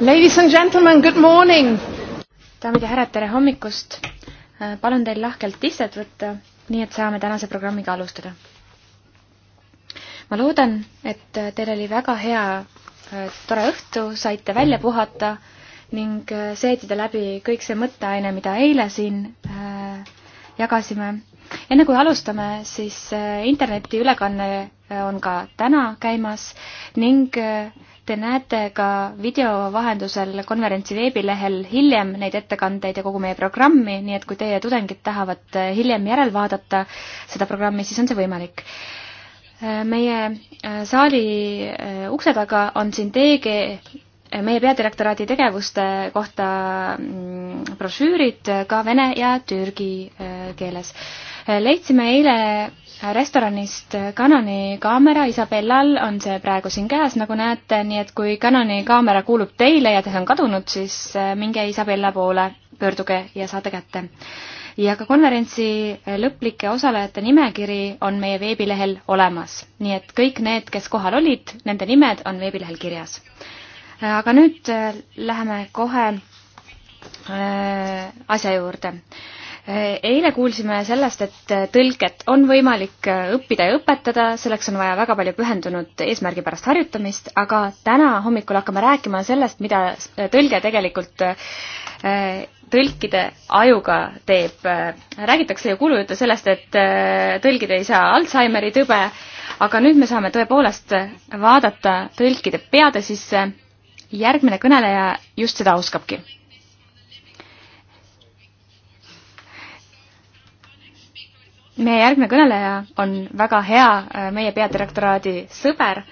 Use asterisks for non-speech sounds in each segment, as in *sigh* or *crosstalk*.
Ladies and gentlemen, good morning! daamid ja härrad, tere hommikust! Äh, palun teil lahkelt istet võtta, nii et saame tänase programmiga alustada. ma loodan, et teil oli väga hea äh, tore õhtu, saite välja puhata ning äh, seedida läbi kõik see mõtteaine, mida eile siin äh, jagasime enne kui alustame, siis äh, internetiülekanne äh, on ka täna käimas ning äh, te näete ka video vahendusel konverentsi veebilehel hiljem neid ettekandeid ja kogu meie programmi, nii et kui teie tudengid tahavad hiljem järelvaadata seda programmi, siis on see võimalik meie saali ukse taga on siin TG meie peadirektoraadi tegevuste kohta mm, brošüürid ka vene ja türgi keeles leidsime eile restoranist Kanani kaamera, Isabellal on see praegu siin käes, nagu näete, nii et kui Kanani kaamera kuulub teile ja te on kadunud, siis äh, minge Isabella poole, pöörduge ja saate kätte. ja ka konverentsi lõplike osalejate nimekiri on meie veebilehel olemas, nii et kõik need, kes kohal olid, nende nimed on veebilehel kirjas. Äh, aga nüüd äh, läheme kohe asja juurde eile kuulsime sellest, et tõlket on võimalik õppida ja õpetada, selleks on vaja väga palju pühendunud eesmärgipärast harjutamist, aga täna hommikul hakkame rääkima sellest, mida tõlge tegelikult äh, tõlkide ajuga teeb. räägitakse ju kuulujutte sellest, et äh, tõlgid ei saa Alžeimeri tõbe, aga nüüd me saame tõepoolest vaadata tõlkide peade sisse. järgmine kõneleja just seda oskabki meie järgmine kõneleja on väga hea äh, meie peadirektoraadi sõber.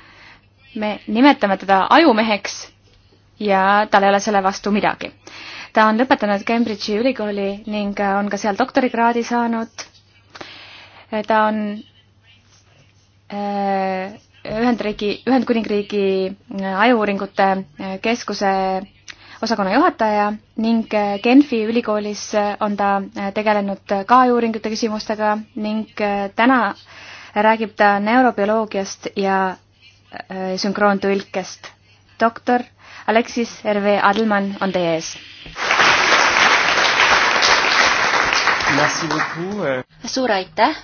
me nimetame teda ajumeheks ja tal ei ole selle vastu midagi. ta on lõpetanud Cambridge'i ülikooli ning äh, on ka seal doktorikraadi saanud. Äh, ta on Ühendriigi, Ühendkuningriigi Ajuuuringute Keskuse osakonna juhataja ning äh, Genfi ülikoolis äh, on ta äh, tegelenud ka uuringute küsimustega ning täna räägib ta neurobioloogiast ja sünkroontõlkest. doktor Aleksis Herve Adelmann on teie ees. Euh. suur aitäh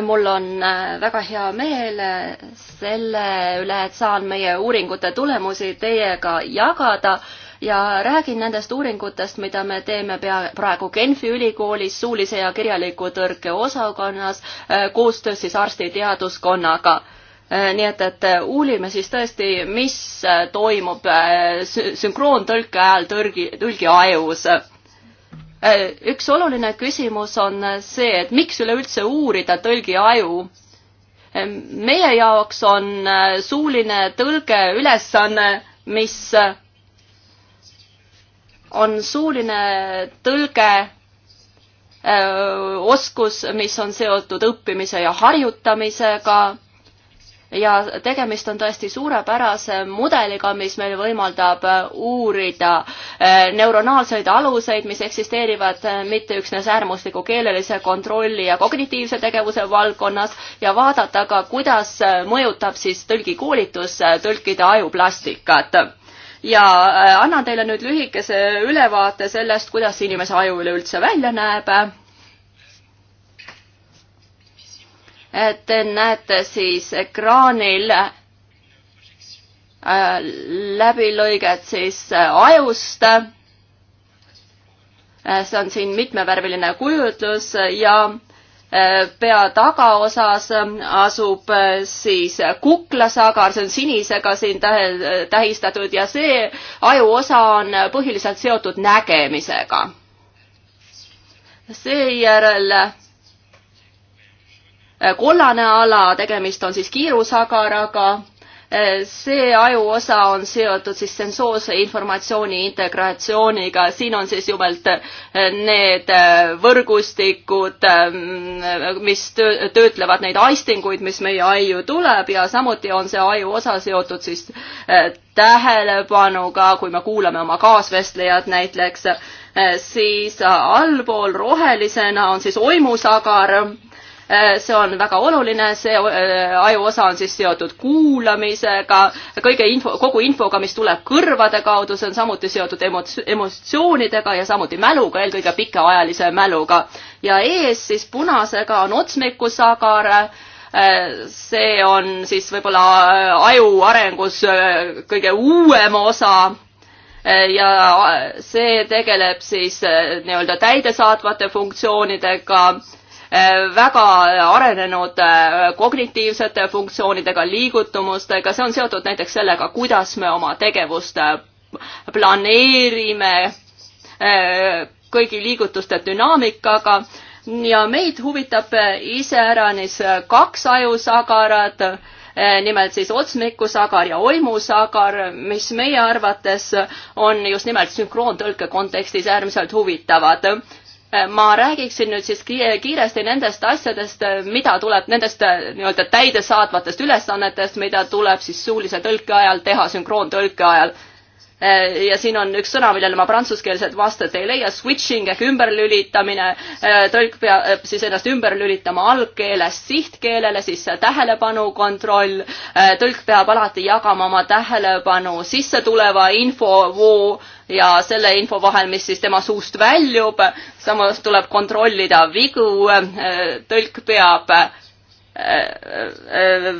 mul on äh, väga hea meel äh, selle üle, et saan meie uuringute tulemusi teiega jagada ja räägin nendest uuringutest, mida me teeme pea, praegu Genfi ülikoolis suulise ja kirjaliku tõrke osakonnas äh, koostöös siis arstiteaduskonnaga nii et, et uurime siis tõesti, mis toimub sü sünkroontõlke ajal tõrgi, tõlgi ajus. Äh, üks oluline küsimus on äh, see, et miks üleüldse uurida tõlgi aju? Äh, meie jaoks on suuline tõlge ülesanne, mis on suuline tõlge oskus, mis on seotud õppimise ja harjutamisega ja tegemist on tõesti suurepärase mudeliga, mis meil võimaldab äh, uurida äh, neuronaalseid aluseid, mis eksisteerivad äh, mitte üksnes äärmusliku keelelise kontrolli ja kognitiivse tegevuse valdkonnas ja vaadata ka, kuidas mõjutab siis tõlgikoolitus tõlkide ajuplastikat ja annan teile nüüd lühikese ülevaate sellest, kuidas inimese aju üleüldse välja näeb Te näete siis ekraanil äh, läbilõiget siis äh, ajust. Äh, see on siin mitmevärviline kujutlus ja pea tagaosas asub siis kuklasagar, see on sinisega siin tähistatud ja see ajuosa on põhiliselt seotud nägemisega. seejärel Äh, kollane ala, tegemist on siis kiirusagaraga, äh, see ajuosa on seotud siis sensoorse informatsiooni integratsiooniga, siin on siis jumelt äh, need võrgustikud, ähm, mis töötlevad neid aistinguid, mis meie aiu tuleb ja samuti on see ajuosa seotud siis tähelepanuga, kui me kuulame oma kaasvestlejad näiteks, siis allpool rohelisena on siis oimusagar Äh, see on väga oluline, see äh, ajuosa on siis seotud kuulamisega, kõige info, kogu infoga, mis tuleb kõrvade kaudu, see on samuti seotud emots-, emotsioonidega ja samuti mäluga, eelkõige pikaajalise mäluga. ja ees siis punasega on otsmikusagar, äh, see on siis võib-olla aju arengus kõige uuem osa ja see tegeleb siis nii-öelda täidesaatvate funktsioonidega Äh, väga arenenud äh, kognitiivsete funktsioonidega, liigutumustega, see on seotud näiteks sellega, kuidas me oma tegevust äh, planeerime, kõigi liigutuste dünaamikaga ja meid huvitab iseäranis kaks ajusagarat, nimelt siis otsmikusagar ja oimusagar, mis meie arvates on just nimelt sünkroontõlke kontekstis äärmiselt huvitavad ma räägiksin nüüd siis kiiresti nendest asjadest, mida tuleb nendest äh, nii-öelda täidesaatvatest ülesannetest, mida tuleb siis suulise tõlke ajal teha sünkroontõlke ajal Äh, ja siin on üks sõna, millele ma prantsuskeelset vastet ei leia, switching ehk ümberlülitamine, äh, tõlk peab äh, siis ennast ümber lülitama algkeelest sihtkeelele, siis tähelepanu kontroll, tõlk peab alati jagama oma tähelepanu sissetuleva infovoo ja selle info vahel, mis siis tema suust väljub, samas tuleb kontrollida vigu, tõlk peab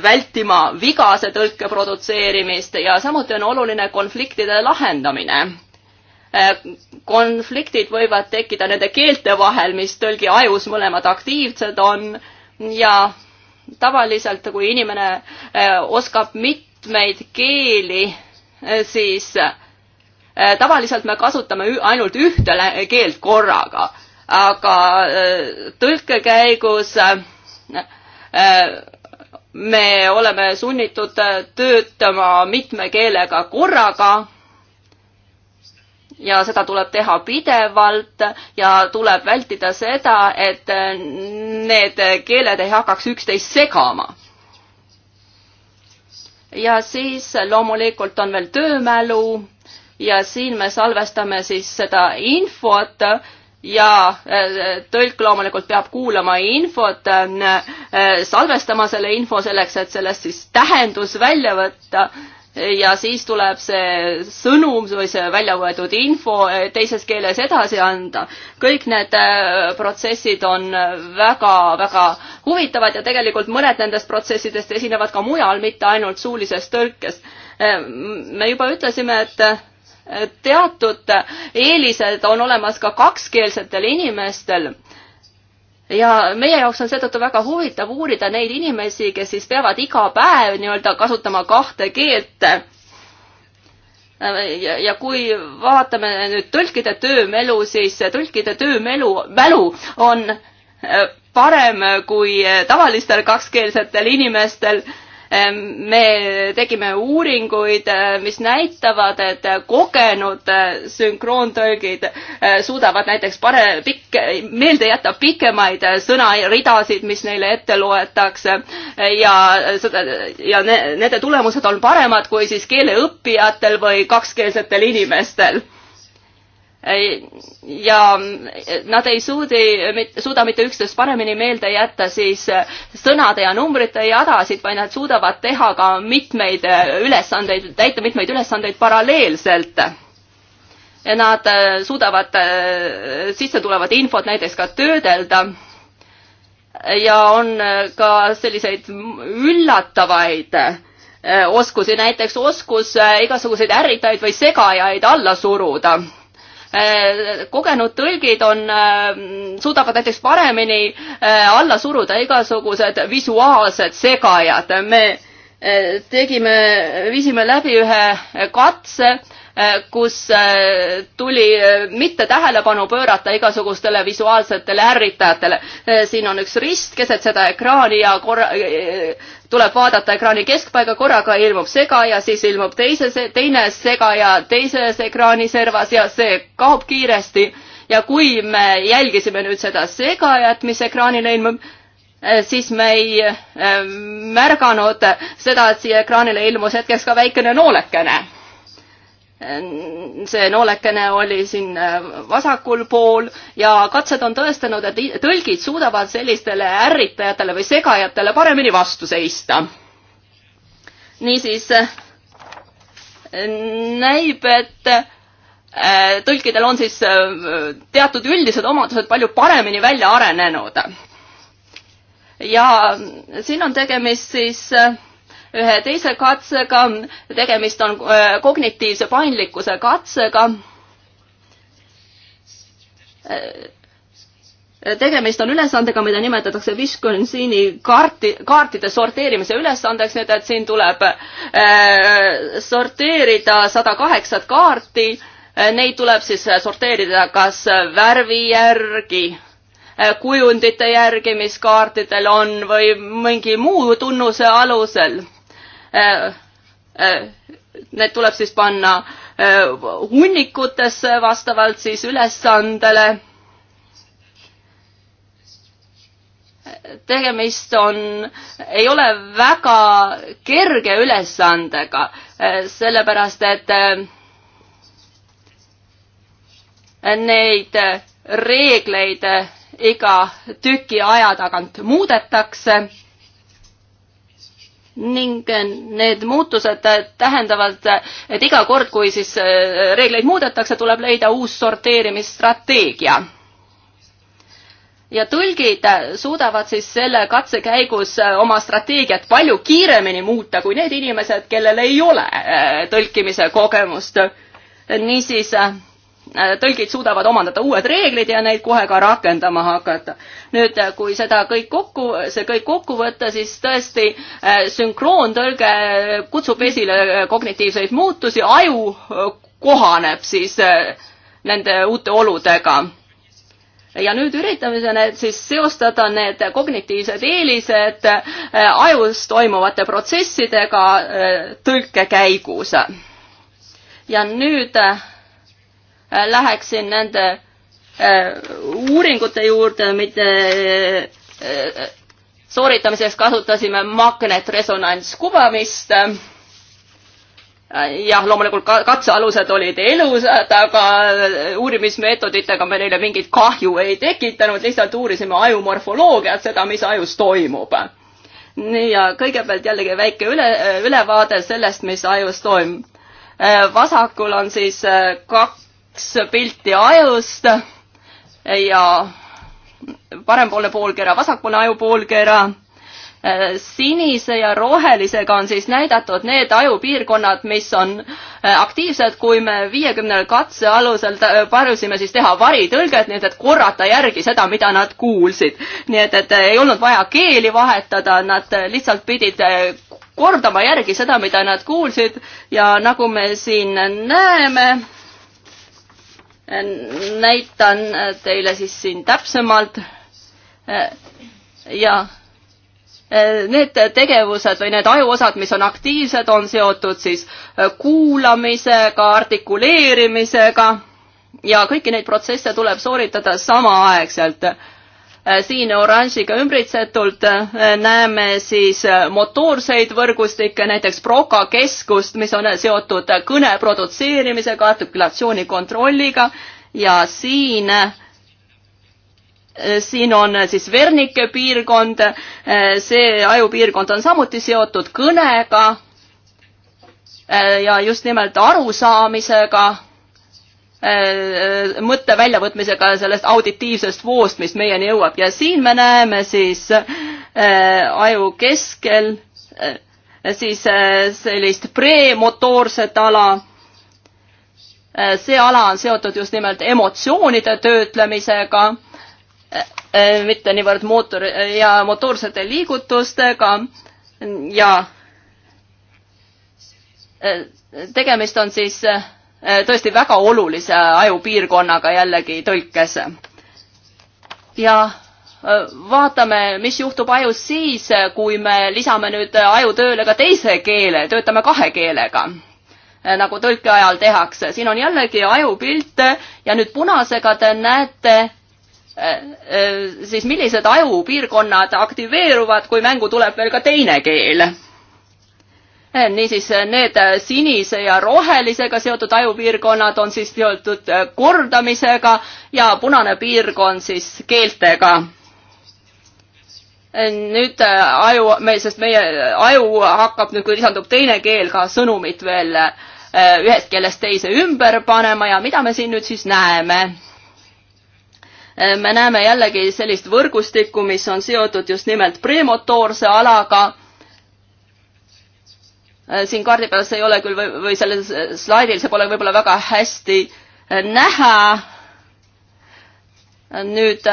vältima vigase tõlke produtseerimist ja samuti on oluline konfliktide lahendamine. konfliktid võivad tekkida nende keelte vahel, mis tõlgi ajus mõlemad aktiivsed on ja tavaliselt, kui inimene e, oskab mitmeid keeli, e, siis e, tavaliselt me kasutame ainult ühte keelt korraga, aga tõlke käigus Äh, me oleme sunnitud äh, töötama mitme keelega korraga ja seda tuleb teha pidevalt ja tuleb vältida seda, et äh, need keeled ei hakkaks üksteist segama. ja siis loomulikult on veel töömälu ja siin me salvestame siis seda infot, ja äh, tõlk loomulikult peab kuulama infot, äh, salvestama selle info selleks, et sellest siis tähendus välja võtta ja siis tuleb see sõnum või see välja võetud info äh, teises keeles edasi anda. kõik need protsessid on väga-väga huvitavad ja tegelikult mõned nendest protsessidest esinevad ka mujal, mitte ainult suulises tõlkes. me juba ütlesime, et teatud eelised on olemas ka kakskeelsetel inimestel ja meie jaoks on seetõttu väga huvitav uurida neid inimesi, kes siis peavad iga päev nii-öelda kasutama kahte keelt. ja kui vaatame nüüd tõlkide töömelu, siis tõlkide töömelu, mälu on parem kui tavalistel kakskeelsetel inimestel Ehm, me tegime uuringuid, eh, mis näitavad, et kogenud eh, sünkroontõlgid eh, suudavad näiteks pare-, pikk, meelde jätta pikemaid sõnaridasid, mis neile ette loetakse ja seda ja ne, nende tulemused on paremad kui siis keeleõppijatel või kakskeelsetel inimestel ja nad ei suudi, suuda mitte üksteist paremini meelde jätta siis eh, sõnade ja numbrite jadasid, vaid nad suudavad teha ka mitmeid eh, ülesandeid, täita mitmeid ülesandeid paralleelselt. ja nad eh, suudavad sissetulevat infot näiteks ka töödelda. ja on ka selliseid üllatavaid oskusi, näiteks oskus igasuguseid ärritajaid või segajaid alla suruda Äh, kogenud tõlgid on, äh, suudavad näiteks paremini äh, alla suruda igasugused visuaalsed segajad. me tegime, viisime läbi ühe katse Äh, kus äh, tuli äh, mitte tähelepanu pöörata igasugustele visuaalsetele ärritajatele. siin on üks rist keset seda ekraani ja korra, tuleb vaadata ekraani keskpaiga, korraga ilmub segaja, siis ilmub teise, teine segaja teises ekraani servas ja see kaob kiiresti. ja kui me jälgisime nüüd seda segajat, mis ekraanile ilmub, siis me ei märganud seda, et siia ekraanile ilmus hetkeks ka väikene noolekene see noolekene oli siin äh, vasakul pool ja katsed on tõestanud, et tõlgid suudavad sellistele ärritajatele või segajatele paremini vastu seista. niisiis äh, näib, et äh, tõlkidel on siis teatud üldised omadused palju paremini välja arenenud. ja siin on tegemist siis ühe teise katsega, tegemist on äh, kognitiivse paindlikkuse katsega. Äh, tegemist on ülesandega, mida nimetatakse Wisconsini kaarti, kaartide sorteerimise ülesandeks, nii et, et siin tuleb äh, sorteerida sada kaheksat kaarti. Neid tuleb siis sorteerida kas värvi järgi kujundite järgi, mis kaartidel on või mingi muu tunnuse alusel. Äh, äh, need tuleb siis panna äh, hunnikutesse vastavalt siis ülesandele. tegemist on, ei ole väga kerge ülesandega, sellepärast et neid reegleid iga tüki aja tagant muudetakse ning need muutused tähendavad, et iga kord, kui siis äh, reegleid muudetakse, tuleb leida uus sorteerimisstrateegia. ja tõlgid suudavad siis selle katse käigus äh, oma strateegiat palju kiiremini muuta kui need inimesed, kellel ei ole äh, tõlkimise kogemust. niisiis Äh, tõlgid suudavad omandada uued reeglid ja neid kohe ka rakendama hakata. nüüd, äh, kui seda kõik kokku, see kõik kokku võtta, siis tõesti äh, sünkroontõlge kutsub esile kognitiivseid muutusi, aju kohaneb siis nende uute oludega ja nüüd üritame need siis seostada need kognitiivsed eelised ajus toimuvate protsessidega tõlke käigus. ja nüüd Äh, läheksin nende äh, uuringute juurde, mitte äh, sooritamiseks kasutasime magnetresonantskuvamist. jah, loomulikult katsealused olid elusad, aga uurimismeetoditega me neile mingit kahju ei tekitanud, lihtsalt uurisime aju morfoloogiat, seda, mis ajus toimub nii ja kõigepealt jällegi väike üle, ülevaade sellest, mis ajus toimub. vasakul on siis kaks kaks pilti ajust ja parempoolne poolkera, vasakpoolne ajupoolkera. sinise ja rohelisega on siis näidatud need ajupiirkonnad, mis on äh, aktiivsed, kui me viiekümnel katse alusel palusime siis teha varitõlget, nii et, et korrata järgi seda, mida nad kuulsid. nii et, et äh, ei olnud vaja keeli vahetada, nad äh, lihtsalt pidid kordama järgi seda, mida nad kuulsid ja nagu me siin näeme näitan äh, teile siis siin täpsemalt äh, ja äh, need tegevused või need ajuosad, mis on aktiivsed, on seotud siis kuulamisega, artikuleerimisega ja kõiki neid protsesse tuleb sooritada samaaegselt Äh, siin oranžiga ümbritsetult äh, näeme siis äh, motoorseid võrgustikke, näiteks Proka keskust, mis on seotud kõne produtseerimisega, artikulatsiooni kontrolliga ja siin siin on siis Vernike piirkond, see ajupiirkond on samuti seotud kõnega ja just nimelt arusaamisega Äh, äh, mõtte väljavõtmisega sellest auditiivsest voost, mis meieni jõuab ja siin me näeme siis äh, aju keskel äh, siis äh, sellist premotoorset ala. Äh, see ala on seotud just nimelt emotsioonide töötlemisega, mitte niivõrd mootor ja motoorsete liigutustega ja tegemist on siis äh, Äh, tõesti väga olulise ajupiirkonnaga jällegi tõlkes. ja äh, vaatame, mis juhtub ajus siis, kui me lisame nüüd ajutööle ka teise keele, töötame kahe keelega äh, nagu tõlke ajal tehakse. siin on jällegi ajupilte ja nüüd punasega te näete siis millised ajupiirkonnad aktiveeruvad, kui mängu tuleb veel ka teine keel Eh, niisiis eh, need eh, sinise ja rohelisega seotud ajupiirkonnad on siis seotud kordamisega ja punane piirkond siis keeltega. nüüd aju, me, sest meie aju hakkab nüüd, kui lisandub teine keel, ka sõnumit veel ühest keelest teise ümber panema ja mida me siin nüüd siis näeme? me näeme jällegi sellist võrgustikku, mis on seotud just nimelt premotoorse alaga Äh, siin kaardi peal see ei ole küll või, või sellel slaidil, see pole võib-olla väga hästi äh, näha. Äh, nüüd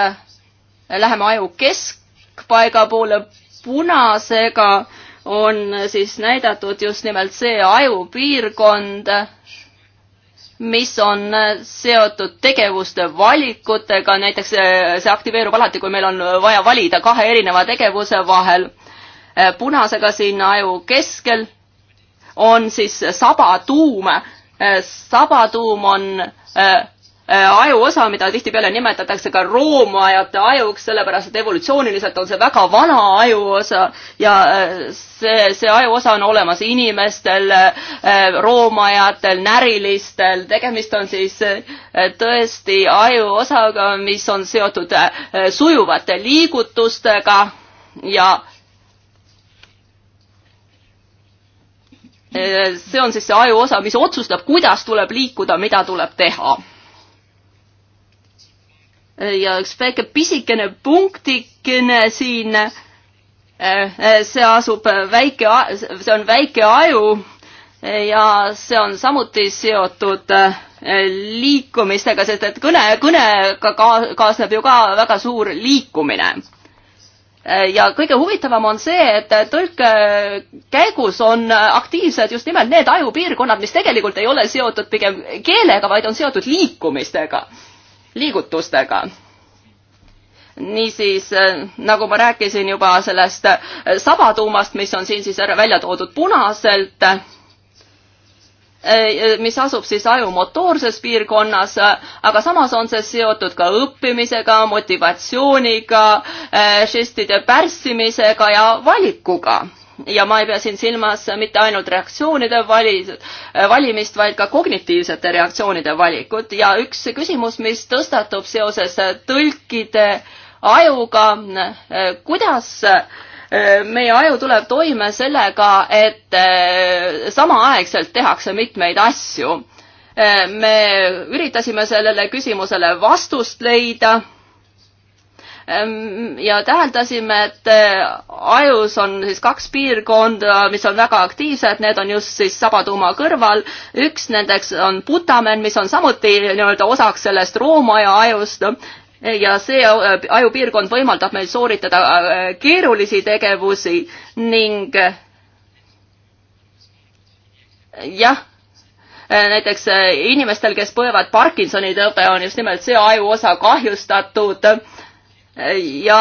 läheme aju keskpaiga poole, punasega on siis näidatud just nimelt see ajupiirkond, mis on seotud tegevuste valikutega, näiteks see aktiveerub alati, kui meil on vaja valida kahe erineva tegevuse vahel. punasega siin aju keskel on siis sabatuum. Eh, sabatuum on eh, eh, ajuosa, mida tihtipeale nimetatakse ka roomajate ajuks, sellepärast et evolutsiooniliselt on see väga vana ajuosa ja see, see ajuosa on olemas inimestel, roomajatel, närilistel, tegemist on siis tõesti ajuosaga, mis on seotud sujuvate liigutustega ja Eh, see on siis see ajuosa, mis otsustab, kuidas tuleb liikuda, mida tuleb teha. Eh, ja üks väike pisikene punktikene siin, eh, see asub väike, see on väike aju ja see on samuti seotud liikumistega, sest et kõne, kõnega ka, kaasneb ju ka väga suur liikumine Äh, ja kõige huvitavam on see, et äh, tõlke äh, käigus on aktiivsed just nimelt need ajupiirkonnad, mis tegelikult ei ole seotud pigem keelega, vaid on seotud liikumistega, liigutustega niisiis, nagu ma rääkisin juba sellest sabatuumast, mis on siin siis välja toodud punaselt mis asub siis aju motoorses piirkonnas, aga samas on see seotud ka õppimisega, motivatsiooniga, eh, žestide pärssimisega ja valikuga ja ma ei pea siin silmas mitte ainult reaktsioonide vali-, eh, valimist, vaid ka kognitiivsete reaktsioonide valikut ja üks küsimus, mis tõstatub seoses tõlkide ajuga, eh, kuidas äh, meie aju tuleb toime sellega, et eh, samaaegselt tehakse mitmeid asju. Eh, me üritasime sellele küsimusele vastust leida ehm, ja täheldasime, et eh, ajus on siis kaks piirkonda, mis on väga aktiivsed, need on just siis sabatuuma kõrval. üks nendeks on putamen, mis on samuti nii-öelda osaks sellest roomaja ajust ja see äh, ajupiirkond võimaldab meil sooritada äh, keerulisi tegevusi ning äh, jah, näiteks inimestel, kes põevad Parkinsoni tõbe, on just nimelt see ajuosa kahjustatud ja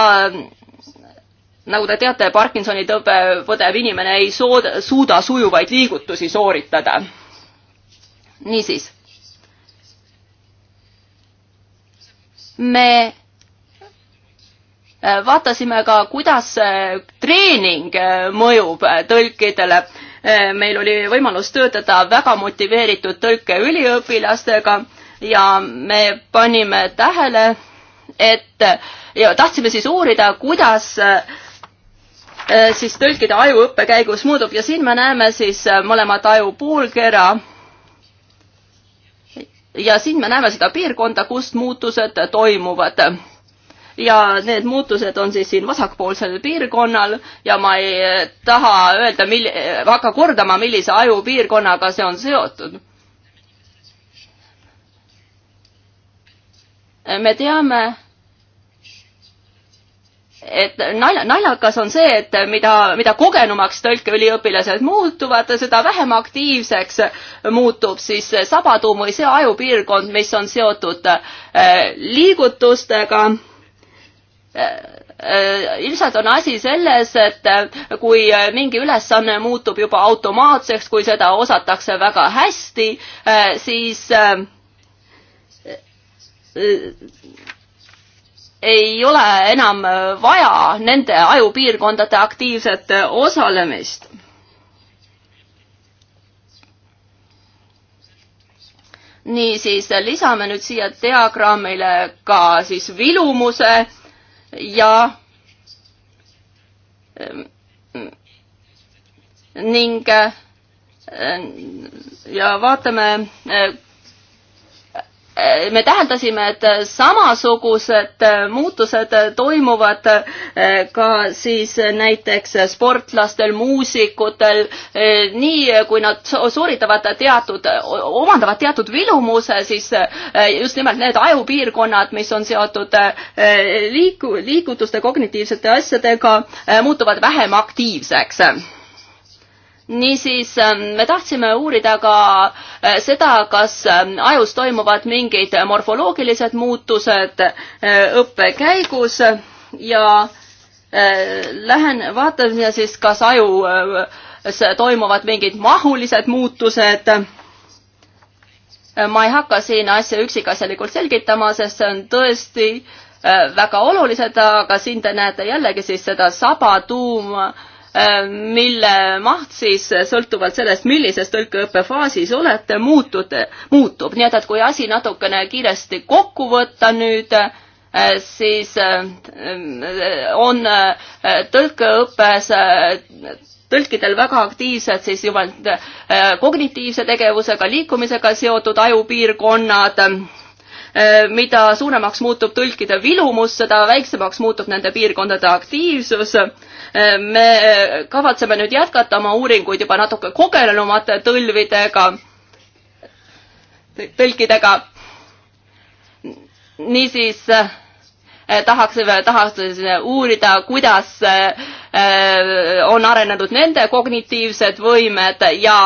nagu te teate, Parkinsoni tõbe põdev inimene ei sooda, suuda sujuvaid liigutusi sooritada. niisiis, me äh, vaatasime ka, kuidas äh, treening äh, mõjub tõlkidele. meil oli võimalus töötada väga motiveeritud tõlkeüliõpilastega ja me panime tähele, et ja tahtsime siis uurida, kuidas siis tõlkide ajuõppe käigus muutub ja siin me näeme siis mõlemat aju poolkera ja siin me näeme seda piirkonda, kust muutused toimuvad. ja need muutused on siis siin vasakpoolsel piirkonnal ja ma ei taha öelda, mil-, hakka kordama, millise ajupiirkonnaga see on seotud. me teame, et nalja, naljakas on see, et mida, mida kogenumaks tõlkeüliõpilased muutuvad, seda vähem aktiivseks muutub siis sabatuum või see ajupiirkond, mis on seotud äh, liigutustega. Äh, äh, ilmselt on asi selles, et kui mingi ülesanne muutub juba automaatseks, kui seda osatakse väga hästi, siis ei ole enam vaja nende ajupiirkondade aktiivset osalemist. niisiis lisame nüüd siia diagrammile ka siis vilumuse ja ehm, ning ehm, ja vaatame, Äh, me täheldasime, et samasugused äh, muutused äh, toimuvad ka siis näiteks sportlastel, muusikutel, nii kui nad sooritavad teatud, omandavad teatud vilumuse, siis just nimelt need ajupiirkonnad, mis on seotud liiku-, liigutuste kognitiivsete asjadega, muutuvad vähem aktiivseks niisiis ähm, me tahtsime uurida ka äh, seda, kas ähm, ajus toimuvad mingid morfoloogilised muutused äh, õppe käigus ja äh, lähen vaatame siis, kas ajus toimuvad mingid mahulised muutused. ma ei hakka siin asja üksikasjalikult selgitama, sest see on tõesti väga olulised, aga siin te näete jällegi siis seda saba tuuma Äh, mille maht siis äh, sõltuvalt sellest, millises tõlkeõppefaasis olete, muutud, äh, muutub, nii et, et kui asi natukene kiiresti kokku võtta nüüd, siis on tõlkeõppes tõlkidel väga aktiivsed siis juba kognitiivse tegevusega, liikumisega seotud ajupiirkonnad Äh, mida suuremaks muutub tõlkide vilumus, seda väiksemaks muutub nende piirkondade aktiivsus. Äh, me kavatseme nüüd jätkata oma uuringuid juba natuke kogenenumate tõlvidega, tõlkidega. niisiis äh, tahaksime, tahaksime uurida, kuidas on arenenud nende kognitiivsed võimed ja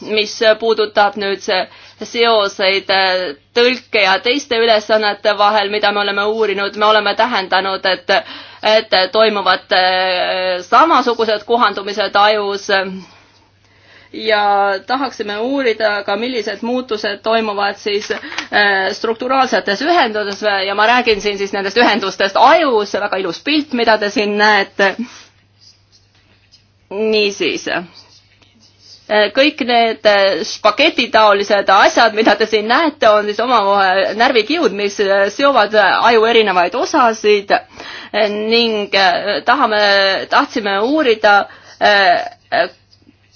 mis puudutab nüüd see seoseid äh, tõlke ja teiste ülesannete vahel, mida me oleme uurinud, me oleme tähendanud, et, et toimuvad äh, samasugused kohandumised ajus. ja tahaksime uurida ka, millised muutused toimuvad siis äh, strukturaalsetes ühenduses ja ma räägin siin siis nendest ühendustest ajus, väga ilus pilt, mida te siin näete. niisiis Äh, kõik need äh, spagetitaolised asjad, mida te siin näete, on siis omavahel närvikihud, mis äh, seovad aju erinevaid osasid ning tahame, tahtsime uurida,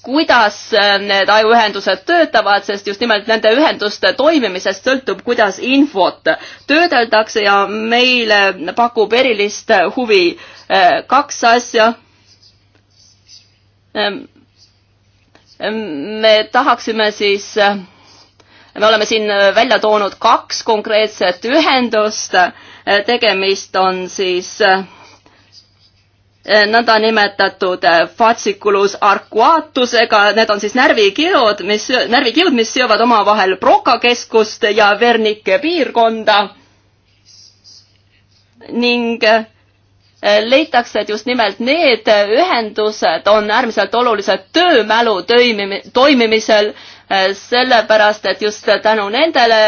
kuidas need ajuühendused töötavad, sest just nimelt nende ühenduste toimimisest sõltub, kuidas infot töödeldakse ja meile pakub erilist huvi kaks asja me tahaksime siis, me oleme siin välja toonud kaks konkreetset ühendust, tegemist on siis eh, nõndanimetatud eh, fatsiculus arcuatusega, need on siis närvikirud, mis, närvikirud, mis seovad omavahel Broca keskust ja Vernike piirkonda ning äh, Äh, leitakse, et just nimelt need ühendused on äärmiselt olulised töömälu toimimisel, äh, sellepärast et just tänu nendele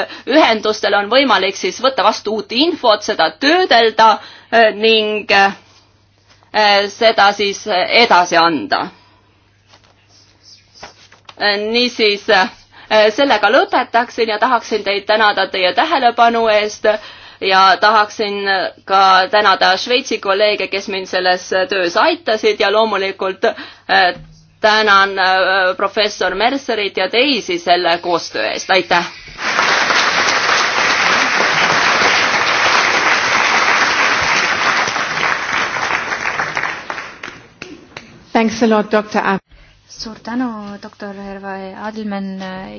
äh, ühendustele on võimalik siis võtta vastu uut infot, seda töödelda ning seda siis edasi anda. niisiis, sellega lõpetaksin ja tahaksin teid tänada teie tähelepanu eest ja tahaksin ka tänada Šveitsi kolleege, kes mind selles töös aitasid ja loomulikult äh, tänan äh, professor Mercerit ja teisi selle koostöö eest, aitäh! Thanks a lot, Dr. Ab suur tänu, doktor Herve Adelmann,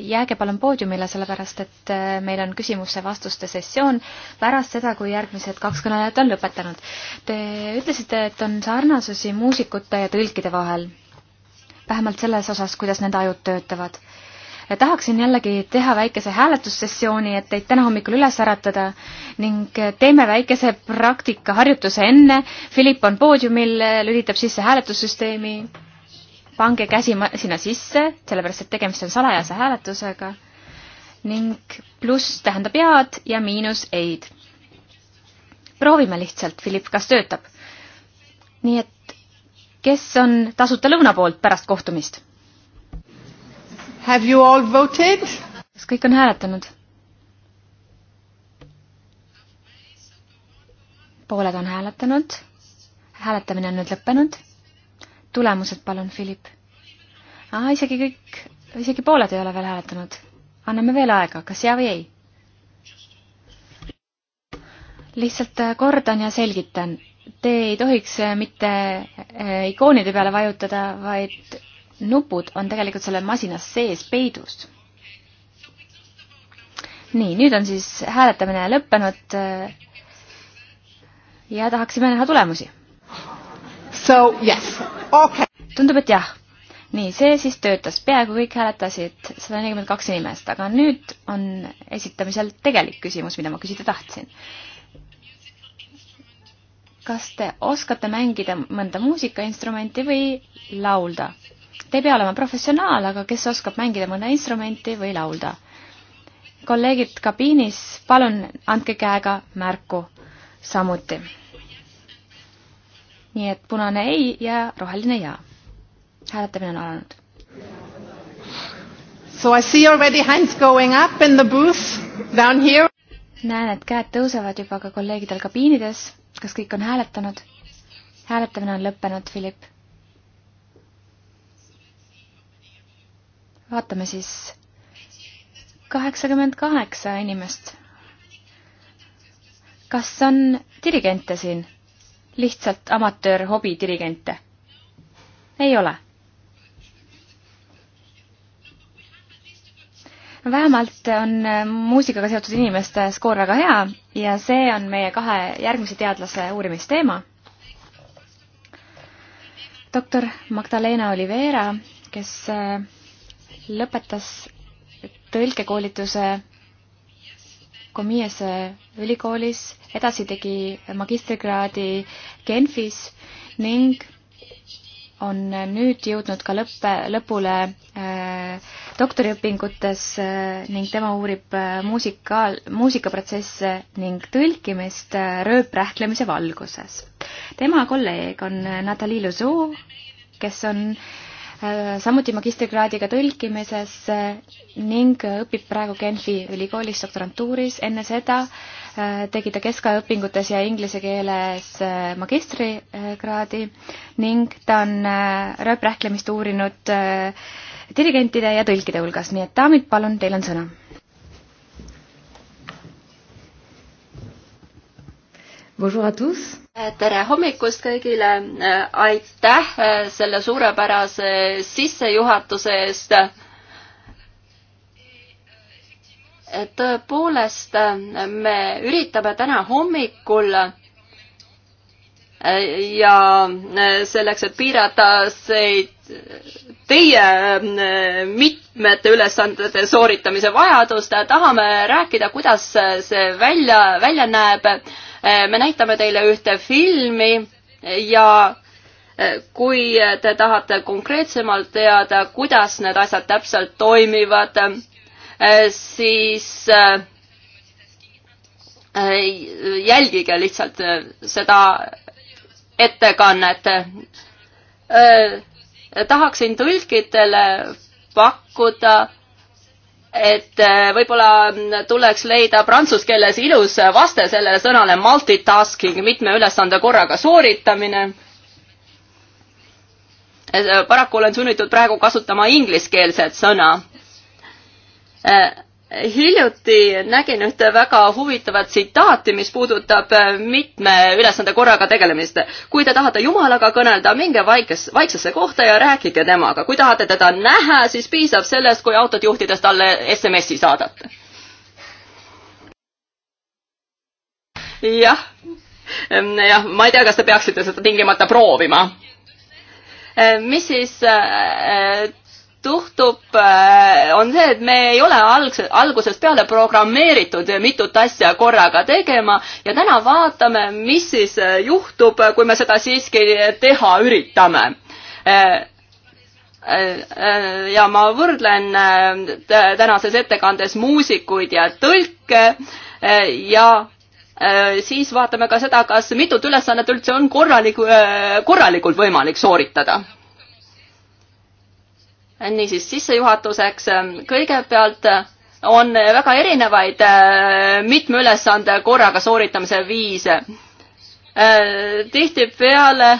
jääge palun poodiumile, sellepärast et äh, meil on küsimuste-vastuste sessioon pärast seda, kui järgmised kaks kõnelejat on lõpetanud. Te ütlesite, et on sarnasusi muusikute ja tõlkide vahel, vähemalt selles osas, kuidas nende ajud töötavad. tahaksin jällegi teha väikese hääletussessiooni, et teid täna hommikul üles äratada ning teeme väikese praktikaharjutuse enne. Philipp on poodiumil, lülitab sisse hääletussüsteemi pange käsi sinna sisse, sellepärast et tegemist on salajase hääletusega ning pluss tähendab jaa-d ja miinus ei-d. proovime lihtsalt, Philipp, kas töötab? nii et kes on tasuta lõuna poolt pärast kohtumist? Have you all voted? kas kõik on hääletanud? pooled on hääletanud. hääletamine on nüüd lõppenud tulemused, palun, Philip. aa, isegi kõik, isegi pooled ei ole veel hääletanud. anname veel aega, kas jaa või ei? lihtsalt äh, kordan ja selgitan. Te ei tohiks äh, mitte äh, ikoonide peale vajutada, vaid nupud on tegelikult selle masinas sees peidus. nii, nüüd on siis hääletamine lõppenud. ja tahaksime näha tulemusi So yes, okei okay.. tundub, et jah. nii, see siis töötas, peaaegu kõik hääletasid, sada nelikümmend kaks inimest, aga nüüd on esitamisel tegelik küsimus, mida ma küsida tahtsin. kas te oskate mängida mõnda muusikainstrumenti või laulda? Te ei pea olema professionaal, aga kes oskab mängida mõnda instrumenti või laulda? kolleegid kabiinis, palun andke käega märku samuti nii et punane ei ja roheline ja. hääletamine on alanud. So I see already hands going up in the booth down here. näen, et käed tõusevad juba ka kolleegidel kabiinides. kas kõik on hääletanud? hääletamine on lõppenud, Philip. vaatame siis. kaheksakümmend kaheksa inimest. kas on dirigente siin? lihtsalt amatöör-hobidirigente? ei ole. vähemalt on äh, muusikaga seotud inimeste skoor väga hea ja see on meie kahe järgmise teadlase uurimisteema. doktor Magdalena Olivera, kes äh, lõpetas tõlkekoolituse Komiese äh, ülikoolis, edasi tegi magistrikraadi Genfis ning on äh, nüüd jõudnud ka lõppe, lõpule äh, doktoriõpingutes äh, ning tema uurib äh, muusikaal, muusikaprotsesse ning tõlkimist äh, rööprähklemise valguses. tema kolleeg on äh, Natalii Luzoo, kes on äh, Äh, samuti magistrikraadiga tõlkimises äh, ning äh, õpib praegu Genfi ülikoolis doktorantuuris. enne seda tegi ta keskaõpingutes ja inglise keeles magistrikraadi ning ta on rööprähklemist uurinud dirigentide ja tõlkide hulgas, nii et daamid, palun, teil on sõna Bonjour à tous. tere hommikust kõigile, aitäh eh, selle suurepärase sissejuhatuse eest. Eh, tõepoolest, eh, me üritame täna hommikul ja selleks, et piirata seid teie mitmete ülesandede sooritamise vajadust, tahame rääkida, kuidas see välja, välja näeb Eh, me näitame teile ühte filmi ja eh, kui te tahate konkreetsemalt teada, kuidas need asjad täpselt toimivad, eh, siis jälgige lihtsalt seda ettekannet. tahaksin tõlkidele pakkuda et äh, võib-olla tuleks leida prantsuse keeles ilus vaste sellele sõnale multitasking, mitme ülesande korraga sooritamine. Äh, paraku olen sunnitud praegu kasutama ingliskeelset sõna äh, hiljuti nägin ühte väga huvitavat tsitaati, mis puudutab äh, mitme ülesande korraga tegelemist. kui te tahate Jumalaga kõnelda, minge vaikes, vaiksesse kohta ja rääkige temaga. kui tahate teda näha, siis piisab sellest, kui autot juhtides talle SMS-i saadate. jah, ehm, jah, ma ei tea, kas te peaksite seda tingimata proovima ehm, mis siis äh, juhtub, äh, on see, et me ei ole algse, algusest peale programmeeritud mitut asja korraga tegema ja täna vaatame, mis siis äh, juhtub, kui me seda siiski teha üritame. Äh, ja ma võrdlen tänases ettekandes muusikuid ja tõlke ja siis vaatame ka seda, kas mitut ülesannet üldse on korralik, korralikult võimalik sooritada niisiis sissejuhatuseks ähm, kõigepealt äh, on väga erinevaid äh, mitme ülesande korraga sooritamise viise. Äh, tihtipeale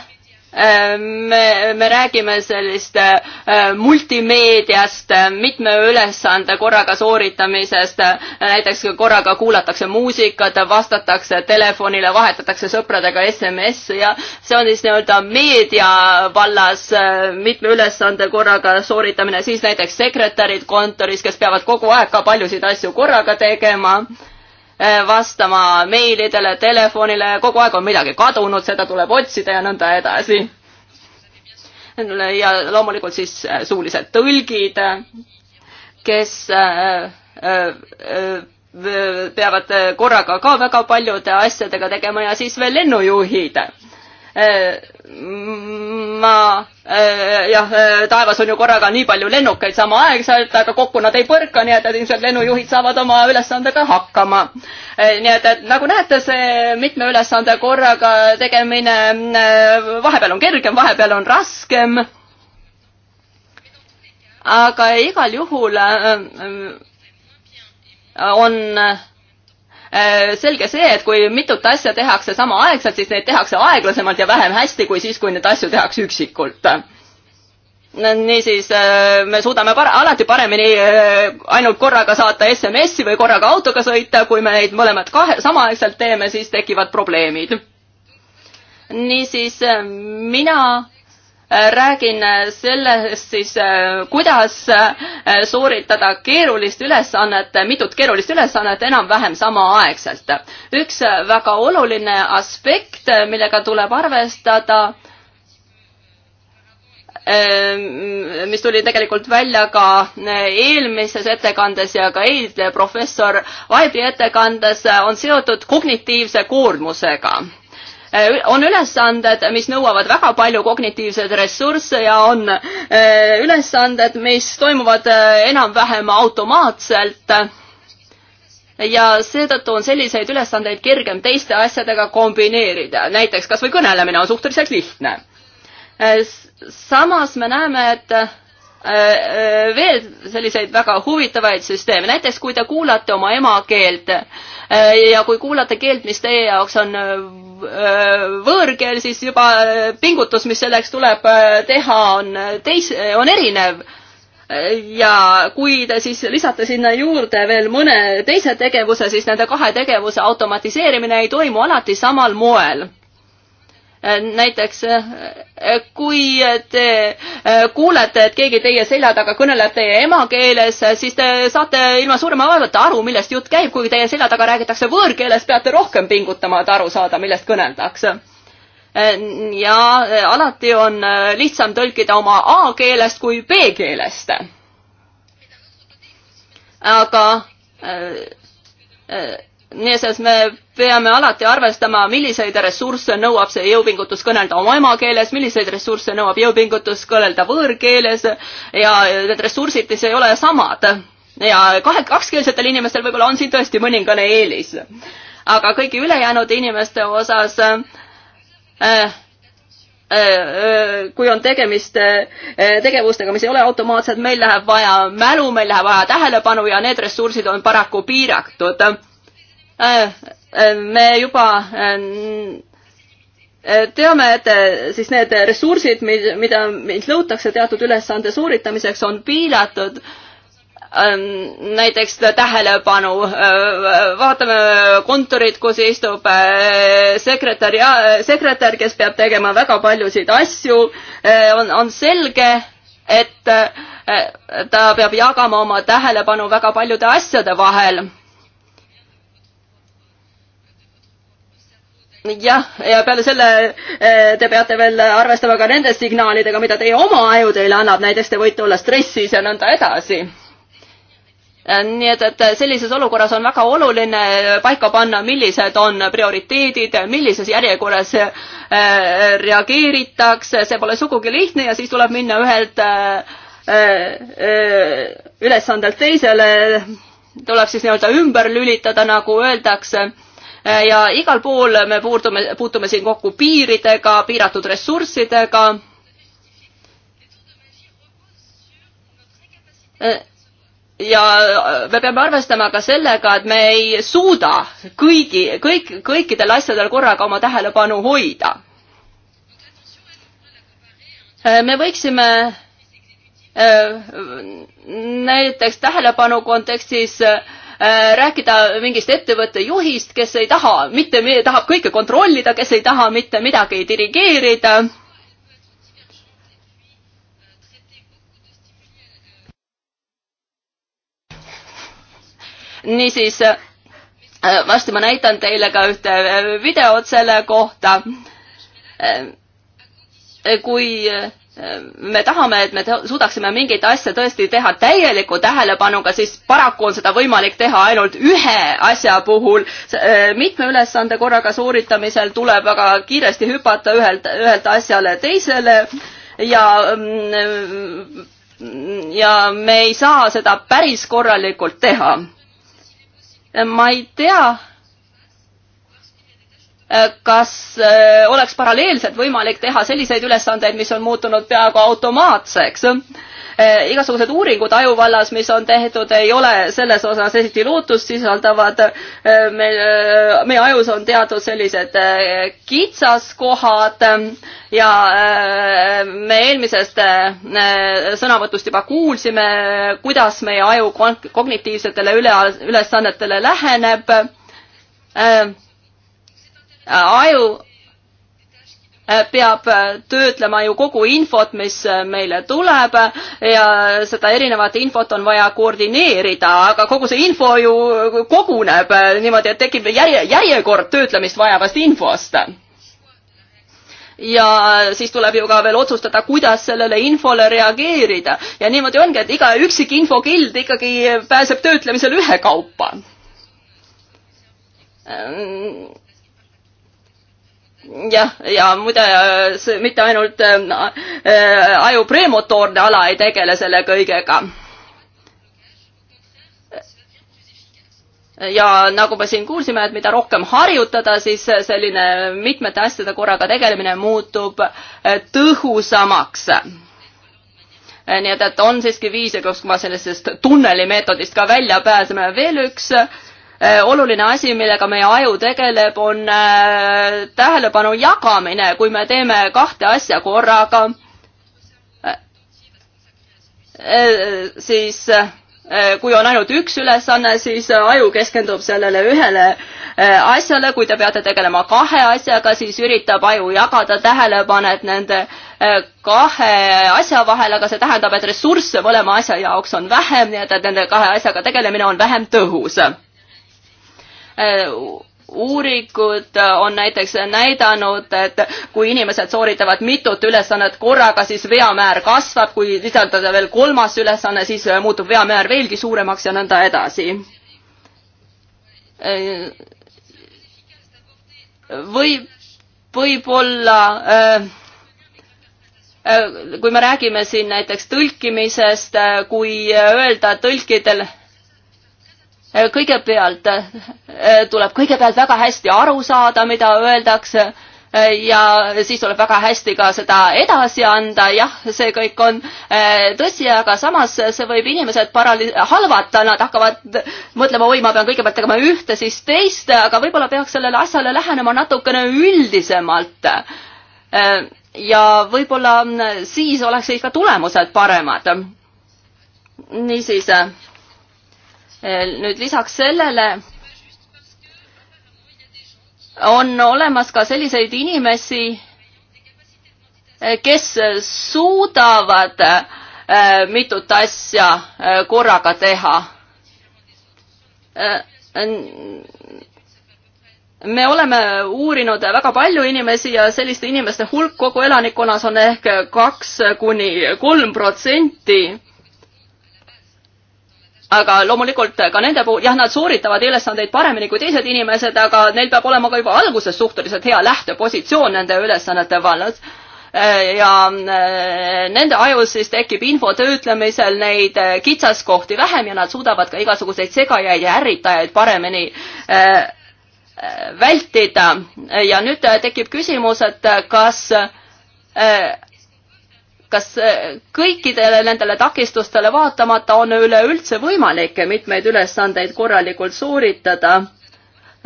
Äh, me, me räägime sellist äh, multimeediast, äh, mitme ülesande korraga sooritamisest, näiteks korraga kuulatakse muusikat, vastatakse telefonile, vahetatakse sõpradega SMS-e ja see on siis nii-öelda meedia vallas mitme ülesande korraga sooritamine, siis näiteks sekretärid kontoris, kes peavad kogu aeg ka paljusid asju korraga tegema Äh, vastama meilidele, telefonile, kogu aeg on midagi kadunud, seda tuleb otsida ja nõnda edasi. ja loomulikult siis äh, suulised tõlgid, kes äh, peavad korraga ka väga paljude asjadega tegema ja siis veel lennujuhid Äh, ma äh, jah, äh, taevas on ju korraga nii palju lennukeid samaaegselt, aga kokku nad ei põrka, nii et, et ilmselt lennujuhid saavad oma ülesandega hakkama. nii et, et nagu näete, see mitme ülesande korraga tegemine vahepeal on kergem, vahepeal on raskem. aga igal juhul on Äh, selge see, et kui mitut asja tehakse samaaegselt, siis neid tehakse aeglasemalt ja vähem hästi kui siis, kui neid asju tehakse üksikult. niisiis äh, me suudame par-, alati paremini äh, ainult korraga saata SMS-i või korraga autoga sõita, kui me neid mõlemad kahe, samaaegselt teeme, siis tekivad probleemid. niisiis mina räägin sellest siis, äh, kuidas äh, sooritada keerulist ülesannet, mitut keerulist ülesannet enam-vähem samaaegselt. üks väga oluline aspekt, millega tuleb arvestada, ähm, mis tuli tegelikult välja ka äh, eelmises ettekandes ja ka eilse professor Vaibli ettekandes, on seotud kognitiivse koormusega Äh, on ülesanded, mis nõuavad väga palju kognitiivseid ressursse ja on äh, ülesanded, mis toimuvad äh, enam-vähem automaatselt. ja seetõttu on selliseid ülesandeid kergem teiste asjadega kombineerida, näiteks kas või kõnelemine on suhteliselt lihtne. samas me näeme, et veel selliseid väga huvitavaid süsteeme, näiteks kui te kuulate oma emakeelt, Äh, ja kui kuulate keelt, mis teie jaoks on äh, äh, võõrkeel, siis juba pingutus, mis selleks tuleb teha, on teis-, on erinev. ja kui te siis lisate sinna juurde veel mõne teise tegevuse, siis nende kahe tegevuse automatiseerimine ei toimu alati samal moel näiteks eh, kui te eh, kuulete, et keegi teie selja taga kõneleb teie emakeeles, eh, siis te saate ilma suurema vaevata aru, millest jutt käib, kui teie selja taga räägitakse võõrkeeles, peate rohkem pingutama, et aru saada, millest kõneldakse ja alati on lihtsam tõlkida oma A keelest kui B keelest. aga äh, äh, nii et me peame alati arvestama, milliseid ressursse nõuab see jõupingutus kõnelda oma emakeeles, milliseid ressursse nõuab jõupingutus kõnelda võõrkeeles ja need ressursid siis ei ole samad. ja kahe, kakskeelsetel inimestel võib-olla on siin tõesti mõningane eelis. aga kõigi ülejäänud inimeste osas äh, äh, äh kui on tegemist äh, tegevustega, mis ei ole automaatsed, meil läheb vaja mälu, meil läheb vaja tähelepanu ja need ressursid on paraku piiratud Äh, äh, me juba äh, teame, et siis need ressursid, mida meilt nõutakse teatud ülesande sooritamiseks, on piiratud ähm, näiteks tähelepanu, vaatame kontorit, kus istub sekretär ja sekretär, kes peab tegema väga paljusid asju, on, on selge, et ta peab jagama oma tähelepanu väga paljude asjade vahel jah, ja peale selle eh, te peate veel arvestama ka nende signaalidega, mida teie oma aju teile annab, näiteks te võite olla stressis ja nõnda edasi. Eh, nii et, et sellises olukorras on väga oluline paika panna, millised on prioriteedid, millises järjekorras eh, reageeritakse, see pole sugugi lihtne ja siis tuleb minna ühelt ülesandelt teisele, tuleb siis nii-öelda ümber lülitada, nagu öeldakse Äh, ja igal pool me puutume, puutume siin kokku piiridega, piiratud ressurssidega äh, ja äh, me peame arvestama ka sellega, et me ei suuda kõigi, kõik, kõikidel asjadel korraga oma tähelepanu hoida. me võiksime näiteks tähelepanu kontekstis äh, Äh, rääkida mingist ettevõtte juhist, kes ei taha mitte, tahab kõike kontrollida, kes ei taha mitte midagi dirigeerida. niisiis, äh, varsti ma näitan teile ka ühte äh, videot selle kohta. kui me tahame, et me suudaksime mingeid asju tõesti teha täieliku tähelepanuga, siis paraku on seda võimalik teha ainult ühe asja puhul. Äh, mitme ülesande korraga sooritamisel tuleb väga kiiresti hüpata ühelt, ühelt asjale teisele ja mm, ja me ei saa seda päris korralikult teha. ma ei tea Äh, kas äh, oleks paralleelselt võimalik teha selliseid ülesandeid, mis on muutunud peaaegu automaatseks? Äh, igasugused uuringud aju vallas, mis on tehtud, ei ole selles osas esiti lootust sisaldavad. me, meie ajus on teatud sellised kitsaskohad ja me eelmisest sõnavõtust juba kuulsime, kuidas meie aju kognitiivsetele üle, ülesannetele läheneb Äh, aju äh, peab äh, töötlema ju kogu infot, mis meile tuleb ja seda erinevat infot on vaja koordineerida, aga kogu see info ju koguneb niimoodi, et tekib järje, järjekord töötlemist vajavast infost. ja siis tuleb ju ka veel otsustada, kuidas sellele infole reageerida ja niimoodi ongi, et iga üksik infokild ikkagi pääseb töötlemisel ühekaupa jah, ja muide see mitte ainult äh, äh aju premotoorne ala ei tegele selle kõigega. ja nagu me siin kuulsime, et mida rohkem harjutada, siis selline mitmete asjade korraga tegelemine muutub äh, tõhusamaks äh, nii et, et on siiski viise, kus ma sellisest tunnelimeetodist ka välja pääseme. veel üks äh, Äh, oluline asi, millega meie aju tegeleb, on äh, tähelepanu jagamine, kui me teeme kahte asja korraga, äh, siis kui on ainult üks ülesanne, siis aju keskendub sellele ühele asjale, kui te peate tegelema kahe asjaga, siis üritab aju jagada tähelepanet nende kahe asja vahel, aga see tähendab, et ressursse mõlema asja jaoks on vähem, nii et, et nende kahe asjaga tegelemine on vähem tõhus Äh, uuringud äh, on näiteks näidanud, et kui inimesed sooritavad mitut ülesannet korraga, siis veamäär kasvab, kui lisandada veel kolmas ülesanne, siis äh, muutub veamäär veelgi suuremaks ja nõnda edasi võib, võib-olla äh, kui me räägime siin näiteks tõlkimisest, kui öelda tõlkidel äh, kõigepealt eh, tuleb kõigepealt väga hästi aru saada, mida öeldakse eh, ja siis tuleb väga hästi ka seda edasi anda, jah, see kõik on eh, tõsi, aga samas see võib inimesed parali-, halvata, nad hakkavad mõtlema, oi, ma pean kõigepealt tegema ühte, siis teist, aga võib-olla peaks sellele asjale lähenema natukene üldisemalt. ja võib-olla mm, siis oleksid ka tulemused paremad. niisiis Eh, nüüd lisaks sellele on olemas ka selliseid inimesi, eh, kes suudavad eh, mitut asja korraga teha me oleme uurinud väga palju inimesi ja selliste inimeste hulk kogu elanikkonnas on ehk kaks kuni kolm protsenti aga loomulikult ka nende puhul, jah, nad sooritavad ülesandeid paremini kui teised inimesed, aga neil peab olema ka juba alguses suhteliselt hea lähtepositsioon nende ülesannete vallas. Äh, ja äh, nende ajus siis tekib info töötlemisel neid äh, kitsaskohti vähem ja nad suudavad ka igasuguseid segajaid ja ärritajaid paremini vältida. ja nüüd tekib küsimus, et kas kas äh, kõikidele nendele takistustele vaatamata on üleüldse võimalik mitmeid ülesandeid korralikult sooritada?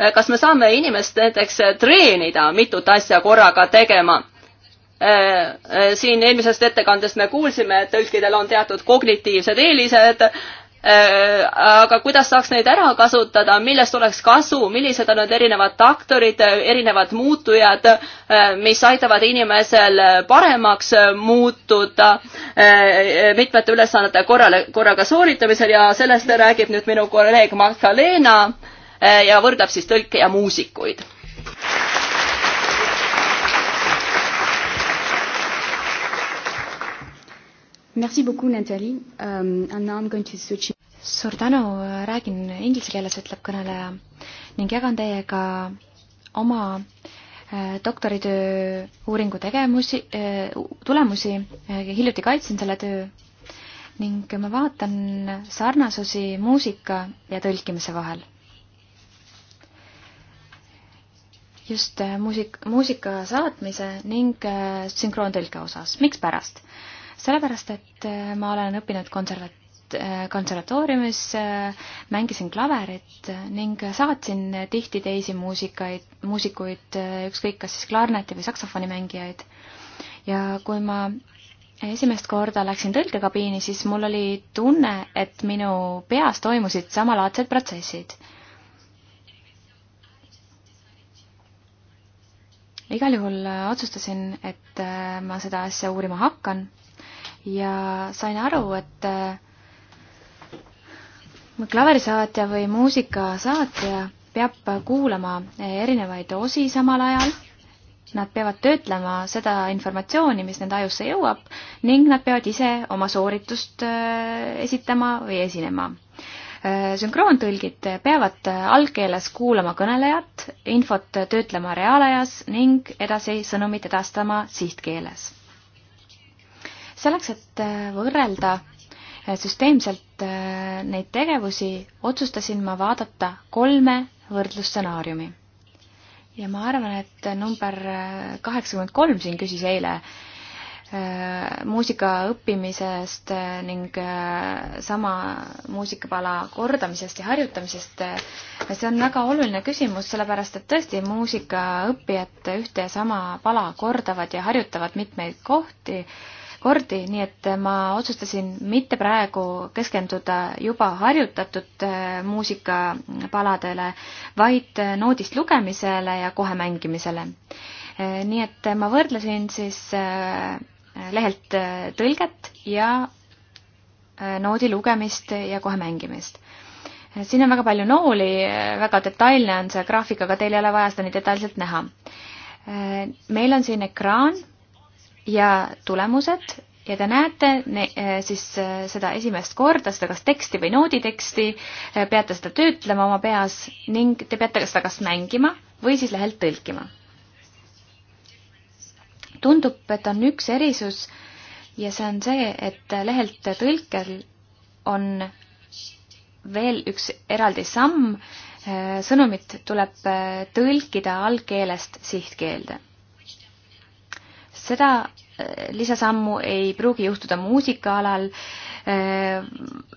Äh, kas me saame inimest näiteks äh, treenida mitut asja korraga tegema? siin eelmisest ettekandest me kuulsime, et tõlkidel on teatud kognitiivsed eelised, Äh, aga kuidas saaks neid ära kasutada, millest oleks kasu, millised on need erinevad faktorid, erinevad muutujad, äh, mis aitavad inimesel paremaks muutuda äh, mitmete ülesannete korrale, korraga sooritamisel ja sellest räägib nüüd minu kolleeg Magdalena ja võrdleb siis tõlke ja muusikuid Merci beaucoup, Nathalie um,. And now I am going to switch. suur tänu, räägin inglise keeles, ütleb kõneleja ning jagan teiega oma äh, doktoritöö uuringu tegemusi, äh, tulemusi, äh, hiljuti kaitsin selle töö ning ma vaatan sarnasusi muusika ja tõlkimise vahel. just muusik, muusika saatmise ning sünkroontõlke osas, mikspärast? sellepärast, et äh, ma olen õppinud konservat-, äh, konservatooriumis, äh, mängisin klaverit ning saatsin tihti teisi muusikaid, muusikuid, ükskõik kas siis klarneti või saksofoni mängijaid. ja kui ma esimest korda läksin tõlkekabiini, siis mul oli tunne, et minu peas toimusid samalaadsed protsessid igal juhul otsustasin, et ma seda asja uurima hakkan ja sain aru, et äh, klaverisaatja või muusikasaatja peab kuulama äh, erinevaid osi samal ajal. Nad peavad töötlema seda informatsiooni, mis nende ajusse jõuab ning nad peavad ise oma sooritust äh, esitama või esinema sünkroontõlgid peavad algkeeles kuulama kõnelejat, infot töötlema reaalajas ning edasi sõnumit edastama sihtkeeles selleks, et äh, võrrelda äh, süsteemselt äh, neid tegevusi, otsustasin ma vaadata kolme võrdlusstsenaariumi. ja ma arvan, et number kaheksakümmend kolm siin küsis eile muusika õppimisest ning sama muusikapala kordamisest ja harjutamisest. see on väga oluline küsimus, sellepärast et tõesti muusikaõppijad ühte ja sama pala kordavad ja harjutavad mitmeid kohti kordi, nii et ma otsustasin mitte praegu keskenduda juba harjutatud äh, muusikapaladele, vaid äh, noodist lugemisele ja kohe mängimisele. Äh, nii et ma võrdlesin siis lehelt tõlget ja noodi lugemist ja kohe mängimist siin on väga palju nooli, väga detailne on see graafik, aga teil ei ole vaja seda nii detailselt näha. meil on siin ekraan, ja tulemused ja te näete ne, eh, siis eh, seda esimest korda, seda kas teksti või nooditeksti, eh, peate seda töötlema oma peas ning te peate seda kas mängima või siis lehelt tõlkima. tundub, et on üks erisus ja see on see, et lehelt tõlkel on veel üks eraldi samm, sõnumit tuleb tõlkida algkeelest sihtkeelde seda äh, lisasammu ei pruugi juhtuda muusikaalal, äh,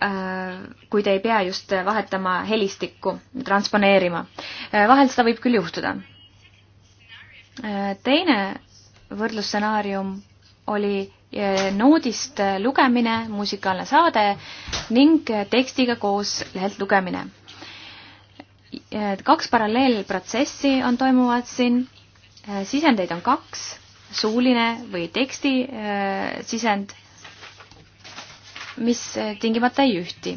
äh, kui te ei pea just vahetama helistikku, transponeerima. vahel seda võib küll juhtuda. teine võrdlusstsenaarium oli noodist lugemine, muusikaalne saade ning tekstiga koos lehelt lugemine. kaks paralleelprotsessi on toimuvad siin, sisendeid on kaks suuline või teksti äh, sisend, mis äh, tingimata ei ühti.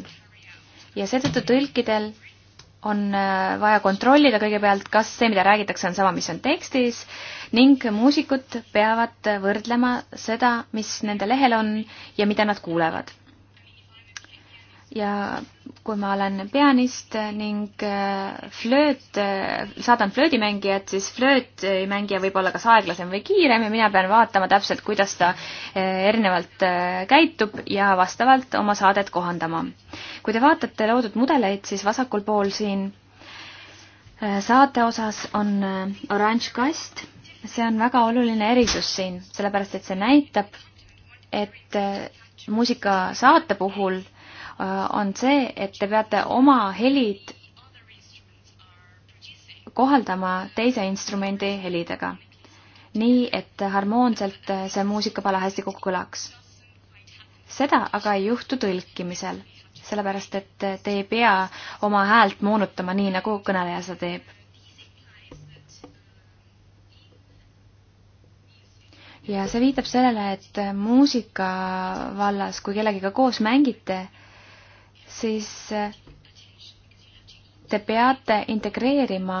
ja seetõttu tõlkidel on äh, vaja kontrollida kõigepealt, kas see, mida räägitakse, on sama, mis on tekstis ning muusikud peavad võrdlema seda, mis nende lehel on ja mida nad kuulevad. ja kui ma olen pianist ning äh, flööt, äh, saadan flöödimängijat, siis flöötmängija võib olla kas aeglasem või kiirem ja mina pean vaatama täpselt, kuidas ta äh, erinevalt käitub ja vastavalt oma saadet kohandama. kui te vaatate loodud mudeleid, siis vasakul pool siin saate osas on oranž kast, see on väga oluline erisus siin, sellepärast et see näitab, et muusika saate puhul äh, on see, et te peate oma helid kohaldama teise instrumendi helidega. nii, et harmoonselt see muusikapala hästi kokku kõlaks. seda aga ei juhtu tõlkimisel, sellepärast et te ei pea oma häält moonutama nii, nagu kõneleja seda teeb. ja see viitab sellele, et muusika vallas, kui kellegiga koos mängite, siis eh, te peate integreerima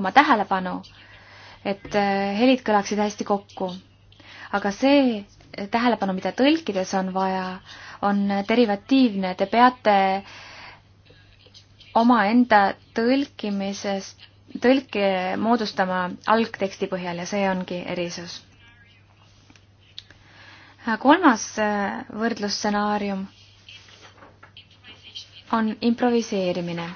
oma tähelepanu, et eh, helid kõlaksid hästi kokku. aga see eh, tähelepanu, mida tõlkides on vaja, on derivatiivne, te peate omaenda tõlkimisest, tõlke moodustama algteksti põhjal ja see ongi erisus. kolmas võrdlusstsenaarium on improviseerimine.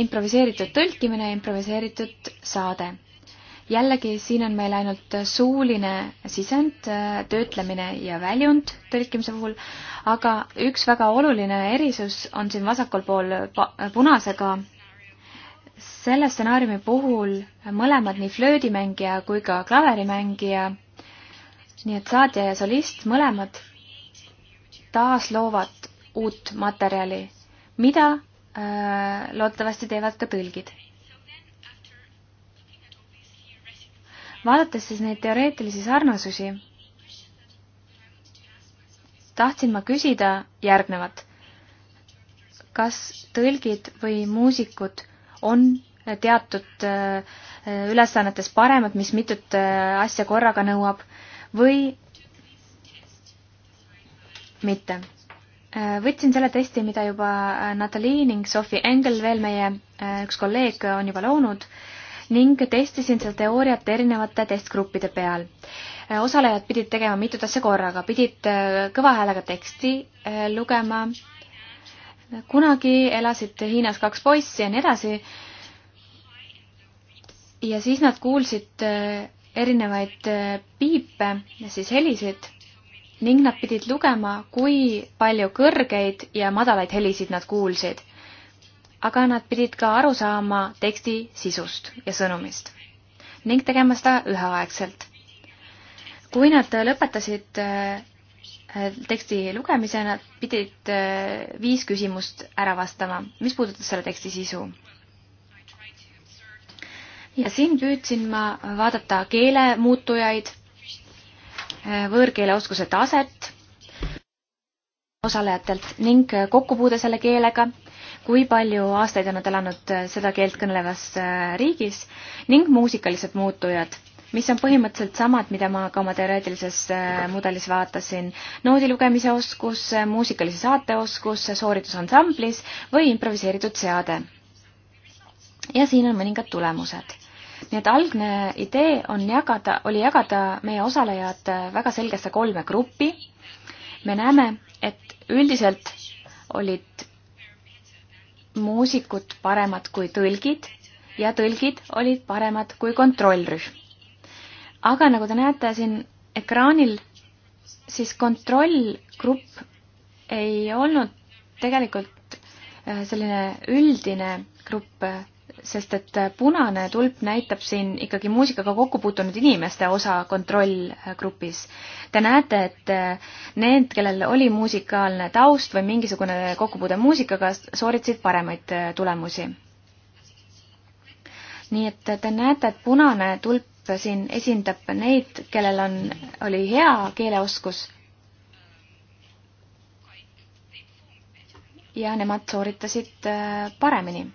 improviseeritud tõlkimine, improviseeritud saade. jällegi, siin on meil ainult suuline sisend, töötlemine ja väljund tõlkimise puhul, aga üks väga oluline erisus on siin vasakul pool punasega selle stsenaariumi puhul mõlemad, nii flöödimängija kui ka klaverimängija, nii et saatja ja solist, mõlemad taasloovad uut materjali, mida äh, loodetavasti teevad ka tõlgid. vaadates siis neid teoreetilisi sarnasusi, tahtsin ma küsida järgnevat. kas tõlgid või muusikud on teatud äh, ülesannetes paremad, mis mitut äh, asja korraga nõuab või mitte? Äh, võtsin selle testi, mida juba äh, Natalii ning Sophie Engel, veel meie äh, üks kolleeg, on juba loonud ning testisin seda teooriat erinevate testgruppide peal. osalejad pidid tegema mitut asja korraga, pidid kõva häälega teksti lugema, kunagi elasid Hiinas kaks poissi ja nii edasi, ja siis nad kuulsid erinevaid piipe, siis helisid ning nad pidid lugema, kui palju kõrgeid ja madalaid helisid nad kuulsid. aga nad pidid ka aru saama teksti sisust ja sõnumist ning tegema seda üheaegselt. kui nad lõpetasid äh, teksti lugemise, nad pidid äh, viis küsimust ära vastama, mis puudutas selle teksti sisu ja siin püüdsin ma vaadata keelemuutujaid võõrkeeleoskuse taset osalejatelt ning kokkupuude selle keelega, kui palju aastaid on nad elanud seda keelt kõnelevas äh, riigis ning muusikalised muutujad, mis on põhimõtteliselt samad, mida ma ka oma teoreetilises äh, mudelis vaatasin. noodi lugemise oskus, äh, muusikalise saate oskus, sooritus ansamblis või improviseeritud seade. ja siin on mõningad tulemused nii et algne idee on jagada, oli jagada meie osalejad väga selgesse kolme gruppi. me näeme, et üldiselt olid muusikud paremad kui tõlgid ja tõlgid olid paremad kui kontrollrühm. aga nagu te näete siin ekraanil, siis kontrollgrupp ei olnud tegelikult äh, selline üldine grupp äh, sest et punane tulp näitab siin ikkagi muusikaga kokku puutunud inimeste osa kontrollgrupis. Te näete, et eh, need, kellel oli muusikaalne taust või mingisugune kokkupuude muusikaga, sooritasid paremaid eh, tulemusi. nii et te näete, et punane tulp siin esindab neid, kellel on, oli hea keeleoskus ja nemad sooritasid eh, paremini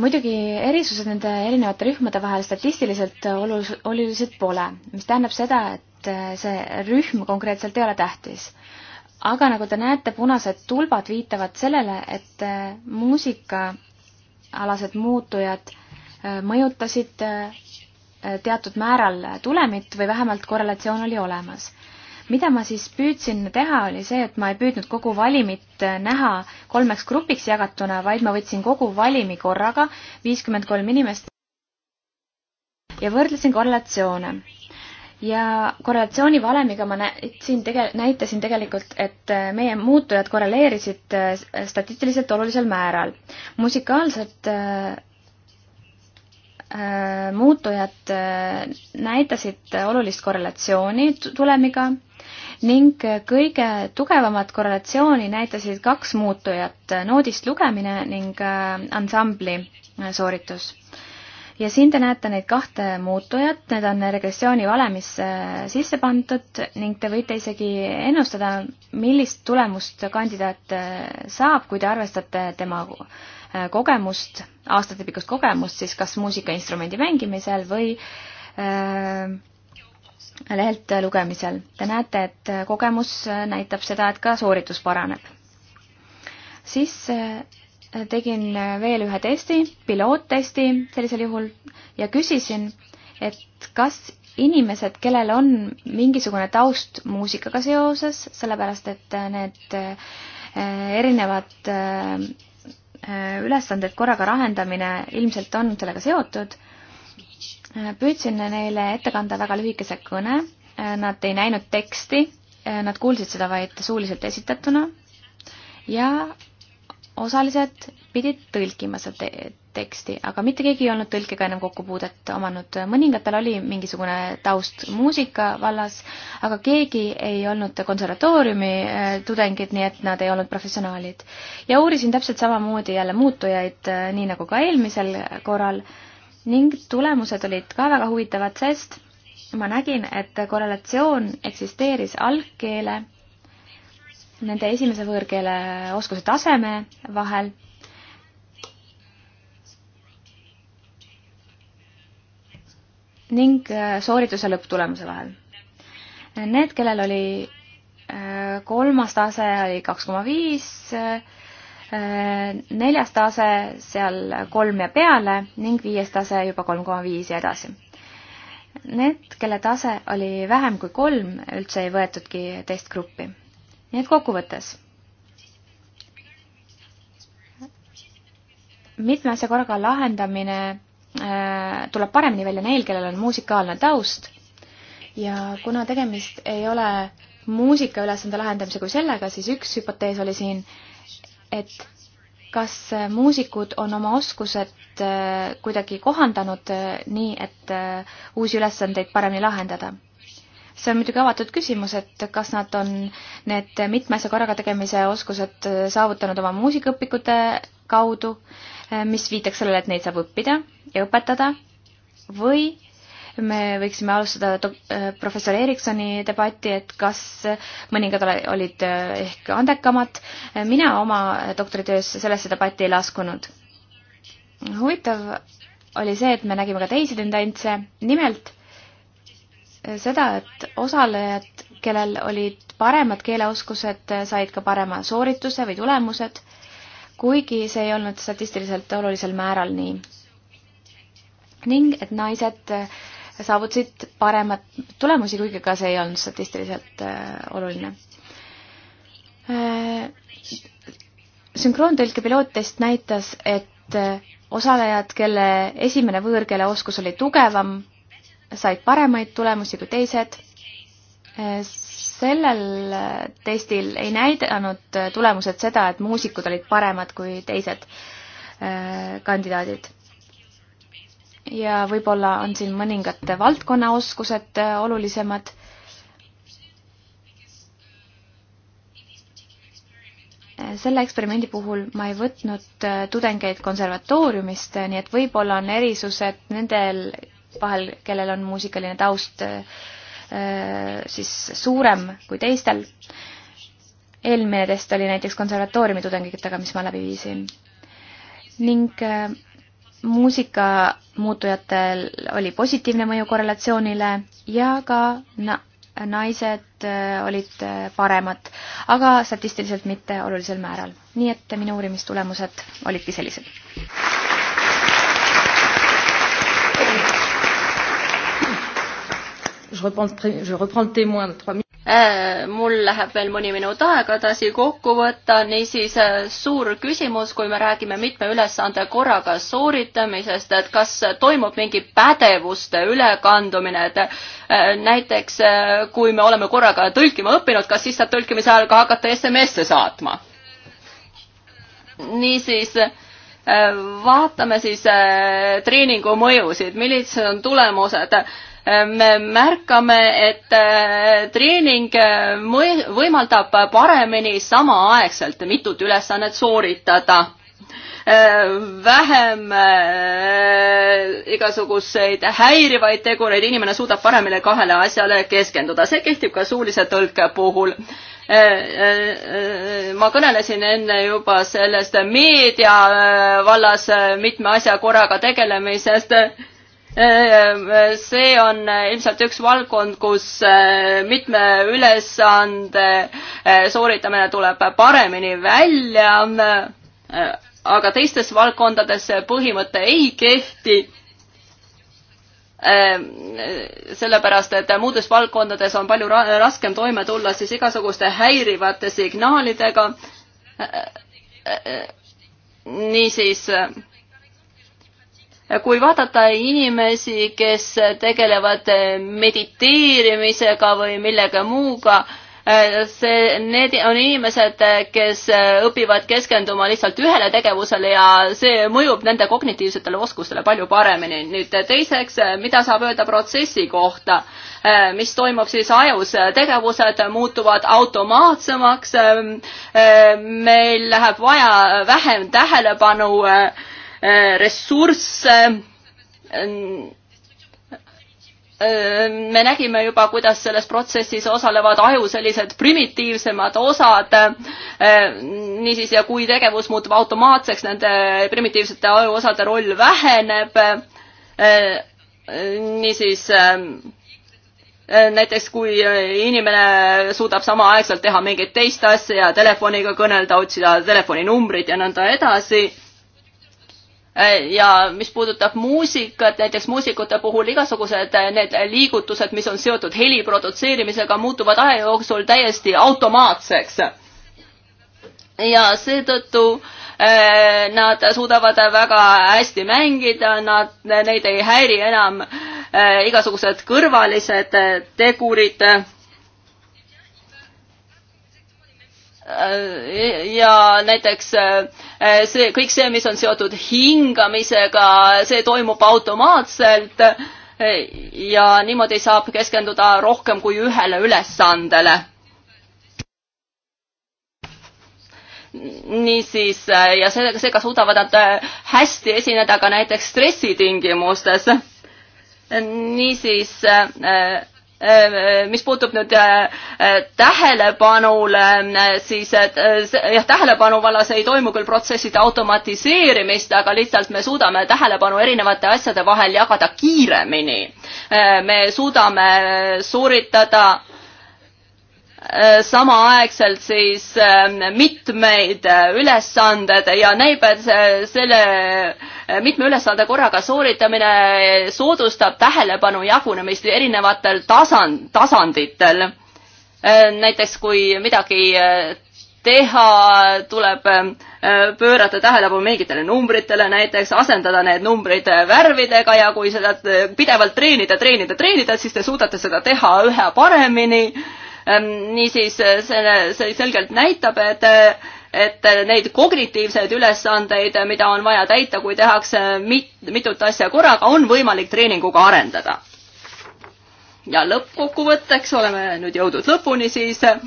muidugi erisused nende erinevate rühmade vahel statistiliselt olus-, olulised pole, mis tähendab seda, et eh, see rühm konkreetselt ei ole tähtis. aga nagu te näete, punased tulbad viitavad sellele, et eh, muusikaalased muutujad eh, mõjutasid teatud määral tulemit või vähemalt korrelatsioon oli olemas mida ma siis püüdsin teha, oli see, et ma ei püüdnud kogu valimit äh, näha kolmeks grupiks jagatuna, vaid ma võtsin kogu valimi korraga, viiskümmend kolm inimest, ja võrdlesin korrelatsioone. ja korrelatsiooni valemiga ma näitasin tege-, näitasin tegelikult, et äh, meie muutujad korreleerisid äh, statistiliselt olulisel määral. musikaalsed muutujad näitasid olulist korrelatsiooni tulemiga ning kõige tugevamat korrelatsiooni näitasid kaks muutujat, noodist lugemine ning äh, ansambli äh, sooritus. ja siin te näete neid kahte muutujat, need on regressioonivalemisse äh, sisse pandud ning te võite isegi ennustada, millist tulemust kandidaat saab, kui te arvestate tema kogemust, aastatepikkust kogemust siis kas muusikainstrumendi mängimisel või äh, lehelt lugemisel. Te näete, et kogemus näitab seda, et ka sooritus paraneb. siis äh, tegin veel ühe testi, piloottesti sellisel juhul ja küsisin, et kas inimesed, kellel on mingisugune taust muusikaga seoses, sellepärast et need äh, erinevad äh, ülesanded korraga lahendamine ilmselt on sellega seotud püüdsin neile ette kanda väga lühikese kõne, nad ei näinud teksti, nad kuulsid seda vaid suuliselt esitatuna ja osalised pidid tõlkima seda te teksti, aga mitte keegi ei olnud tõlkega ennem kokkupuudet omanud. mõningatel oli mingisugune taust muusika vallas, aga keegi ei olnud konservatooriumi äh, tudengid, nii et nad ei olnud professionaalid. ja uurisin täpselt samamoodi jälle muutujaid, äh, nii nagu ka eelmisel korral äh, ning tulemused olid ka väga huvitavad, sest ma nägin, et korrelatsioon eksisteeris algkeele, nende esimese võõrkeele oskuse taseme vahel ning äh, soorituse lõpptulemuse vahel. Need, kellel oli äh, kolmas tase, oli kaks koma viis, äh, Äh, neljas tase seal kolm ja peale ning viies tase juba kolm koma viis ja edasi. Need, kelle tase oli vähem kui kolm, üldse ei võetudki teist gruppi. nii et kokkuvõttes. mitme asja korraga lahendamine äh, tuleb paremini välja neil, kellel on muusikaalne taust ja kuna tegemist ei ole muusikaülesande lahendamisega kui sellega, siis üks hüpotees oli siin äh, et kas muusikud on oma oskused äh, kuidagi kohandanud äh, nii, et äh, uusi ülesandeid paremini lahendada? see on muidugi avatud küsimus, et kas nad on need mitme asja korraga tegemise oskused saavutanud oma muusikaõpikute kaudu, mis viitaks sellele, et neid saab õppida ja õpetada, või me võiksime alustada äh, professor Eriksoni debatti, et kas mõningad olid äh, ehk andekamad. mina oma doktoritöös sellesse debatti ei laskunud. huvitav oli see, et me nägime ka teisi tendentse, nimelt äh, seda, et osalejad, kellel olid paremad keeleoskused, said ka parema soorituse või tulemused, kuigi see ei olnud statistiliselt olulisel määral nii. ning et naised äh, saavutasid paremat tulemusi, kuigi ka see ei olnud statistiliselt äh, oluline. Äh, sünkroontõlke piloottest näitas, et äh, osalejad, kelle esimene võõrkeele oskus oli tugevam, said paremaid tulemusi kui teised. sellel testil ei näidanud tulemused seda, et muusikud olid paremad kui teised kandidaadid ja võib-olla on siin mõningad valdkonnaoskused äh, olulisemad. Äh, selle eksperimendi puhul ma ei võtnud äh, tudengeid konservatooriumist, nii et võib-olla on erisused nendel vahel, kellel on muusikaline taust siis suurem kui teistel. eelmine test oli näiteks konservatooriumi tudengitega, mis ma läbi viisin. ning muusika muutujatel oli positiivne mõju korrelatsioonile ja ka na naised äh, olid äh, paremad, aga statistiliselt mitte olulisel määral. nii et minu uurimistulemused olidki sellised. Je reprends, je reprends le témoin de trois Äh, mul läheb veel mõni minut aega edasi kokku võtta, niisiis äh, suur küsimus, kui me räägime mitme ülesande korraga sooritamisest, et kas toimub mingi pädevuste ülekandumine, et äh, näiteks kui me oleme korraga tõlkima õppinud, kas siis saab tõlkimise ajal ka hakata SMS-e saatma? niisiis vaatame siis treeningu mõjusid, millised on tulemused me märkame, et äh, treening äh, võimaldab paremini samaaegselt mitut ülesannet sooritada äh, vähem igasuguseid häirivaid tegureid, inimene suudab paremini kahele asjale keskenduda, see kehtib ka suulise tõlke puhul. ma kõnelesin enne juba sellest meedia vallas mitme asja korraga tegelemisest Äh, äh, see on äh, ilmselt üks valdkond, kus mitme ülesande sooritamine tuleb paremini välja, aga teistes valdkondades see põhimõte ei kehti. sellepärast, et muudes valdkondades on palju raskem toime tulla siis igasuguste häirivate signaalidega. niisiis kui vaadata inimesi, kes tegelevad mediteerimisega või millega muuga, see, need on inimesed, kes õpivad keskenduma lihtsalt ühele tegevusele ja see mõjub nende kognitiivsetele oskustele palju paremini. nüüd teiseks, mida saab öelda protsessi kohta, mis toimub siis ajus, tegevused muutuvad automaatsemaks, meil läheb vaja vähem tähelepanu Eh, ressursse. Eh, me nägime juba, kuidas selles protsessis osalevad aju sellised primitiivsemad osad. Eh, niisiis, ja kui tegevus muutub automaatseks, nende primitiivsete ajuosade roll väheneb. niisiis näiteks kui inimene suudab samaaegselt teha mingit teist asja ja telefoniga kõnelda, otsida telefoninumbrit ja nõnda edasi, Äh, ja mis puudutab muusikat, näiteks muusikute puhul igasugused äh, need liigutused, mis on seotud heli produtseerimisega, muutuvad aja jooksul täiesti automaatseks. ja seetõttu eh, nad suudavad väga hästi mängida, nad, neid ei häiri enam eh, igasugused kõrvalised tegurid eh, Äh, ja näiteks äh, see, kõik see, mis on seotud hingamisega, see toimub automaatselt äh, ja niimoodi saab keskenduda rohkem kui ühele ülesandele. niisiis, ja sellega, seega suudavad nad hästi esineda ka näiteks stressitingimustes. niisiis äh, Äh, äh, mis puutub nüüd äh, tähelepanule, siis jah, tähelepanu vallas ei toimu küll protsesside automatiseerimist, aga lihtsalt me suudame tähelepanu erinevate asjade vahel jagada kiiremini. me suudame sooritada samaaegselt siis mitmeid ülesanded ja näib, et selle mitme ülesande korraga sooritamine soodustab tähelepanu jagunemist erinevatel tasand, tasanditel. näiteks kui midagi äh, teha, tuleb äh, pöörata tähelepanu mingitele numbritele, näiteks asendada need numbrid äh, värvidega ja kui seda pidevalt treenida, treenida, treenida, siis te suudate seda teha üha paremini ehm, niisiis selle, see selgelt näitab, et et neid kognitiivseid ülesandeid, mida on vaja täita, kui tehakse mit-, mitut asja korraga, on võimalik treeninguga arendada. ja lõppkokkuvõtteks oleme nüüd jõudnud lõpuni siis eh,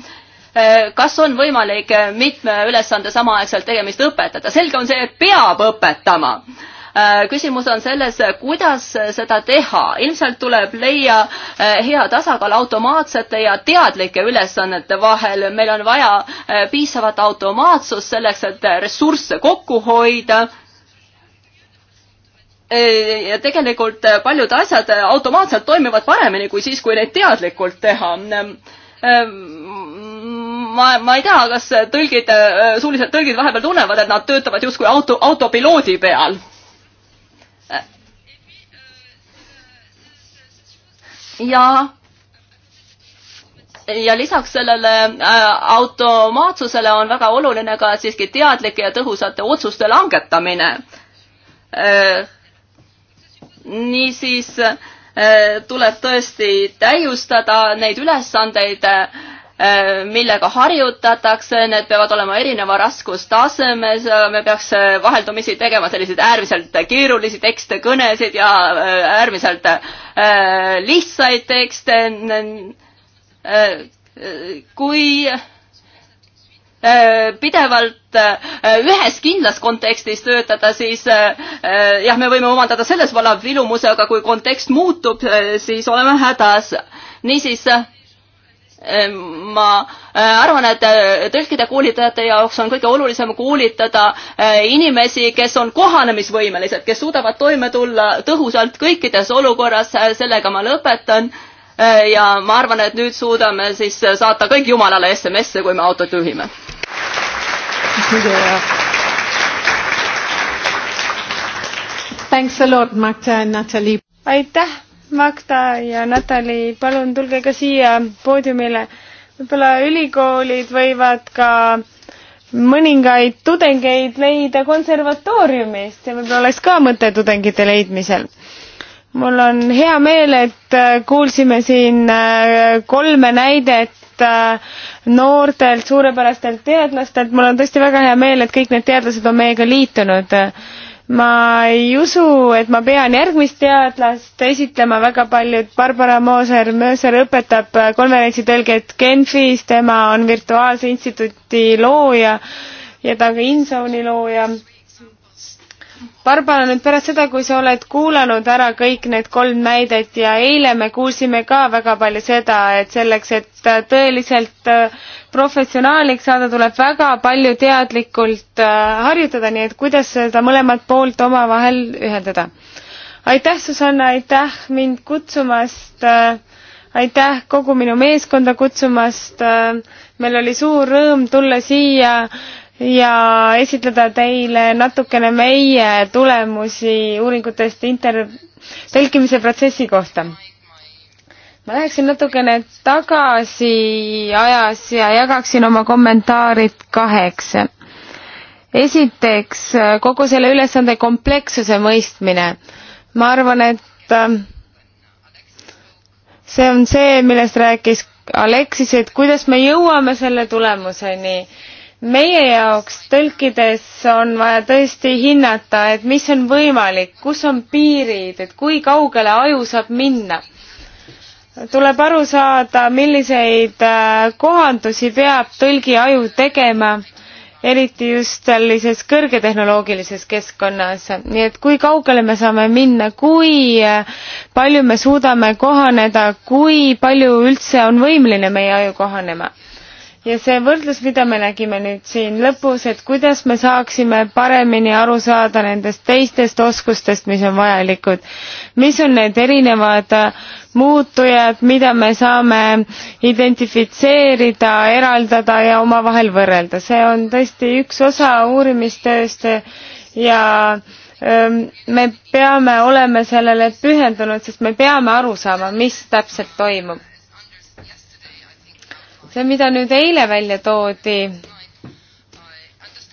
kas on võimalik mitme ülesande samaaegselt tegemist õpetada? selge on see, et peab õpetama Äh, küsimus on selles, kuidas seda teha. ilmselt tuleb leia äh, hea tasakaal automaatsete ja teadlike ülesannete vahel. meil on vaja äh, piisavat automaatsust selleks, et ressursse kokku hoida ja tegelikult paljud asjad automaatselt toimivad paremini kui siis, kui neid teadlikult teha ma, ma ei tea, kas tõlgid, suulised tõlgid vahepeal tunnevad, et nad töötavad justkui auto, autopiloodi peal ja ja lisaks sellele äh, automaatsusele on väga oluline ka siiski teadlike ja tõhusate otsuste langetamine. Äh, niisiis äh, tuleb tõesti täiustada neid ülesandeid Äh, millega harjutatakse, need peavad olema erineva raskustasemes, äh, me peaks äh, vaheldumisi tegema selliseid äärmiselt keerulisi tekste, kõnesid ja äärmiselt lihtsaid tekste. kui pidevalt ühes kindlas kontekstis töötada, siis jah, me võime omandada selles vallas vilumuse, aga kui kontekst muutub, siis oleme hädas. niisiis Ehm, ma eh, arvan, et eh, tõlkide koolitajate jaoks on kõige olulisem koolitada eh, inimesi, kes on kohanemisvõimelised, kes suudavad toime tulla tõhusalt kõikides olukorras, sellega ma lõpetan. ja ma arvan, et nüüd suudame siis saata kõik jumalale SMS-e, kui me autot juhime. aitäh, Magda ja Natali, palun tulge ka siia poodiumile. võib-olla ülikoolid võivad ka mõningaid tudengeid leida konservatooriumist ja võib-olla oleks ka mõte tudengite leidmisel. mul on hea meel, et äh, kuulsime siin äh, kolme näidet äh, noortelt suurepärastelt teadlastelt, mul on tõesti väga hea meel, et kõik need teadlased on meiega liitunud ma ei usu, et ma pean järgmist teadlast esitlema väga palju, et Barbara Moser, Mööser õpetab konverentsi tõlget Genfis, tema on virtuaalse instituuti looja ja ta on ka Insoni looja Barbara, nüüd pärast seda, kui sa oled kuulanud ära kõik need kolm näidet ja eile me kuulsime ka väga palju seda, et selleks, et äh, tõeliselt äh, professionaaliks saada, tuleb väga palju teadlikult äh, harjutada, nii et kuidas seda mõlemat poolt omavahel ühendada. aitäh, Susanna, aitäh mind kutsumast, aitäh kogu minu meeskonda kutsumast, meil oli suur rõõm tulla siia ja esitleda teile natukene meie tulemusi uuringutest inter-, tõlkimise protsessi kohta. ma läheksin natukene tagasi ajas ja jagaksin oma kommentaarid kaheks. esiteks, kogu selle ülesande komplekssuse mõistmine. ma arvan, et äh, see on see, millest rääkis Aleksis, et kuidas me jõuame selle tulemuseni meie jaoks tõlkides on vaja tõesti hinnata, et mis on võimalik, kus on piirid, et kui kaugele aju saab minna. tuleb aru saada, milliseid äh, kohandusi peab tõlgi aju tegema, eriti just sellises kõrgetehnoloogilises keskkonnas. nii et kui kaugele me saame minna, kui äh, palju me suudame kohaneda, kui palju üldse on võimeline meie aju kohanema ja see võrdlus, mida me nägime nüüd siin lõpus, et kuidas me saaksime paremini aru saada nendest teistest oskustest, mis on vajalikud. mis on need erinevad äh, muutujad, mida me saame identifitseerida, eraldada ja omavahel võrrelda, see on tõesti üks osa uurimistööst ja ähm, me peame olema sellele pühendunud, sest me peame aru saama, mis täpselt toimub see, mida nüüd eile välja toodi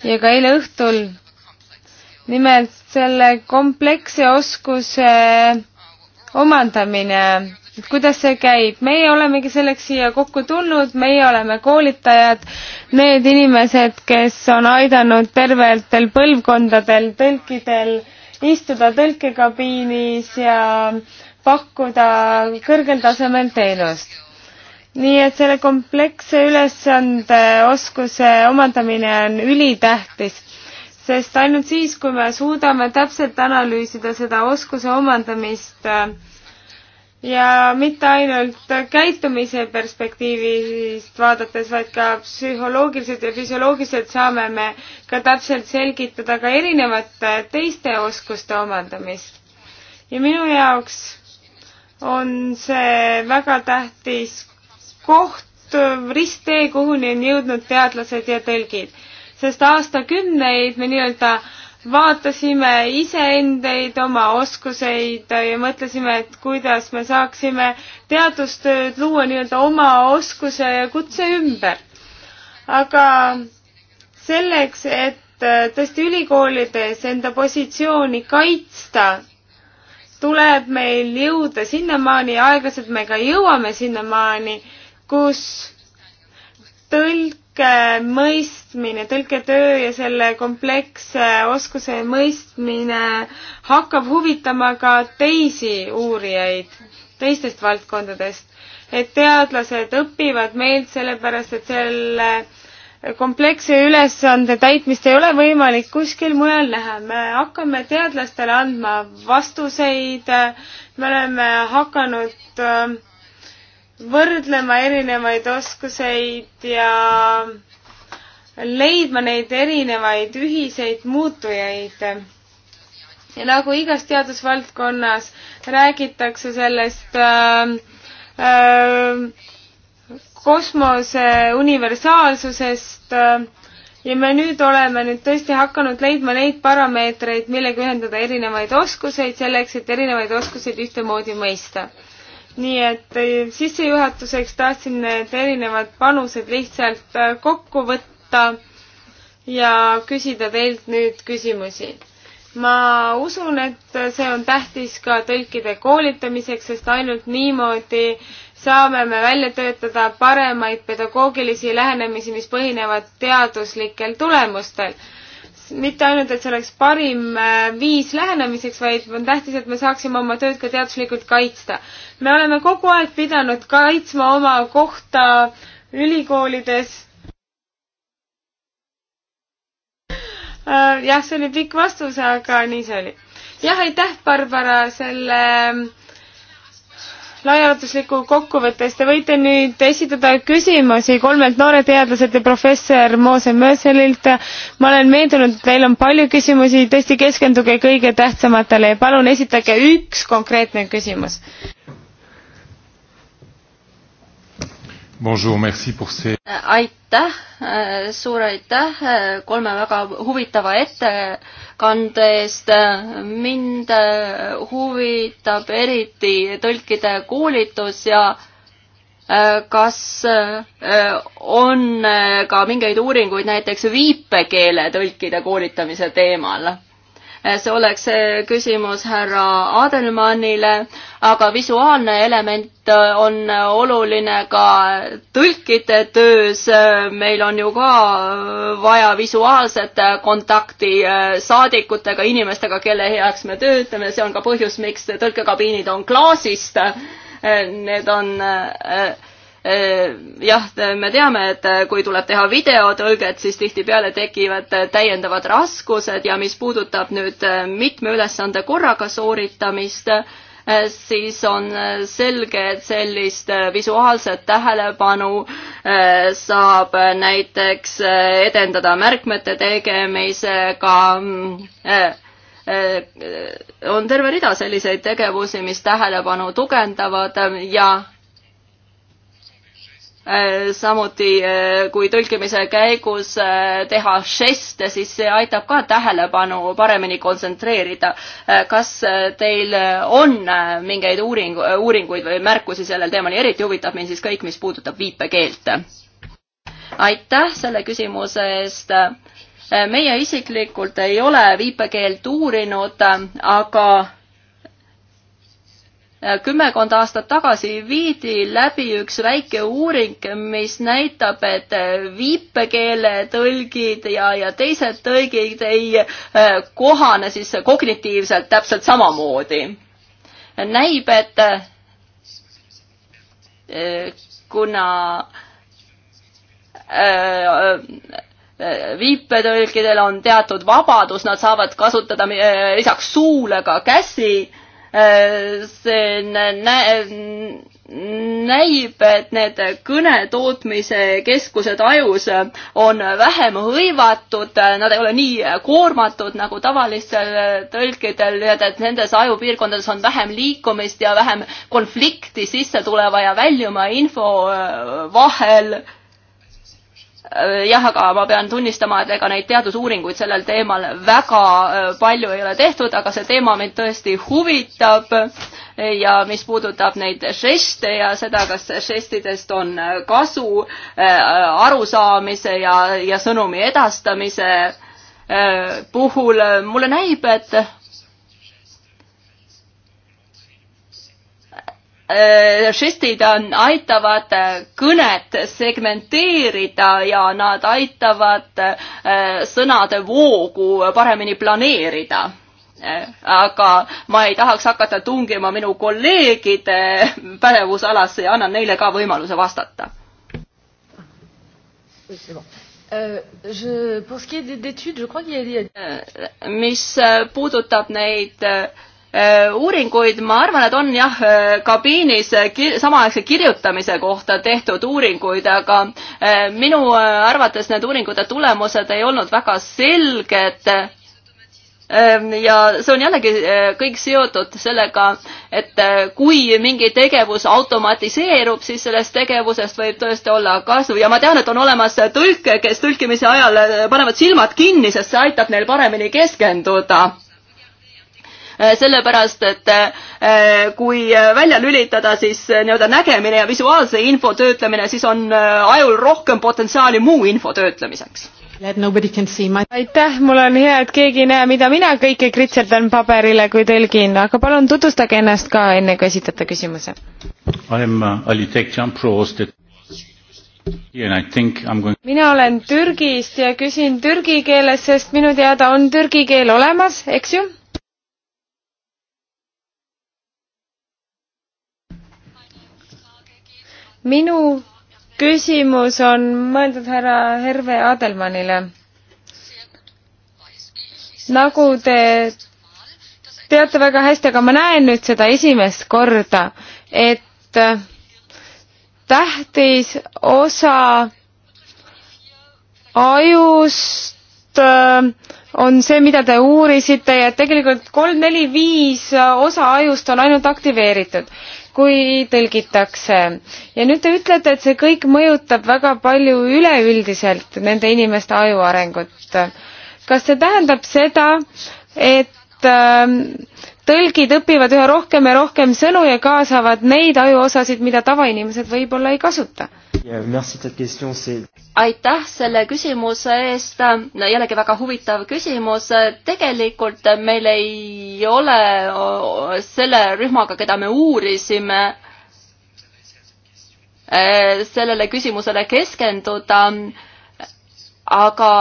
ja ka eile õhtul, nimelt selle kompleksse oskuse omandamine, et kuidas see käib. meie olemegi selleks siia kokku tulnud, meie oleme koolitajad, need inimesed, kes on aidanud tervetel põlvkondadel tõlkidel istuda tõlkekabiinis ja pakkuda kõrgel tasemel teenust nii et selle kompleksse ülesandeoskuse omandamine on ülitähtis, sest ainult siis, kui me suudame täpselt analüüsida seda oskuse omandamist äh, ja mitte ainult käitumise perspektiivist vaadates, vaid ka psühholoogiliselt ja füsioloogiliselt saame me ka täpselt selgitada ka erinevate teiste oskuste omandamist. ja minu jaoks on see väga tähtis koht, risttee, kuhuni on jõudnud teadlased ja tõlgid. sest aastakümneid me nii-öelda vaatasime iseendeid, oma oskuseid ja mõtlesime, et kuidas me saaksime teadustööd luua nii-öelda oma oskuse ja kutse ümber. aga selleks, et äh, tõesti ülikoolides enda positsiooni kaitsta, tuleb meil jõuda sinnamaani ja aeglaselt me ka jõuame sinnamaani kus tõlke mõistmine, tõlketöö ja selle kompleksse oskuse mõistmine hakkab huvitama ka teisi uurijaid teistest valdkondadest. et teadlased õpivad meilt sellepärast, et selle kompleksse ülesande täitmist ei ole võimalik kuskil mujal näha. me hakkame teadlastele andma vastuseid, me oleme hakanud äh, võrdlema erinevaid oskuseid ja leidma neid erinevaid ühiseid muutujaid. ja nagu igas teadusvaldkonnas räägitakse sellest äh, äh, kosmose universaalsusest äh, ja me nüüd oleme nüüd tõesti hakanud leidma neid parameetreid, millega ühendada erinevaid oskuseid selleks, et erinevaid oskuseid ühtemoodi mõista nii et eh, sissejuhatuseks tahtsin need erinevad panused lihtsalt eh, kokku võtta ja küsida teilt nüüd küsimusi. ma usun, et see on tähtis ka tõlkide koolitamiseks, sest ainult niimoodi saame me välja töötada paremaid pedagoogilisi lähenemisi, mis põhinevad teaduslikel tulemustel mitte ainult, et see oleks parim äh, viis lähenemiseks, vaid on tähtis, et me saaksime oma tööd ka teaduslikult kaitsta. me oleme kogu aeg pidanud kaitsma oma kohta ülikoolides. Äh, jah, see oli pikk vastus, aga nii see oli. jah, aitäh, Barbara, selle laiaulatusliku kokkuvõtte eest. Te võite nüüd esitada küsimusi kolmelt nooreteadlaselt ja professor Moose Möselilt. ma olen veendunud, et teil on palju küsimusi, tõesti keskenduge kõige tähtsamatele ja palun esitage üks konkreetne küsimus. Ces... aitäh, suur aitäh kolme väga huvitava ettekande eest. mind huvitab eriti tõlkide koolitus ja eh, kas eh, on eh, ka mingeid uuringuid näiteks viipekeele tõlkide koolitamise teemal? see oleks küsimus härra Adelmannile, aga visuaalne element äh, on oluline ka tõlkide töös. meil on ju ka äh, vaja visuaalset äh, kontakti saadikutega, inimestega, kelle heaks me töötame, see on ka põhjus, miks tõlkekabiinid on klaasist. Need on äh, Äh, jah, me teame, et äh, kui tuleb teha videotõlget, siis tihtipeale tekivad äh, täiendavad raskused ja mis puudutab nüüd mitme ülesande korraga sooritamist, siis on selge, et sellist visuaalset tähelepanu saab näiteks edendada märkmete tegemisega. Mm, on terve rida selliseid tegevusi, mis tähelepanu tugevdavad ja Äh, samuti äh, kui tõlkimise käigus äh, teha žeste, siis see aitab ka tähelepanu paremini kontsentreerida. kas teil on mingeid uuring, uuringuid või märkusi sellel teemal ja eriti huvitab mind siis kõik, mis puudutab viipekeelt? aitäh selle küsimuse eest. meie isiklikult ei ole viipekeelt uurinud, aga kümmekond aastat tagasi viidi läbi üks väike uuring, mis näitab, et viipekeeletõlgid ja, ja teised tõlgid ei äh, kohane siis kognitiivselt täpselt samamoodi. näib, et äh, kuna äh, viipetõlkidel on teatud vabadus, nad saavad kasutada lisaks suule ka käsi Äh, see nä-, näib, et need kõnetootmise keskused ajus on vähem hõivatud, nad ei ole nii koormatud nagu tavalistel tõlkidel, nii et, et nendes ajupiirkondades on vähem liikumist ja vähem konflikti sisse tuleva ja väljuma info äh, vahel Äh, jah, aga ma pean tunnistama, et ega neid teadusuuringuid sellel teemal väga äh, palju ei ole tehtud, aga see teema mind tõesti huvitab. Äh, ja mis puudutab neid žeste ja seda, kas žestidest on kasu arusaamise ja, ja sõnumi edastamise puhul, mulle näib, et Äh, žestid aitavad äh, kõnet segmenteerida ja nad aitavad äh, sõnade voogu paremini planeerida. aga ma ei tahaks hakata tungima minu kolleegide pädevusalasse ja annan neile ka võimaluse vastata. Euh, mis puudutab neid Äh, uuringuid, ma arvan, et on jah, äh, kabiinis äh, kir samaaegse kirjutamise kohta tehtud uuringuid, aga minu arvates need uuringute tulemused ei olnud väga selged. Ähm, ja see on jällegi kõik seotud sellega, et kui mingi tegevus automatiseerub, siis sellest tegevusest võib tõesti olla kasu ja ma tean, et on olemas tõlke, kes tõlkimise ajal panevad silmad kinni, sest see aitab neil paremini keskenduda Äh, sellepärast et äh, kui välja lülitada siis äh, nii-öelda nägemine ja visuaalse info töötlemine, siis on ajul rohkem potentsiaali muu info töötlemiseks. My... aitäh, mul on hea, et keegi ei näe, mida mina kõike kritseldan paberile, kui tõlgin, aga palun tutvustage ennast ka enne, kui esitate küsimuse. I am uh, Ali Tekjan, provost Going... mina olen Türgist ja küsin türgi keeles, sest minu teada on türgi keel olemas, eks ju? minu küsimus on mõeldud härra Herve Adelmannile. nagu te teate väga hästi, aga ma näen nüüd seda esimest korda, et tähtis osa ajust äh, on see, mida te uurisite ja tegelikult kolm-neli-viis osa ajust on ainult aktiveeritud kui tõlgitakse. ja nüüd te ütlete, et see kõik mõjutab väga palju üleüldiselt nende inimeste aju arengut. kas see tähendab seda, et äh, tõlgid õpivad üha rohkem ja rohkem sõnu ja kaasavad neid ajuosasid, mida tavainimesed võib-olla ei kasuta. aitäh selle küsimuse eest no,, jällegi väga huvitav küsimus. tegelikult meil ei ole selle rühmaga, keda me uurisime, eh, sellele küsimusele keskenduda, aga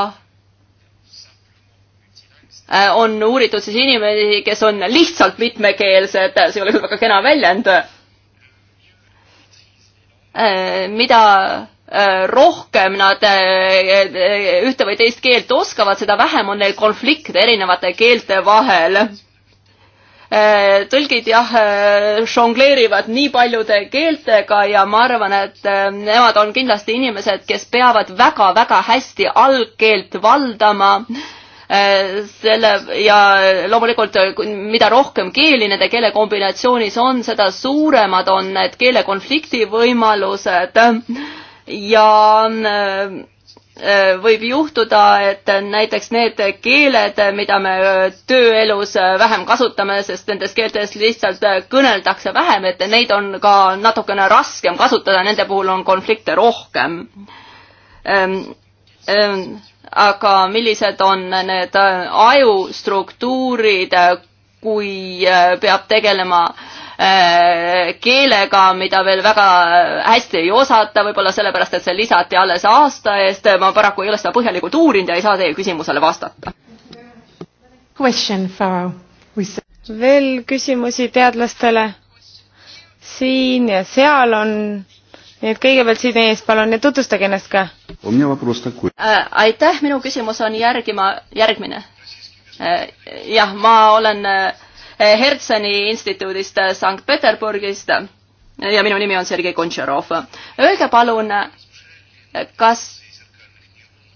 Äh, on uuritud siis inimesi, kes on lihtsalt mitmekeelsed, see ei ole küll väga kena väljend, äh, mida äh, rohkem nad ühte või teist keelt oskavad, seda vähem on neil konflikte erinevate keelte vahel. tõlgid jah, žongleerivad nii paljude keeltega ja ma arvan, et nemad on kindlasti inimesed, kes peavad väga-väga hästi algkeelt valdama Äh, selle ja loomulikult, mida rohkem keeli nende keelekombinatsioonis on, seda suuremad on need keelekonflikti võimalused ja äh, äh, võib juhtuda, et näiteks need keeled, mida me tööelus vähem kasutame, sest nendes keeltes lihtsalt kõneldakse vähem, et neid on ka natukene raskem kasutada, nende puhul on konflikte rohkem ähm,. Ähm, aga millised on need äh, ajustruktuurid, äh, kui äh, peab tegelema keelega, mida veel väga hästi ei osata, võib-olla sellepärast, et see lisati alles aasta eest. ma paraku ei ole seda põhjalikult uurinud ja ei saa teie küsimusele vastata. veel küsimusi teadlastele? siin ja seal on nii et kõigepealt siin ees, palun ja tutvustage ennast ka. Äh, aitäh, minu küsimus on järgima, järgmine. Äh, jah, ma olen äh, Hertseni instituudist Sankt-Peterburgist ja minu nimi on Sergei Gontšarov. Öelge palun, kas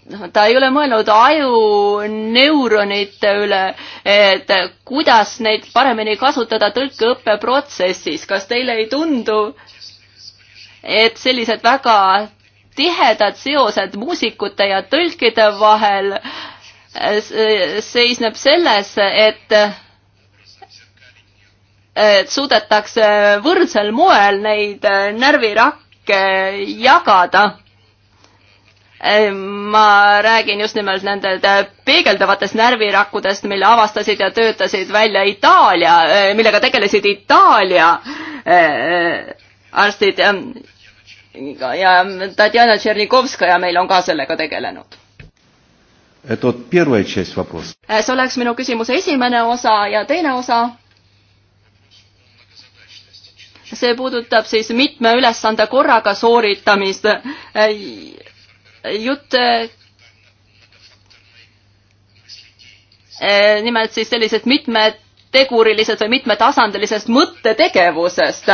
noh, ta ei ole mõelnud ajuneuronite üle, et kuidas neid paremini kasutada tõlkeõppe protsessis, kas teile ei tundu, et sellised väga tihedad seosed muusikute ja tõlkide vahel eh, seisneb selles, et et suudetakse võrdsel moel neid eh, närvirakke jagada. Eh, ma räägin just nimelt nendest peegeldavatest närvirakkudest, mille avastasid ja töötasid välja Itaalia, millega tegelesid Itaalia arstid ähm, ja Tatjana Tšernikovskaja meil on ka sellega tegelenud. Äh, see oleks minu küsimuse esimene osa ja teine osa see puudutab siis mitme ülesande korraga sooritamist. Äh, jutt äh, nimelt siis sellisest mitmetegurilisest või mitmetasandilisest mõttetegevusest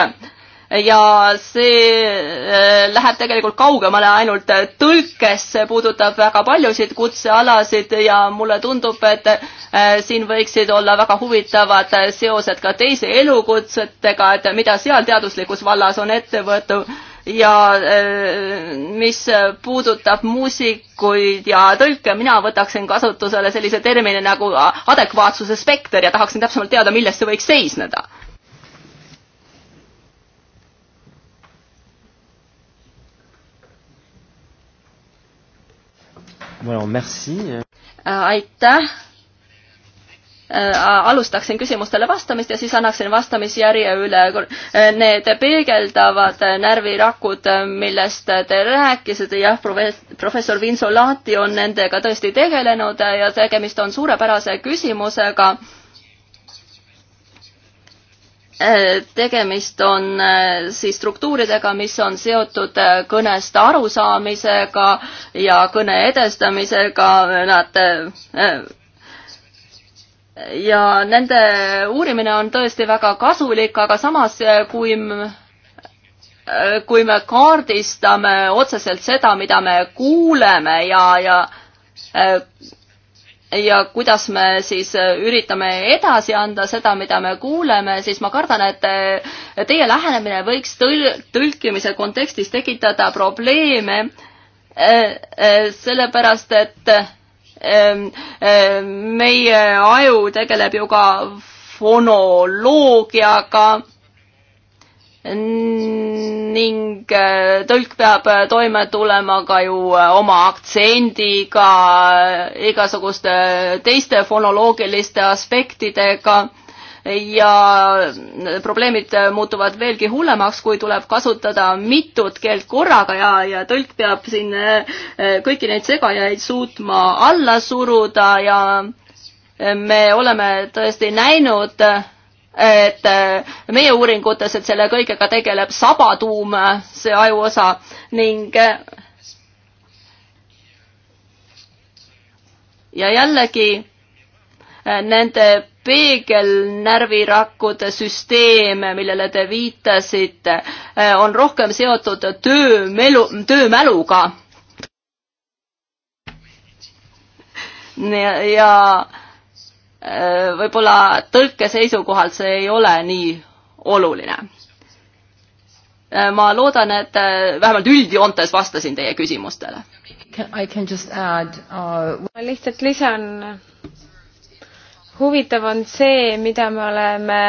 ja see äh, läheb tegelikult kaugemale ainult tõlkest, see puudutab väga paljusid kutsealasid ja mulle tundub, et äh, siin võiksid olla väga huvitavad seosed ka teise elukutsetega, et mida seal teaduslikus vallas on ette võetud ja äh, mis puudutab muusikuid ja tõlke, mina võtaksin kasutusele sellise termini nagu adekvaatsuse spekter ja tahaksin täpsemalt teada, milles see võiks seisneda Well, merci. Äh, aitäh. Äh, alustaksin küsimustele vastamist ja siis annaksin vastamisjärje üle. Äh, need peegeldavad närvirakud, millest te rääkisite, jah, professor Vinsolati on nendega tõesti tegelenud ja tegemist on suurepärase küsimusega Äh, tegemist on äh, siis struktuuridega, mis on seotud äh, kõnest arusaamisega ja kõne edestamisega, nad ja nende uurimine on tõesti väga kasulik, aga samas, kui kui me kaardistame otseselt seda, mida me kuuleme ja, ja ja kuidas me siis äh, üritame edasi anda seda, mida me kuuleme, siis ma kardan, et äh, teie lähenemine võiks tõl-, tõlkimise kontekstis tekitada probleeme, äh, sellepärast et ähm, meie aju tegeleb ju ka fonoloogiaga ning äh, tõlk peab äh, toime tulema ka ju äh, oma aktsendiga, igasuguste teiste fonoloogiliste aspektidega ja probleemid muutuvad veelgi hullemaks, kui tuleb kasutada mitut keelt korraga ja, ja tõlk peab siin kõiki neid segajaid suutma alla suruda ja me oleme tõesti näinud, et äh, meie uuringutes, et selle kõigega tegeleb sabatuum, äh, see ajuosa ning äh, ja jällegi nende peegelnärvirakkude süsteem, millele te viitasite, on rohkem seotud töömelu, töömäluga. ja, ja Äh, võib-olla tõlke seisukohalt see ei ole nii oluline. Äh, ma loodan, et äh, vähemalt üldjoontes vastasin teie küsimustele. Uh... ma lihtsalt lisan, huvitav on see, mida me oleme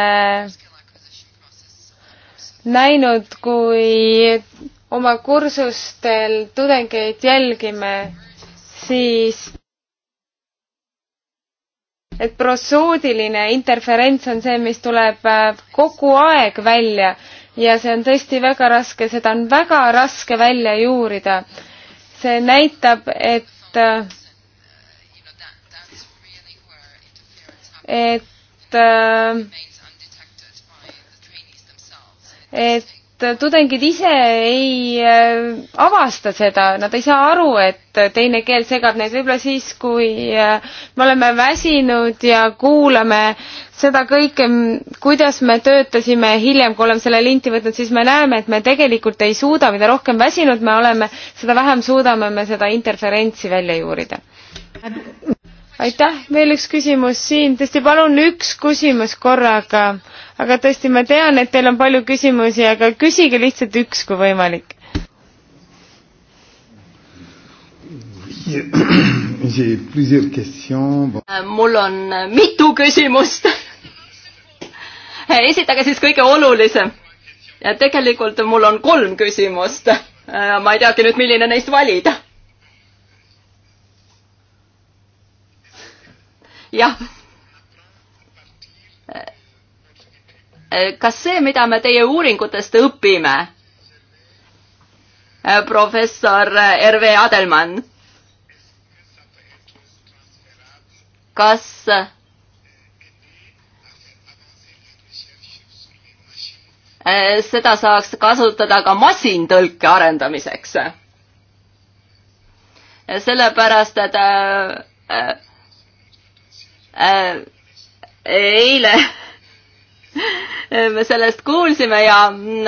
näinud, kui oma kursustel tudengeid jälgime, siis et prosoodiline interferents on see, mis tuleb äh, kogu aeg välja ja see on tõesti väga raske, seda on väga raske välja juurida. see näitab, et, äh, et, äh, et tudengid ise ei äh, avasta seda, nad ei saa aru, et teine keel segab neid, võib-olla siis, kui äh, me oleme väsinud ja kuulame seda kõike, kuidas me töötasime hiljem, kui oleme selle linti võtnud, siis me näeme, et me tegelikult ei suuda, mida rohkem väsinud me oleme, seda vähem suudame me seda interferentsi välja juurida. aitäh, veel üks küsimus siin, tõesti palun üks küsimus korraga aga tõesti, ma tean, et teil on palju küsimusi, aga küsige lihtsalt üks, kui võimalik. *coughs* Äh, mul on äh, mitu küsimust. Äh, esitage siis kõige olulisem. ja tegelikult mul on kolm küsimust. ma ei teagi nüüd, milline neist valida. jah Eh, kas see, mida me teie uuringutest õpime, eh, professor Herve eh, Adelmann, kas seda saaks kasutada ka masintõlke arendamiseks? sellepärast, et äh, äh, eile *laughs* me ehm, sellest kuulsime ja mm,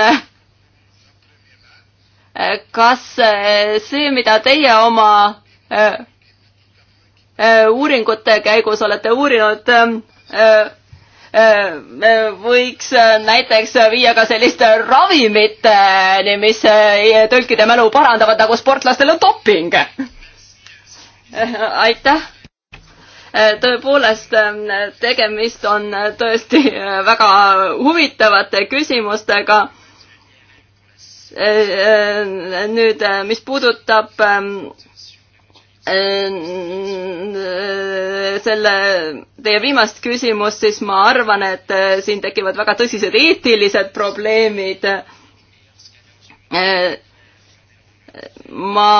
eh, kas eh, see, mida teie oma eh, uuringute käigus olete uurinud, ehm, võiks näiteks viia ka selliste ravimiteni, mis tõlkide mälu parandavad, nagu sportlastel on doping. *laughs* aitäh Äh, tõepoolest, ähm, tegemist on äh, tõesti äh, väga huvitavate küsimustega. nüüd, mis puudutab ähm, selle, teie viimast küsimust, siis ma arvan, et siin tekivad väga tõsised eetilised probleemid. ma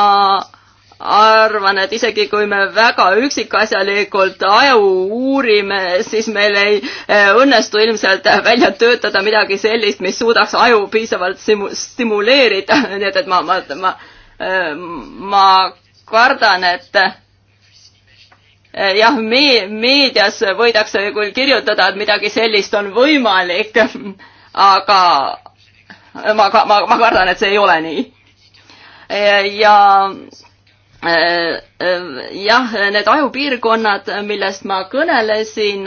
arvan, et isegi kui me väga üksikasjalikult aju uurime, siis meil ei eh, õnnestu ilmselt välja töötada midagi sellist, mis suudaks aju piisavalt simu-, stimuleerida, *laughs* nii et, et ma, ma, ma, eh, ma kardan, et eh, jah, me-, meedias võidakse küll kirjutada, et midagi sellist on võimalik, *laughs* aga ma, ma, ma kardan, et see ei ole nii. ja jah, need ajupiirkonnad, millest ma kõnelesin,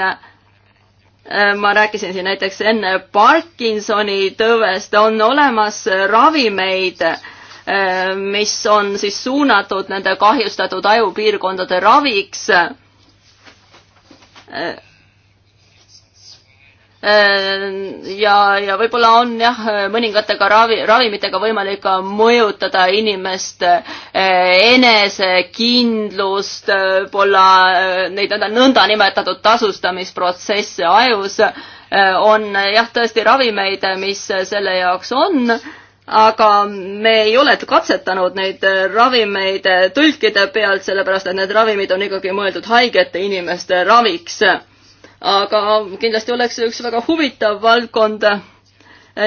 ma rääkisin siin näiteks enne Parkinsoni tõvest, on olemas ravimeid, mis on siis suunatud nende kahjustatud ajupiirkondade raviks Äh, ja, ja võib-olla on jah, mõningatega ravi, ravimitega võimalik ka mõjutada inimeste äh, enesekindlust, võib-olla äh, neid nõndanimetatud tasustamisprotsesse ajus on jah, tõesti ravimeid, mis selle jaoks on, aga me ei ole katsetanud neid ravimeid tõlkide pealt, sellepärast et need ravimid on ikkagi mõeldud haigete inimeste raviks aga kindlasti oleks see üks väga huvitav valdkond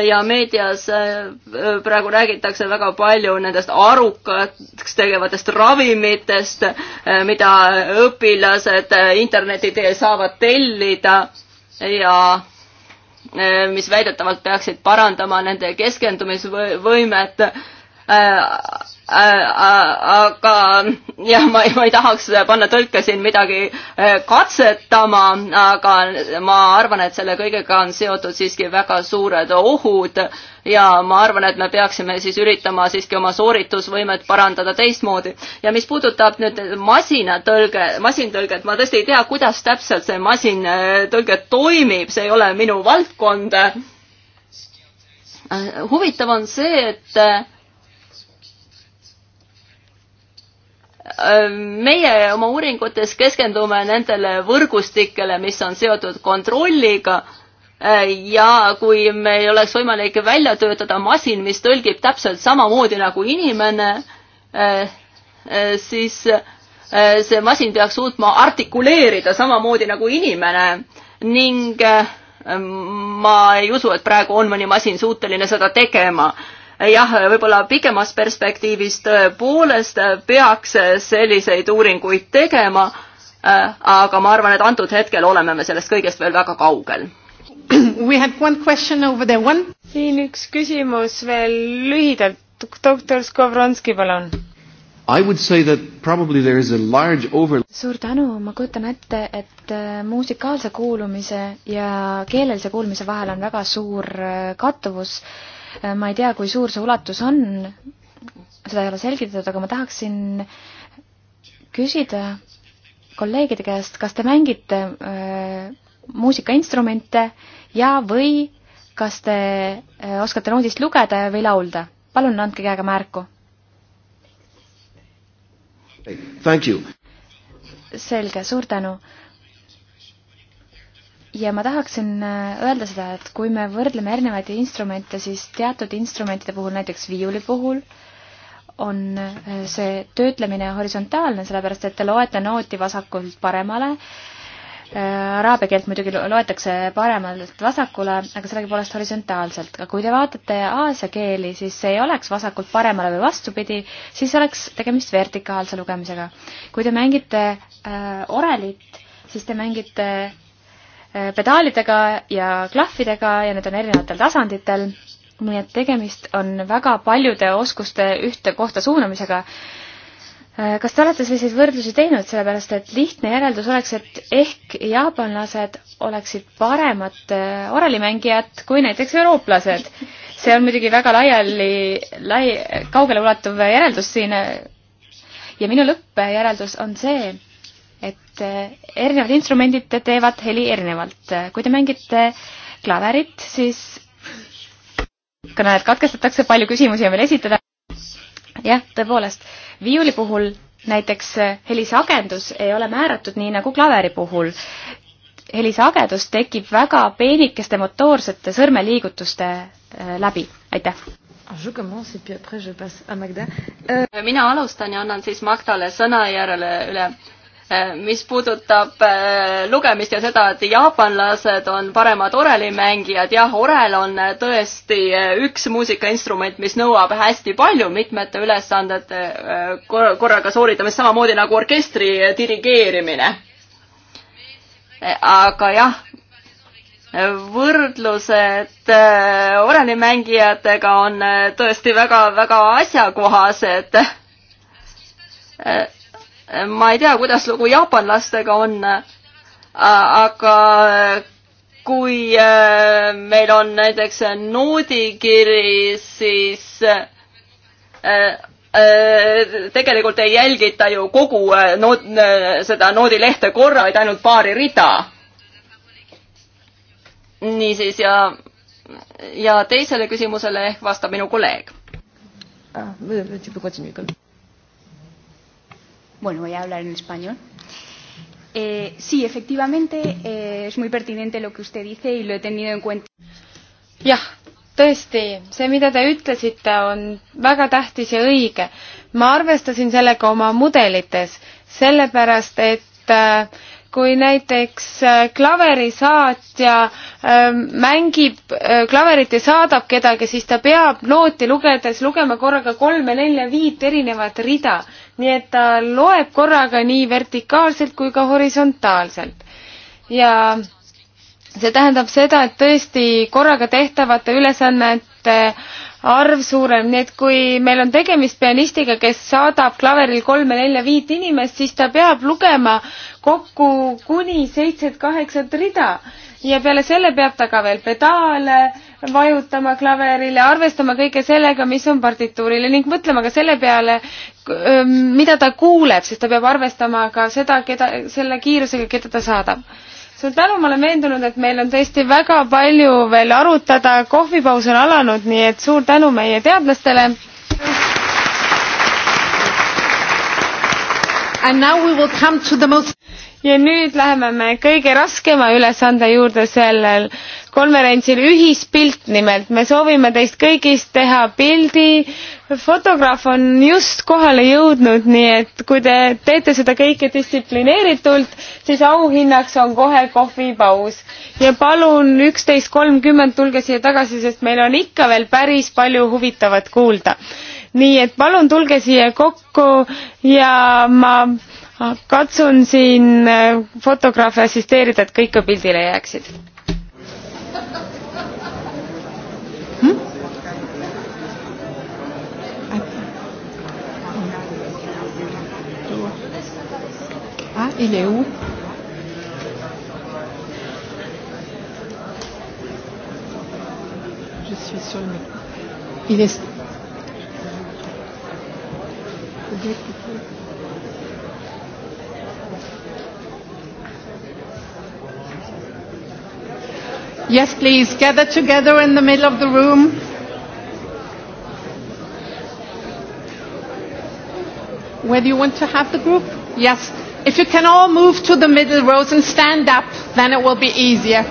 ja meedias äh, äh, praegu räägitakse väga palju nendest arukaks tegevatest ravimitest, äh, mida õpilased interneti teel saavad tellida ja mis väidetavalt peaksid parandama nende keskendumisvõimet Äh, äh, äh, aga jah, ma, ma ei tahaks panna tõlke siin midagi katsetama, aga ma arvan, et selle kõigega on seotud siiski väga suured ohud ja ma arvan, et me peaksime siis üritama siiski oma sooritusvõimet parandada teistmoodi. ja mis puudutab nüüd masinatõlge, masintõlget, ma tõesti ei tea, kuidas täpselt see masintõlge toimib, see ei ole minu valdkond. huvitav on see, et Äh, meie oma uuringutes keskendume nendele võrgustikele, mis on seotud kontrolliga äh, ja kui meil oleks võimalik välja töötada masin, mis tõlgib täpselt samamoodi nagu inimene, äh, siis see masin peaks suutma artikuleerida samamoodi nagu inimene ning ma ei usu, et praegu on mõni masin suuteline seda tegema jah, võib-olla pikemas perspektiivis tõepoolest peaks selliseid uuringuid tegema, aga ma arvan, et antud hetkel oleme me sellest kõigest veel väga kaugel. *clears throat* We had one question over there, one. siin üks küsimus veel lühidalt, doktor Skovronski, palun I would say that probably there is a large overlap. suur tänu, ma kujutan ette, et äh, muusikaalse kuulumise ja keelelise kuulmise vahel on väga suur äh, kattuvus ma ei tea, kui suur see ulatus on, seda ei ole selgitatud, aga ma tahaksin küsida kolleegide käest, kas te mängite äh, muusikainstrumente ja, või kas te äh, oskate noodist lugeda või laulda? palun andke käega märku. selge, suur tänu äh, ja ma tahaksin äh, öelda seda, et kui me võrdleme erinevaid instrumente, siis teatud instrumentide puhul, näiteks viiuli puhul, on äh, see töötlemine horisontaalne, sellepärast et te loete nooti vasakult paremale, äh, araabia keelt muidugi loetakse paremalt vasakule, aga sellegipoolest horisontaalselt. aga kui te vaatate aasia keeli, siis ei oleks vasakult paremale või vastupidi, siis oleks tegemist vertikaalse lugemisega. kui te mängite äh, orelit, siis te mängite Äh, pedaalidega ja klahvidega ja need on erinevatel tasanditel, nii et tegemist on väga paljude oskuste ühte kohta suunamisega. Äh, kas te olete selliseid võrdlusi teinud, sellepärast et lihtne järeldus oleks, et ehk jaapanlased oleksid paremad äh, orelimängijad kui näiteks eurooplased. see on muidugi väga laiali, lai, kaugeleulatuv järeldus siin ja minu lõppjäreldus on see, et eh, erinevad instrumendid teevad heli erinevalt. kui te mängite klaverit, siis kõnelejad katkestatakse, palju küsimusi on veel esitada. jah, tõepoolest, viiuli puhul näiteks helisagendus ei ole määratud nii nagu klaveri puhul. helisagedus tekib väga peenikeste motoorsete sõrmeliigutuste eh, läbi, aitäh. Ah, je commence et puis après je passe à Magda. Euh... mina alustan ja annan siis Magdale sõna järele üle Eh, mis puudutab eh, lugemist ja seda, et jaapanlased on paremad orelimängijad, jah, orel on eh, tõesti üks muusikainstrument, mis nõuab hästi palju mitmete ülesandete korraga sooritamist, samamoodi nagu orkestri dirigeerimine. aga jah, võrdlused orelimängijatega on tõesti väga-väga asjakohased ma ei tea, kuidas lugu jaapanlastega on, aga kui meil on näiteks noodikiri, siis tegelikult ei jälgita ju kogu nood, seda noodilehte korra, vaid ainult paari rida. niisiis ja, ja teisele küsimusele ehk vastab minu kolleeg. Ah, tu peux continuer comme Bueno, voy a hablar en español. Eh, sí, efectivamente eh, es muy pertinente lo que usted dice y lo he tenido en cuenta. jah, tõesti, see, mida te ütlesite, on väga tähtis ja õige. ma arvestasin sellega oma mudelites, sellepärast et äh, kui näiteks äh, klaverisaatja ähm, mängib äh, klaverit ja saadab kedagi, siis ta peab nooti lugedes lugema korraga kolme, nelja, viit erinevat rida nii et ta loeb korraga nii vertikaalselt kui ka horisontaalselt. ja see tähendab seda, et tõesti korraga tehtavate ülesannete arv suurem, nii et kui meil on tegemist pianistiga, kes saadab klaveril kolme-nelja-viit inimest, siis ta peab lugema kokku kuni seitset-kaheksat rida ja peale selle peab ta ka veel pedaale vajutama klaverile, arvestama kõige sellega, mis on partituurile ning mõtlema ka selle peale, ähm, mida ta kuuleb, sest ta peab arvestama ka seda, keda, selle kiirusega, keda ta saadab. suur tänu, ma olen veendunud, et meil on tõesti väga palju veel arutada, kohvipaus on alanud, nii et suur tänu meie teadlastele. And now we will come to the most ja nüüd läheme me kõige raskema ülesande juurde sellel konverentsil ühispilt nimelt. me soovime teist kõigist teha pildi. fotograaf on just kohale jõudnud, nii et kui te teete seda kõike distsiplineeritult, siis auhinnaks on kohe kohvipaus. ja palun üksteist kolmkümmend tulge siia tagasi, sest meil on ikka veel päris palju huvitavat kuulda. nii et palun tulge siia kokku ja ma katsun siin äh, fotograafe assisteerida, et kõik ka pildile jääksid. Hm? Ah, il est où Je suis sur le micro. Il est. Peut-être Yes, please, gather together in the middle of the room. Where do you want to have the group? Yes. If you can all move to the middle rows and stand up, then it will be easier.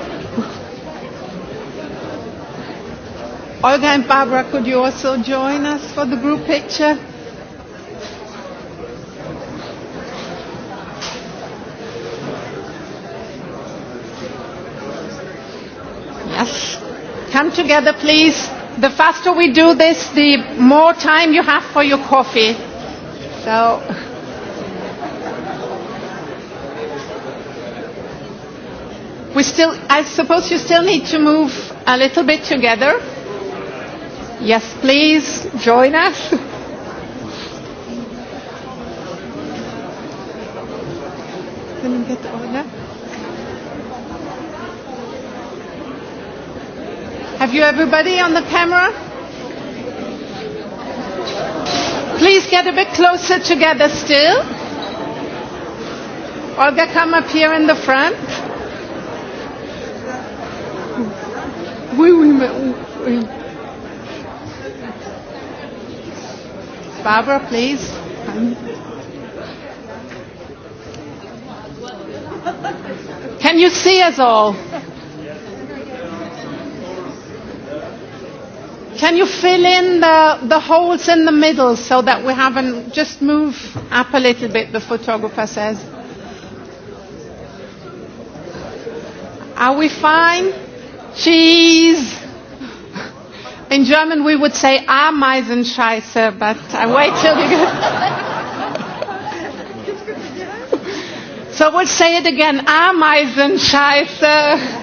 Olga and Barbara, could you also join us for the group picture? Yes. Come together, please. The faster we do this, the more time you have for your coffee. So. We still, I suppose you still need to move a little bit together. Yes, please join us. Können *laughs* wir bitte, oder? Have you everybody on the camera? Please get a bit closer together still. Olga, come up here in the front. Oui, oui, mais, oui. Barbara, please. Can you see us all? Can you fill in the, the holes in the middle so that we haven't just move up a little bit, the photographer says. Are we fine? Cheese. In German we would say Ameisenscheiße, but I wait till you get... *laughs* so we'll say it again, Ameisenscheiße.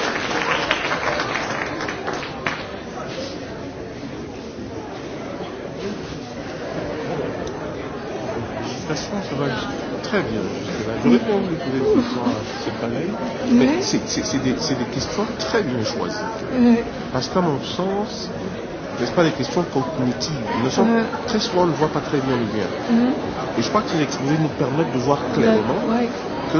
ça va très bien jusque-là. J'aurais pas voulu que les soient séparés, mais c'est des, des questions très bien choisies. Parce qu'à mon sens, n'est-ce pas, des questions cognitives. Nous sommes, euh... Très souvent, on ne voit pas très bien le lien. Mm -hmm. Et je crois que l'exposé nous permet de voir clairement ouais. que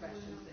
professions.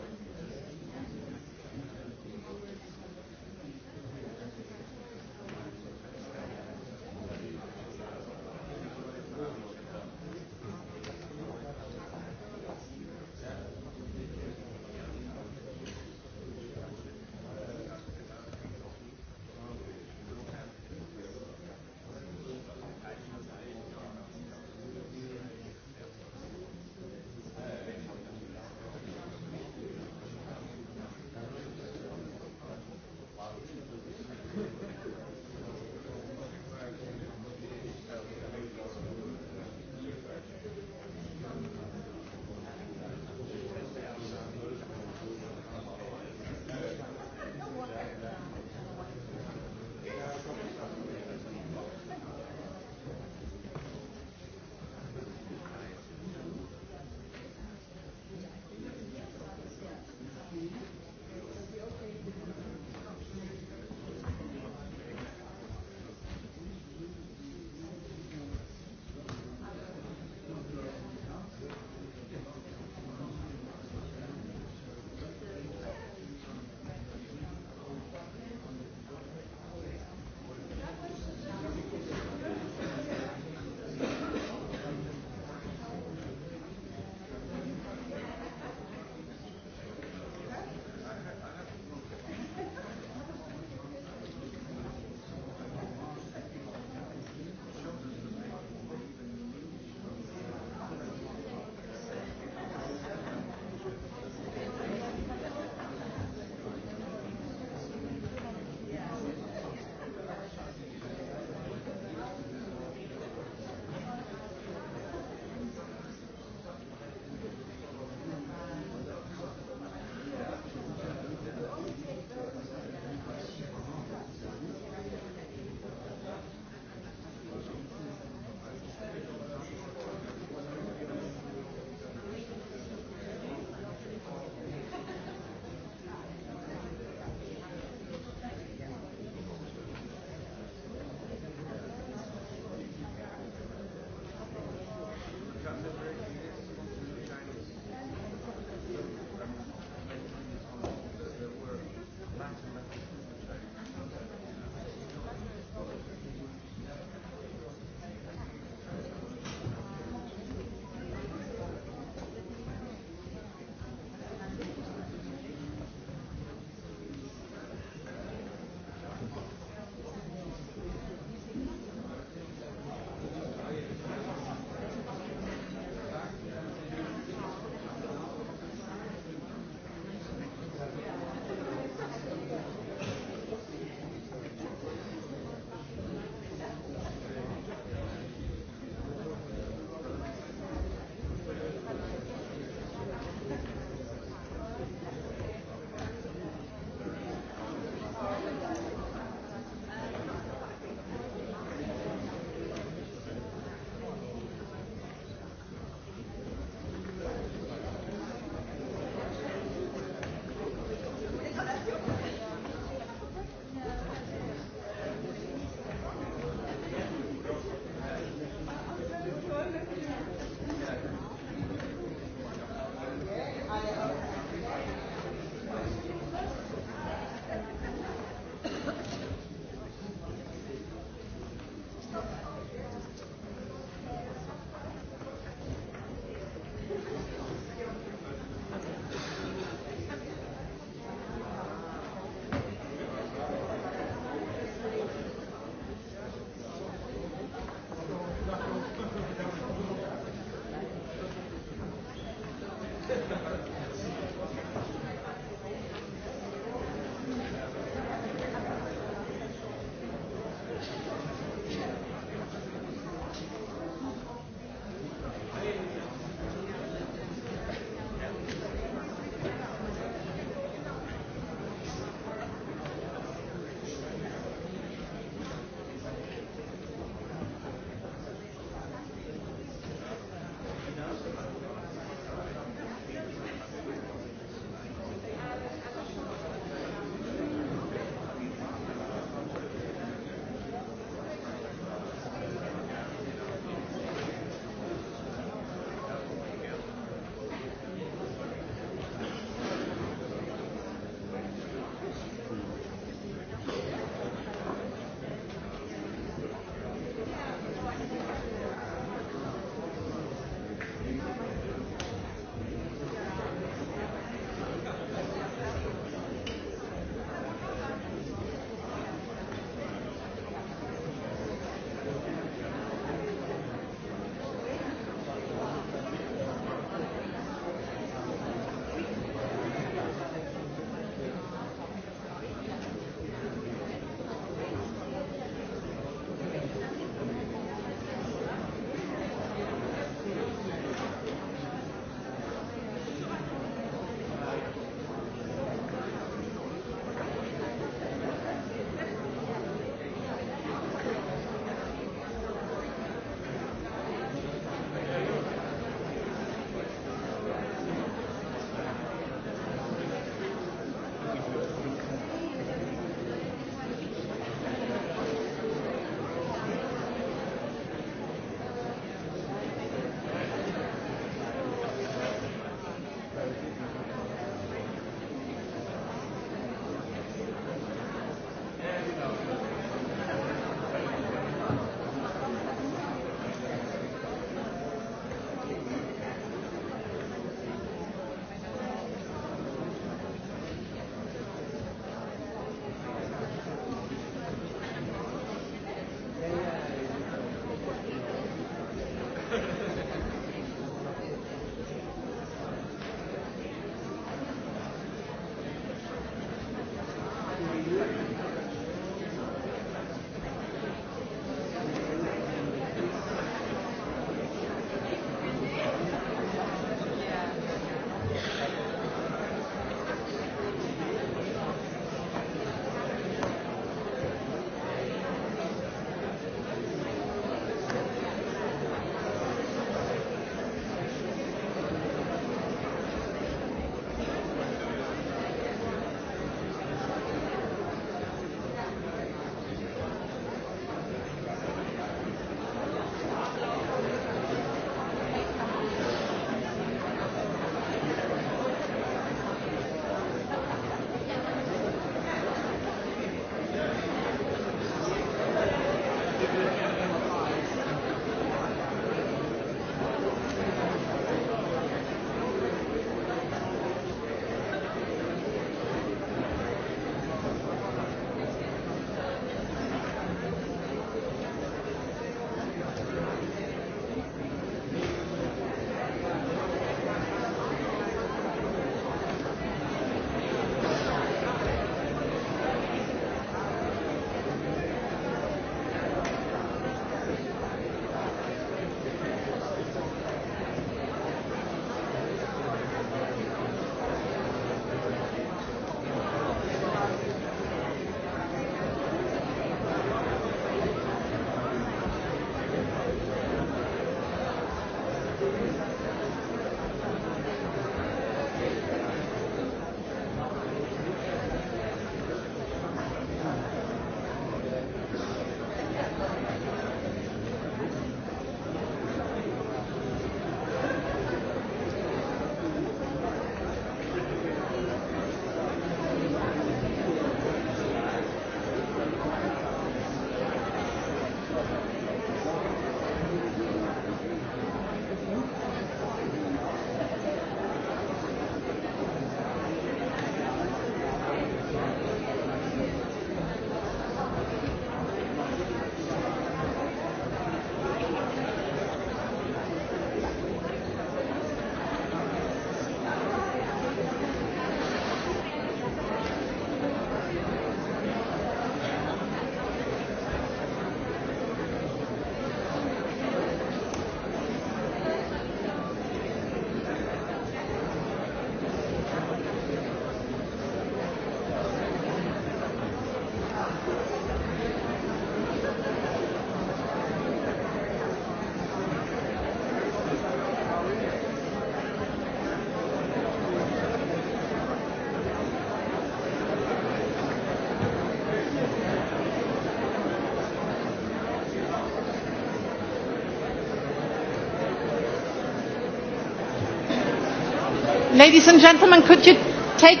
Ladies and gentlemen, could you take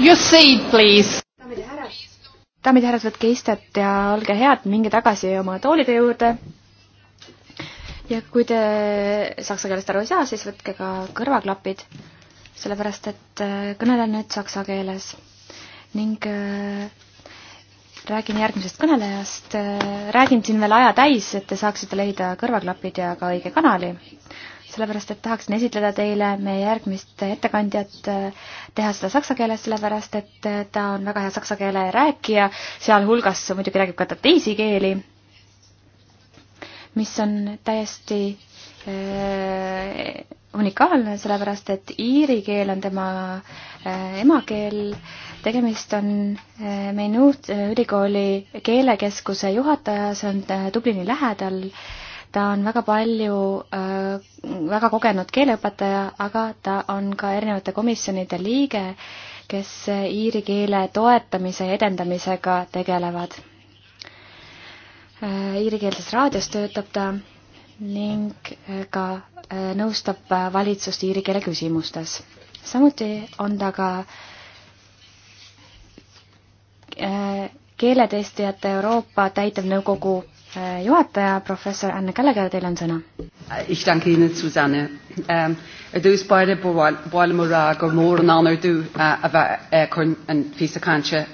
your seat, please? daamid ja härrad, võtke istet ja olge head, minge tagasi oma toolide juurde. ja kui te saksa keelest aru ei saa, siis võtke ka kõrvaklapid, sellepärast et äh, kõnelen nüüd saksa keeles ning äh, räägin järgmisest kõnelejast, äh, räägin siin veel aja täis, et te saaksite leida kõrvaklapid ja ka õige kanali sellepärast et tahaksin esitleda teile meie järgmist ettekandjat, teha seda saksa keeles, sellepärast et ta on väga hea saksa keele rääkija, sealhulgas muidugi räägib ka ta teisi keeli, mis on täiesti äh, unikaalne, sellepärast et iiri keel on tema äh, emakeel. tegemist on äh, Meinud äh, ülikooli keelekeskuse juhataja, see on äh, Dublini lähedal äh, ta on väga palju äh,, väga kogenud keeleõpetaja, aga ta on ka erinevate komisjonide liige, kes iiri keele toetamise ja edendamisega tegelevad äh,. Iirikeelses raadios töötab ta ning äh, ka äh, nõustab äh, valitsust iiri keele küsimustes. samuti on ta ka äh, keeletestijate Euroopa täitevnõukogu Eh, juhataja, professor Anne Kallekär, teil on sõna. Eh, ich danke Ihnen, Susanne. Het is bij de Boalmorago moor na nu du kun een visa kantje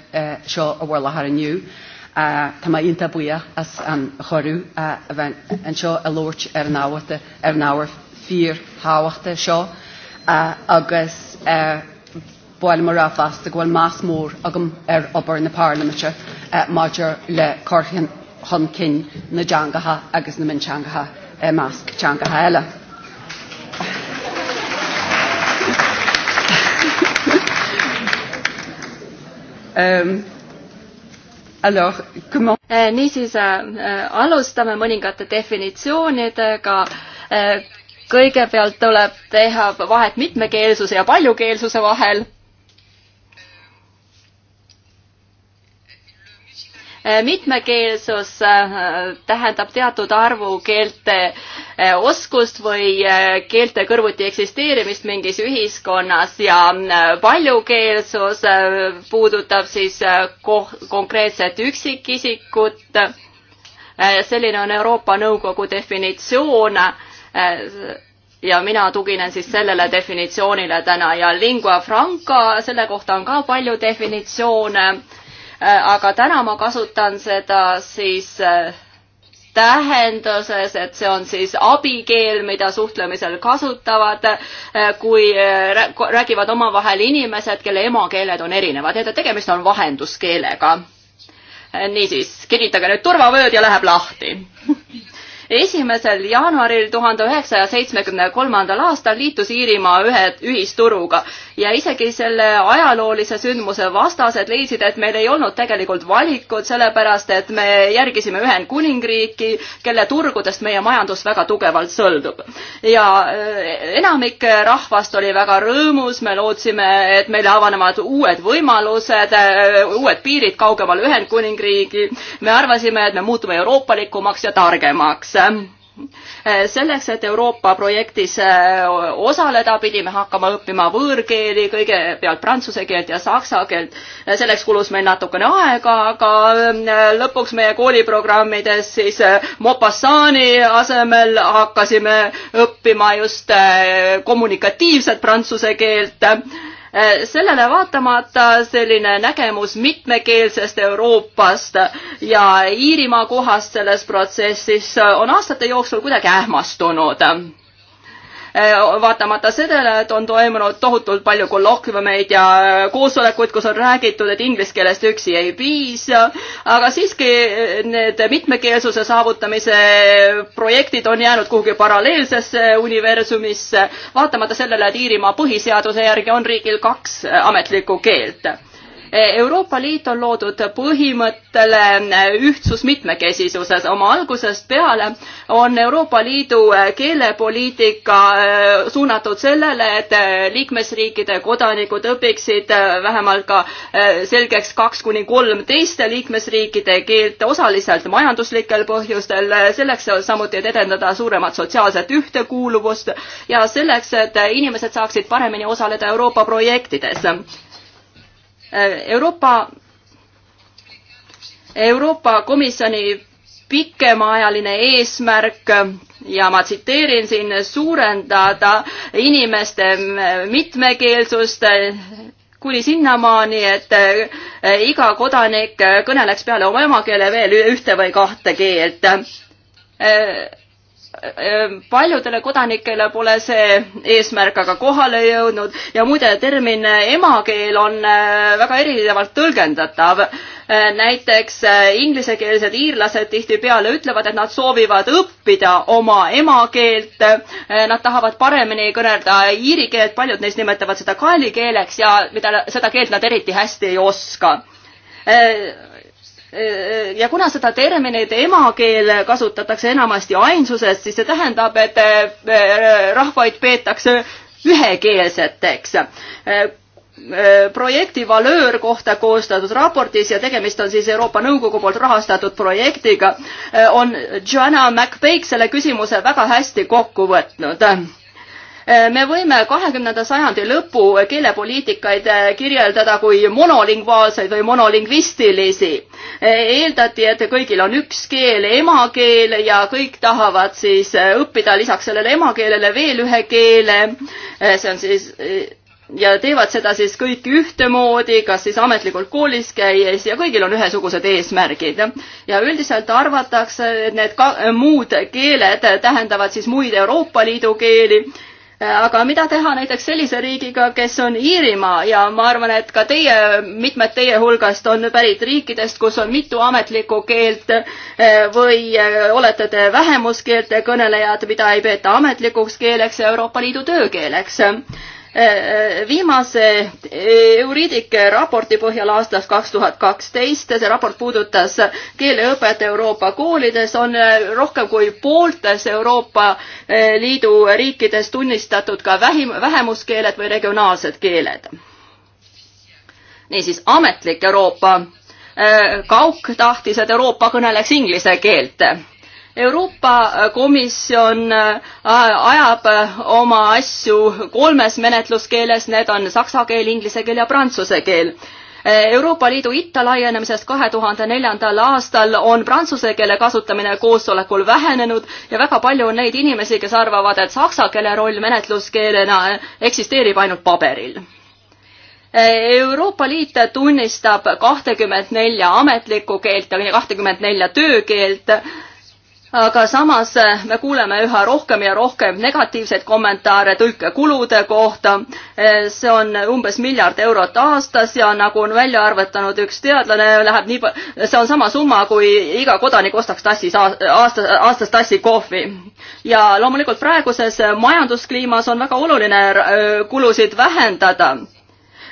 sjo a warla har nu. Tá mai inta buia as an chorú an eh, seo er a lóirt ar er náhata er ar náhar fír háhachta seo agus bhil mar ráfasta ghfuil más mór agam ar obair na parlamentte maidir le corthain chun cin na deangatha agus na minseangatha eh, measc teangatha *laughs* eile. Um, alors, comment... E, niisiis äh, alustame mõningate definitsioonidega äh,. kõigepealt tuleb teha vahet mitmekeelsuse ja paljukeelsuse vahel Eh, mitmekeelsus eh, tähendab teatud arvu keelte eh, oskust või keelte kõrvuti eksisteerimist mingis ühiskonnas ja paljukeelsus puudutab siis konkreetset üksikisikut. selline on Euroopa Nõukogu definitsioon ja mina tuginen siis sellele definitsioonile täna ja lingua franca, selle kohta on ka palju definitsioone Äh, aga täna ma kasutan seda siis äh, tähenduses, et see on siis abikeel, mida suhtlemisel kasutavad, äh, kui räägivad omavahel inimesed, kelle emakeeled on erinevad, nii et tegemist on vahenduskeelega. niisiis, kinnitage nüüd turvavööd ja läheb lahti *laughs* esimesel jaanuaril tuhande üheksasaja seitsmekümne kolmandal aastal liitus Iirimaa ühe, ühisturuga ja isegi selle ajaloolise sündmuse vastased leidsid, et meil ei olnud tegelikult valikut, sellepärast et me järgisime Ühendkuningriiki, kelle turgudest meie majandus väga tugevalt sõltub. ja äh, enamik rahvast oli väga rõõmus, me lootsime, et meile avanevad uued võimalused, äh, uued piirid kaugemale Ühendkuningriigi. me arvasime, et me muutume euroopalikumaks ja targemaks. Äh, selleks, et Euroopa projektis äh, osaleda, pidime hakkama õppima võõrkeeli, kõigepealt prantsuse keelt ja saksa keelt. Äh, selleks kulus meil natukene aega, aga lõpuks meie kooliprogrammides siis Mopassani asemel hakkasime õppima just kommunikatiivset prantsuse keelt Eh, sellele vaatamata selline nägemus mitmekeelsest Euroopast ja Iirimaa kohast selles protsessis on aastate jooksul kuidagi ähmastunud Äh, vaatamata sellele, et on toimunud tohutult palju kollokviumeid ja äh, koosolekuid, kus on räägitud, et inglise keelest üksi ei piisa, aga siiski äh, need mitmekeelsuse saavutamise projektid on jäänud kuhugi paralleelsesse universumisse, vaatamata sellele, et Iirimaa põhiseaduse järgi on riigil kaks ametlikku keelt Euroopa Liit on loodud põhimõttele äh, ühtsus mitmekesisuses. oma algusest peale on Euroopa Liidu äh, keelepoliitika äh, suunatud sellele, et liikmesriikide kodanikud õpiksid vähemalt ka selgeks kaks kuni kolm teiste liikmesriikide keelt osaliselt majanduslikel põhjustel, selleks samuti, et edendada suuremat sotsiaalset ühtekuuluvust ja selleks, et inimesed saaksid paremini osaleda Euroopa projektides Äh, Euroopa, Euroopa Komisjoni pikemaajaline eesmärk ja ma tsiteerin siin, suurendada inimeste mitmekeelsust kuni sinnamaani, et äh, iga kodanik kõneleks peale oma emakeele veel ühte või kahte keelt äh, Äh, paljudele kodanikele pole see eesmärk aga kohale jõudnud ja muide, termin äh, emakeel on äh, väga erinevalt tõlgendatav. näiteks inglisekeelsed iirlased tihtipeale ütlevad, et nad soovivad õppida oma emakeelt. Nad tahavad paremini kõnelda iiri keelt, paljud neist nimetavad seda kaelikeeleks ja mida, seda keelt nad eriti hästi ei oska ja kuna seda terminit emakeel kasutatakse enamasti ainsuses, siis see tähendab, et eh, rahvaid peetakse ühekeelseteks. Eh, eh, projekti valöör kohta koostatud raportis ja tegemist on siis Euroopa Nõukogu poolt rahastatud projektiga, on Joanna MacBake selle küsimuse väga hästi kokku võtnud Äh, me võime kahekümnenda sajandi lõpu keelepoliitikaid äh, kirjeldada kui monolingvaalseid või monolingvistilisi. Äh, eeldati, et kõigil on üks keel, emakeel ja kõik tahavad siis õppida lisaks sellele emakeelele veel ühe keele. see on siis ja teevad seda siis kõik ühtemoodi, kas siis ametlikult koolis käies ja kõigil on ühesugused eesmärgid. ja üldiselt arvatakse, et need ka, muud keeled tähendavad siis muid Euroopa Liidu keeli aga mida teha näiteks sellise riigiga, kes on Iirimaa ja ma arvan, et ka teie, mitmed teie hulgast on pärit riikidest, kus on mitu ametlikku keelt eh, või eh, olete te vähemuskeelte kõnelejad, mida ei peeta ametlikuks keeleks ja Euroopa Liidu töökeeleks Äh, äh, viimase Euridike äh, raporti põhjal aastast kaks tuhat kaksteist, see raport puudutas keeleõpet Euroopa koolides, on rohkem kui pooltes Euroopa Liidu riikides tunnistatud ka vähim, vähemuskeeled või regionaalsed keeled. niisiis, ametlik Euroopa kaugtahtis, et Euroopa kõneleks inglise keelt Euroopa Komisjon äh, ajab äh, oma asju kolmes menetluskeeles, need on saksa keel, inglise keel ja prantsuse keel. Äh, Euroopa Liidu itta laienemisest kahe tuhande neljandal aastal on prantsuse keele kasutamine koosolekul vähenenud ja väga palju on neid inimesi, kes arvavad, et saksa keele roll menetluskeelena eksisteerib ainult paberil Euroopa Liit tunnistab kahtekümmet nelja ametlikku keelt ja kahtekümmet nelja töökeelt aga samas eh, me kuuleme üha rohkem ja rohkem negatiivseid kommentaare tõlkekulude kohta. Eh, see on umbes miljard eurot aastas ja nagu on välja arvatanud üks teadlane, läheb nii, see on sama summa, kui iga kodanik ostaks tassis aasta, aastas tassi kohvi. ja loomulikult praeguses majanduskliimas on väga oluline eh, kulusid vähendada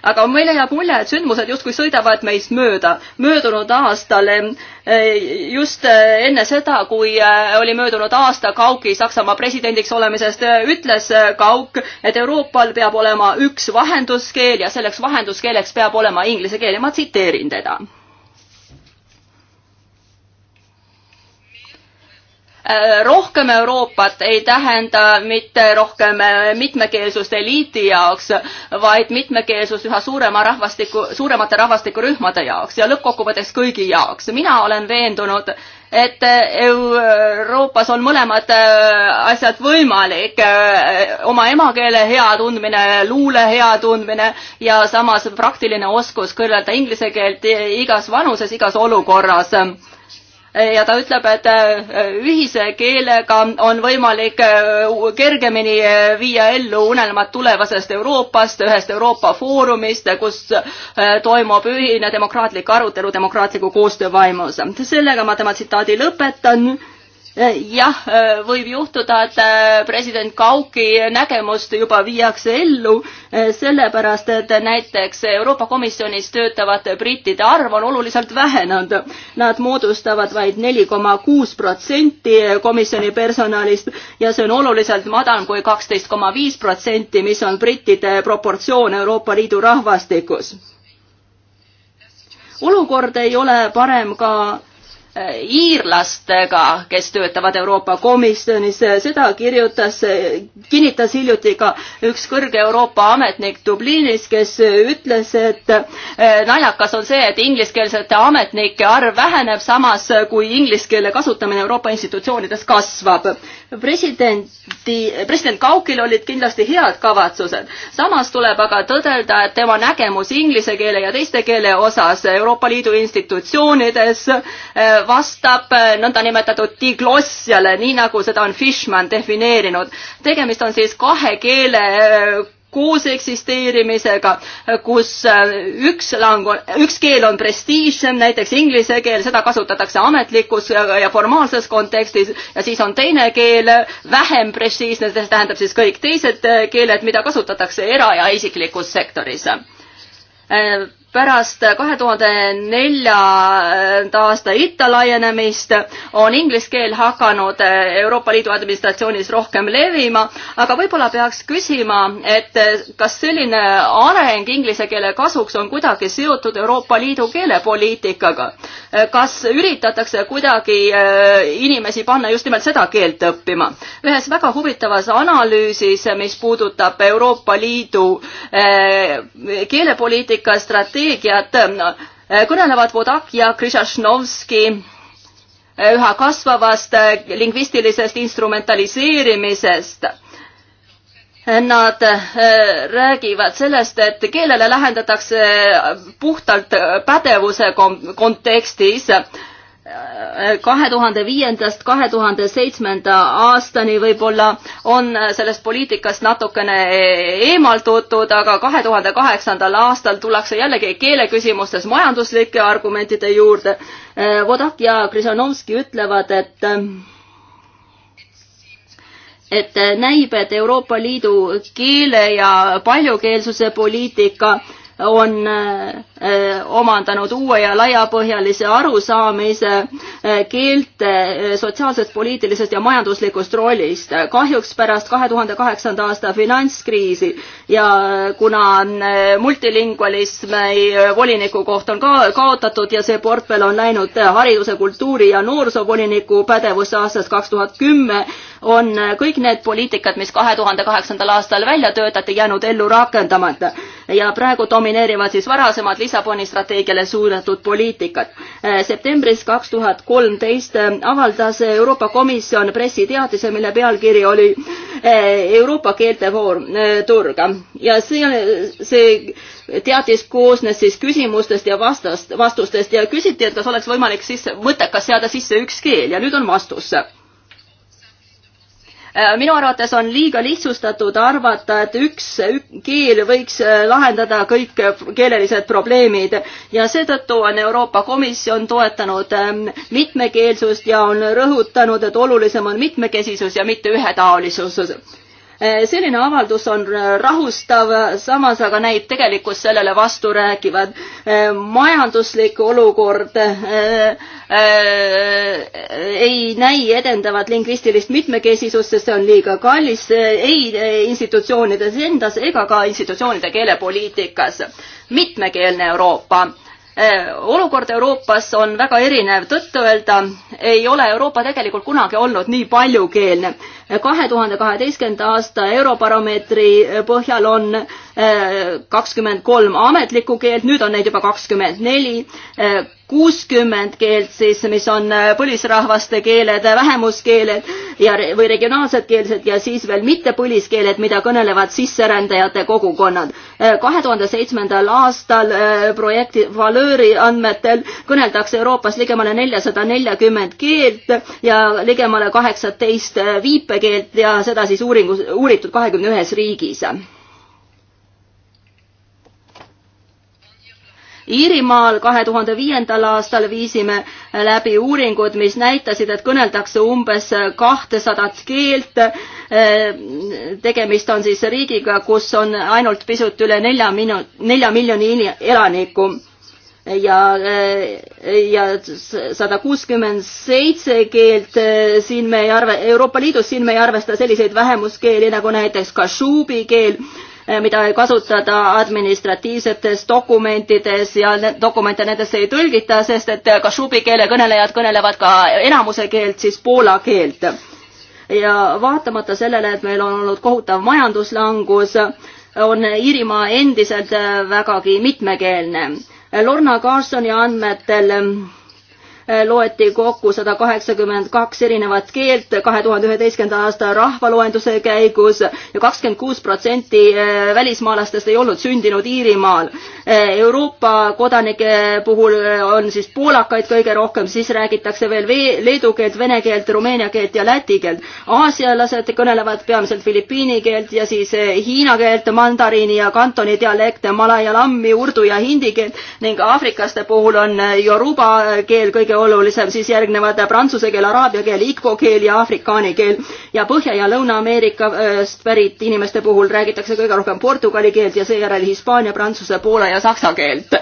aga meile jääb mulje, et sündmused justkui sõidavad meist mööda. möödunud aastal, eh, just eh, enne seda, kui eh, oli möödunud aasta Kauki Saksamaa presidendiks olemisest, ütles Kauk, et Euroopal peab olema üks vahenduskeel ja selleks vahenduskeeleks peab olema inglise keel ja ma tsiteerin teda Äh, rohkem Euroopat ei tähenda mitte rohkem äh, mitmekeelsust eliiti jaoks, vaid mitmekeelsus üha suurema rahvastiku, suuremate rahvastikurühmade jaoks ja lõppkokkuvõtteks kõigi jaoks. mina olen veendunud, et Euroopas on mõlemad äh, asjad võimalik, oma emakeele hea tundmine, luule hea tundmine ja samas praktiline oskus kõnelda inglise keelt igas vanuses, igas olukorras ja ta ütleb, et äh, ühise keelega on võimalik äh, kergemini äh, viia ellu unelmad tulevasest Euroopast, ühest Euroopa foorumist, kus toimub ühine demokraatlik arutelu demokraatliku koostöö vaimus. sellega ma tema tsitaadi lõpetan jah, võib juhtuda, et äh, president Kauki nägemust juba viiakse ellu, äh, sellepärast et näiteks Euroopa Komisjonis töötavate brittide arv on oluliselt vähenenud. Nad moodustavad vaid neli koma kuus protsenti komisjoni personalist ja see on oluliselt madalam kui kaksteist koma viis protsenti, mis on brittide proportsioon Euroopa Liidu rahvastikus. olukord ei ole parem ka Äh, iirlastega, kes töötavad Euroopa Komisjonis, seda kirjutas, kinnitas hiljuti ka üks kõrge Euroopa ametnik Dublinis, kes ütles, et äh, naljakas on see, et ingliskeelsete ametnike arv väheneb, samas kui inglise keele kasutamine Euroopa institutsioonides kasvab. presidenti, president Kaukil olid kindlasti head kavatsused, samas tuleb aga tõdelda, et tema nägemus inglise keele ja teiste keele osas Euroopa Liidu institutsioonides äh, vastab äh, nõndanimetatud diglossiale, nii nagu seda on Fishman defineerinud. tegemist on siis kahe keele äh, koos eksisteerimisega, äh, kus üks lang on, üks keel on prestiižsem, näiteks inglise keel, seda kasutatakse ametlikus ja formaalses kontekstis ja siis on teine keel vähem prestiižne, see tähendab siis kõik teised keeled, mida kasutatakse era- ja isiklikus sektoris pärast kahe tuhande neljanda aasta ITA laienemist on inglise keel hakanud Euroopa Liidu administratsioonis rohkem levima, aga võib-olla peaks küsima, et kas selline areng inglise keele kasuks on kuidagi seotud Euroopa Liidu keelepoliitikaga. kas üritatakse kuidagi äh, inimesi panna just nimelt seda keelt õppima? ühes väga huvitavas analüüsis, mis puudutab Euroopa Liidu äh, keelepoliitika strateegiat, strateegiad äh, kõnelevad Vodak ja Krišašnovski äh, üha kasvavast äh, lingvistilisest instrumentaliseerimisest. Nad räägivad sellest, et keelele lähendatakse puhtalt pädevuse kontekstis kahe tuhande viiendast kahe tuhande seitsmenda aastani võib-olla on sellest poliitikast natukene eemaldutud, aga kahe tuhande kaheksandal aastal tullakse jällegi keeleküsimustes majanduslike argumentide juurde. Vodak ja Krisanovski ütlevad, et et näib, et Euroopa Liidu keele ja paljukeelsuse poliitika on Eh, omandanud uue ja laiapõhjalise arusaamise eh, keelte eh, sotsiaalsest, poliitilisest ja majanduslikust rollist. kahjuks pärast kahe tuhande kaheksanda aasta finantskriisi ja kuna multilingualismi voliniku koht on ka kaotatud ja see portfell on läinud hariduse, kultuuri ja noorsoovoliniku pädevusse aastast kaks tuhat kümme, on kõik need poliitikad, mis kahe tuhande kaheksandal aastal välja töötati, jäänud ellu rakendamata ja praegu domineerivad siis varasemad Lissaboni strateegiale suunatud poliitikat. Äh, septembris kaks tuhat kolmteist äh, avaldas Euroopa Komisjon pressiteatise, mille pealkiri oli äh, Euroopa keelte voor turg ja see, see teatis koosnes siis küsimustest ja vastast, vastustest ja küsiti, et kas oleks võimalik sisse, mõttekas seada sisse üks keel ja nüüd on vastus Äh, minu arvates on liiga lihtsustatud arvata, et üks keel võiks äh, lahendada kõik äh, keelelised probleemid ja seetõttu on Euroopa Komisjon toetanud ähm, mitmekeelsust ja on rõhutanud, et olulisem on mitmekesisus ja mitte ühetaolisus Eh, selline avaldus on eh, rahustav, samas aga näib tegelikkus sellele vasturääkivad. Eh, majanduslik olukord ei näi edendavat lingvistilist mitmekesisust, sest see on liiga kallis ei institutsioonides endas ega ka institutsioonide keelepoliitikas. mitmekeelne Euroopa olukord Euroopas on väga erinev, tõtt-öelda ei ole Euroopa tegelikult kunagi olnud nii paljukeelne kahe tuhande kaheteistkümnenda aasta Eurobaromeetri põhjal on eh, kakskümmend kolm ametlikku keelt, nüüd on neid juba kakskümmend neli, eh, kuuskümmend keelt siis, mis on eh, põlisrahvaste keeled, vähemuskeeled ja, või regionaalsed keelsed ja siis veel mitte põliskeeled, mida kõnelevad sisserändajate kogukonnad. kahe tuhande seitsmendal aastal projekti Valööri andmetel kõneldakse Euroopas ligemale neljasada neljakümmend keelt ja ligemale kaheksateist viipe õppekeelt ja seda siis uuringus, uuritud kahekümne ühes riigis. Iirimaal kahe tuhande viiendal aastal viisime läbi uuringud, mis näitasid, et kõneldakse umbes kahtesadat keelt. tegemist on siis riigiga, kus on ainult pisut üle nelja minu-, nelja miljoni elaniku ja, eh, ja sada kuuskümmend seitse keelt eh, siin me ei arve, Euroopa Liidus siin me ei arvesta selliseid vähemuskeeli nagu näiteks kašuubi keel, eh, mida ei kasutata administratiivsetes dokumentides ja dokumente nendesse ei tõlgita, sest et kašuubi keele kõnelejad kõnelevad ka enamuse keelt, siis poola keelt. ja vaatamata sellele, et meil on olnud kohutav majanduslangus, on Iirimaa endiselt vägagi mitmekeelne Lorna Carsoni andmetel Eh, loeti kokku sada kaheksakümmend kaks erinevat keelt kahe tuhande üheteistkümnenda aasta rahvaloenduse käigus ja kakskümmend kuus protsenti eh, välismaalastest ei olnud sündinud Iirimaal. Eh, Euroopa kodanike puhul on siis poolakaid kõige rohkem, siis räägitakse veel leedu keelt, vene keelt, rumeenia keelt ja läti keelt. aasialased kõnelevad peamiselt filipiini keelt ja siis hiina keelt, mandariini ja kantoni dialekte, malaja lammi, urdu ja hindi keelt ning aafrikaste puhul on joruba keel kõige olulisem, siis järgnevad prantsuse keel, araabia keel, igbo keel ja afrikaani keel. ja Põhja- ja Lõuna-Ameerikast pärit inimeste puhul räägitakse kõige rohkem portugali keelt ja seejärel hispaania, prantsuse, poola ja saksa keelt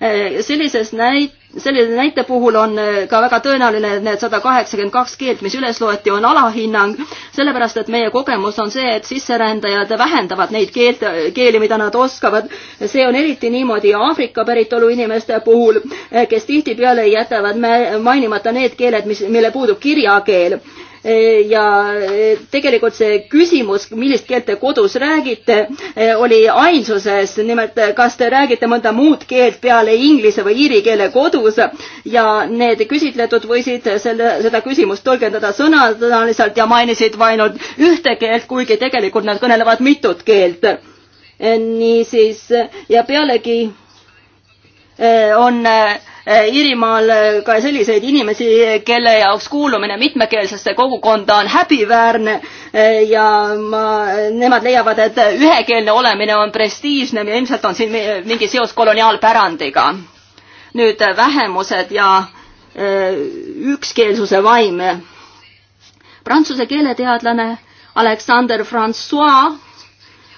Eh, sellises näit-, selle näite puhul on eh, ka väga tõenäoline, et need sada kaheksakümmend kaks keelt, mis üles loeti, on alahinnang, sellepärast et meie kogemus on see, et sisserändajad vähendavad neid keelt, keeli, mida nad oskavad. see on eriti niimoodi Aafrika päritolu inimeste puhul, eh, kes tihtipeale jätavad mainimata need keeled, mis, mille puudub kirjakeel E, ja e, tegelikult see küsimus, millist keelt te kodus räägite, e, oli ainsuses, nimelt kas te räägite mõnda muud keelt peale inglise või iiri keele kodus ja need küsitletud võisid selle, seda küsimust tõlgendada sõnadeliselt ja mainisid ainult ühte keelt, kuigi tegelikult nad kõnelevad mitut keelt. niisiis ja pealegi on äh, Eh, Iirimaal eh, ka selliseid inimesi, kelle jaoks kuulumine mitmekeelsesse kogukonda on häbiväärne eh, ja ma, nemad leiavad, et ühekeelne olemine on prestiižne ja ilmselt on siin mingi seos koloniaalpärandiga. nüüd vähemused ja ükskeelsuse vaim. Prantsuse keeleteadlane Alexander Francois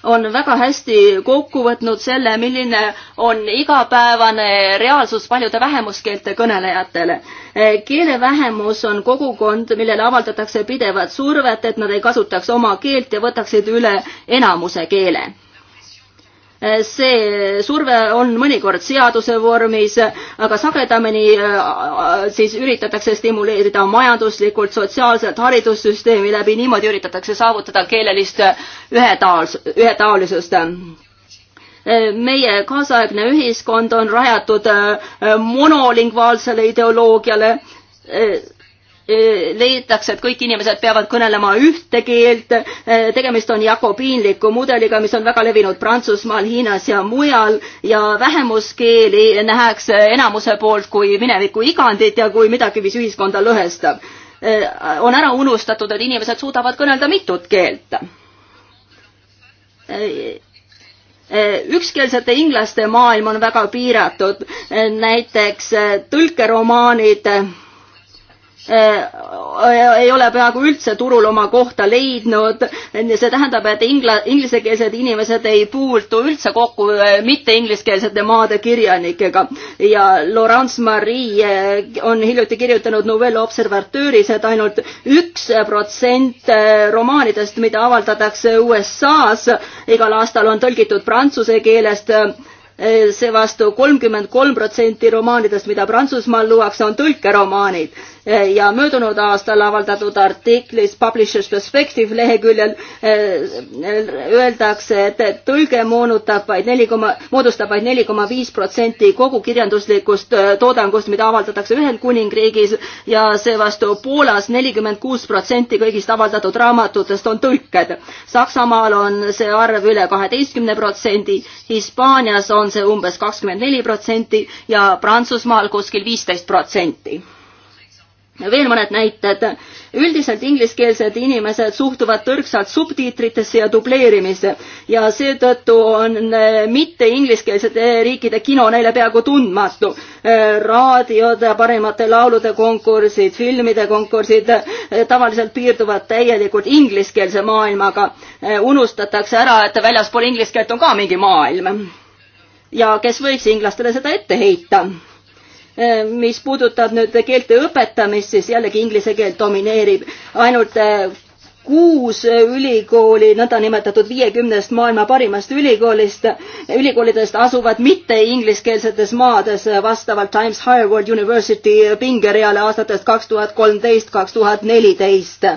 on väga hästi kokku võtnud selle, milline on igapäevane reaalsus paljude vähemuskeelte kõnelejatele. keelevähemus on kogukond, millele avaldatakse pidevat survet, et nad ei kasutaks oma keelt ja võtaksid üle enamuse keele Eh, see surve on mõnikord seaduse vormis, aga sagedamini eh, siis üritatakse stimuleerida majanduslikult, sotsiaalselt, haridussüsteemi läbi, niimoodi üritatakse saavutada keelelist eh, ühetaals-, ühetaolisust meie kaasaegne ühiskond on rajatud monolingvaalsele ideoloogiale, Äh, leitakse, et kõik inimesed peavad kõnelema ühte keelt. Äh, tegemist on jakobiinliku mudeliga, mis on väga levinud Prantsusmaal, Hiinas ja mujal ja vähemuskeeli nähakse enamuse poolt kui mineviku igandit ja kui midagi, mis ühiskonda lõhestab. Äh, on ära unustatud, et inimesed suudavad kõnelda mitut keelt ükskeelsete inglaste maailm on väga piiratud, näiteks tõlkeromaanid Äh, äh, ei ole peaaegu üldse turul oma kohta leidnud. see tähendab, et ingla-, inglisekeelsed inimesed ei puutu üldse kokku äh, mitte-ingliskeelsete maade kirjanikega ja Laurence Marie on hiljuti kirjutanud Nouvelle Observateuris, et ainult üks protsent romaanidest, mida avaldatakse USA-s, igal aastal on tõlgitud prantsuse keelest seevastu kolmkümmend kolm protsenti romaanidest, mida Prantsusmaal luuakse, on tõlkeromaanid ja möödunud aastal avaldatud artiklis Publishers Perspective leheküljel eh, öeldakse, et tõlge moonutab vaid neli koma, moodustab vaid neli koma viis protsenti kogu kirjanduslikust eh, toodangust, mida avaldatakse Ühendkuningriigis ja seevastu Poolas nelikümmend kuus protsenti kõigist avaldatud raamatutest on tõlked. Saksamaal on see arv üle kaheteistkümne protsendi, Hispaanias on see umbes kakskümmend neli protsenti ja Prantsusmaal kuskil viisteist protsenti veel mõned näited. üldiselt ingliskeelsed inimesed suhtuvad tõrksalt subtiitritesse ja dubleerimisse ja seetõttu on eh, mitte ingliskeelsete riikide kino neile peaaegu tundmatu. Eh, raadiod, parimate laulude konkursid, filmide konkursid eh, tavaliselt piirduvad täielikult ingliskeelse maailmaga. unustatakse ära, et väljaspool inglise keelt on ka mingi maailm. ja kes võiks inglastele seda ette heita? Eh, mis puudutab nüüd keelte õpetamist, siis jällegi inglise keel domineerib ainult eh, kuus ülikooli nõndanimetatud viiekümnest maailma parimast ülikoolist, ülikoolidest asuvad mitte ingliskeelsetes maades eh, vastavalt Times Higher World University pingereale aastatest kaks tuhat kolmteist, kaks tuhat neliteist.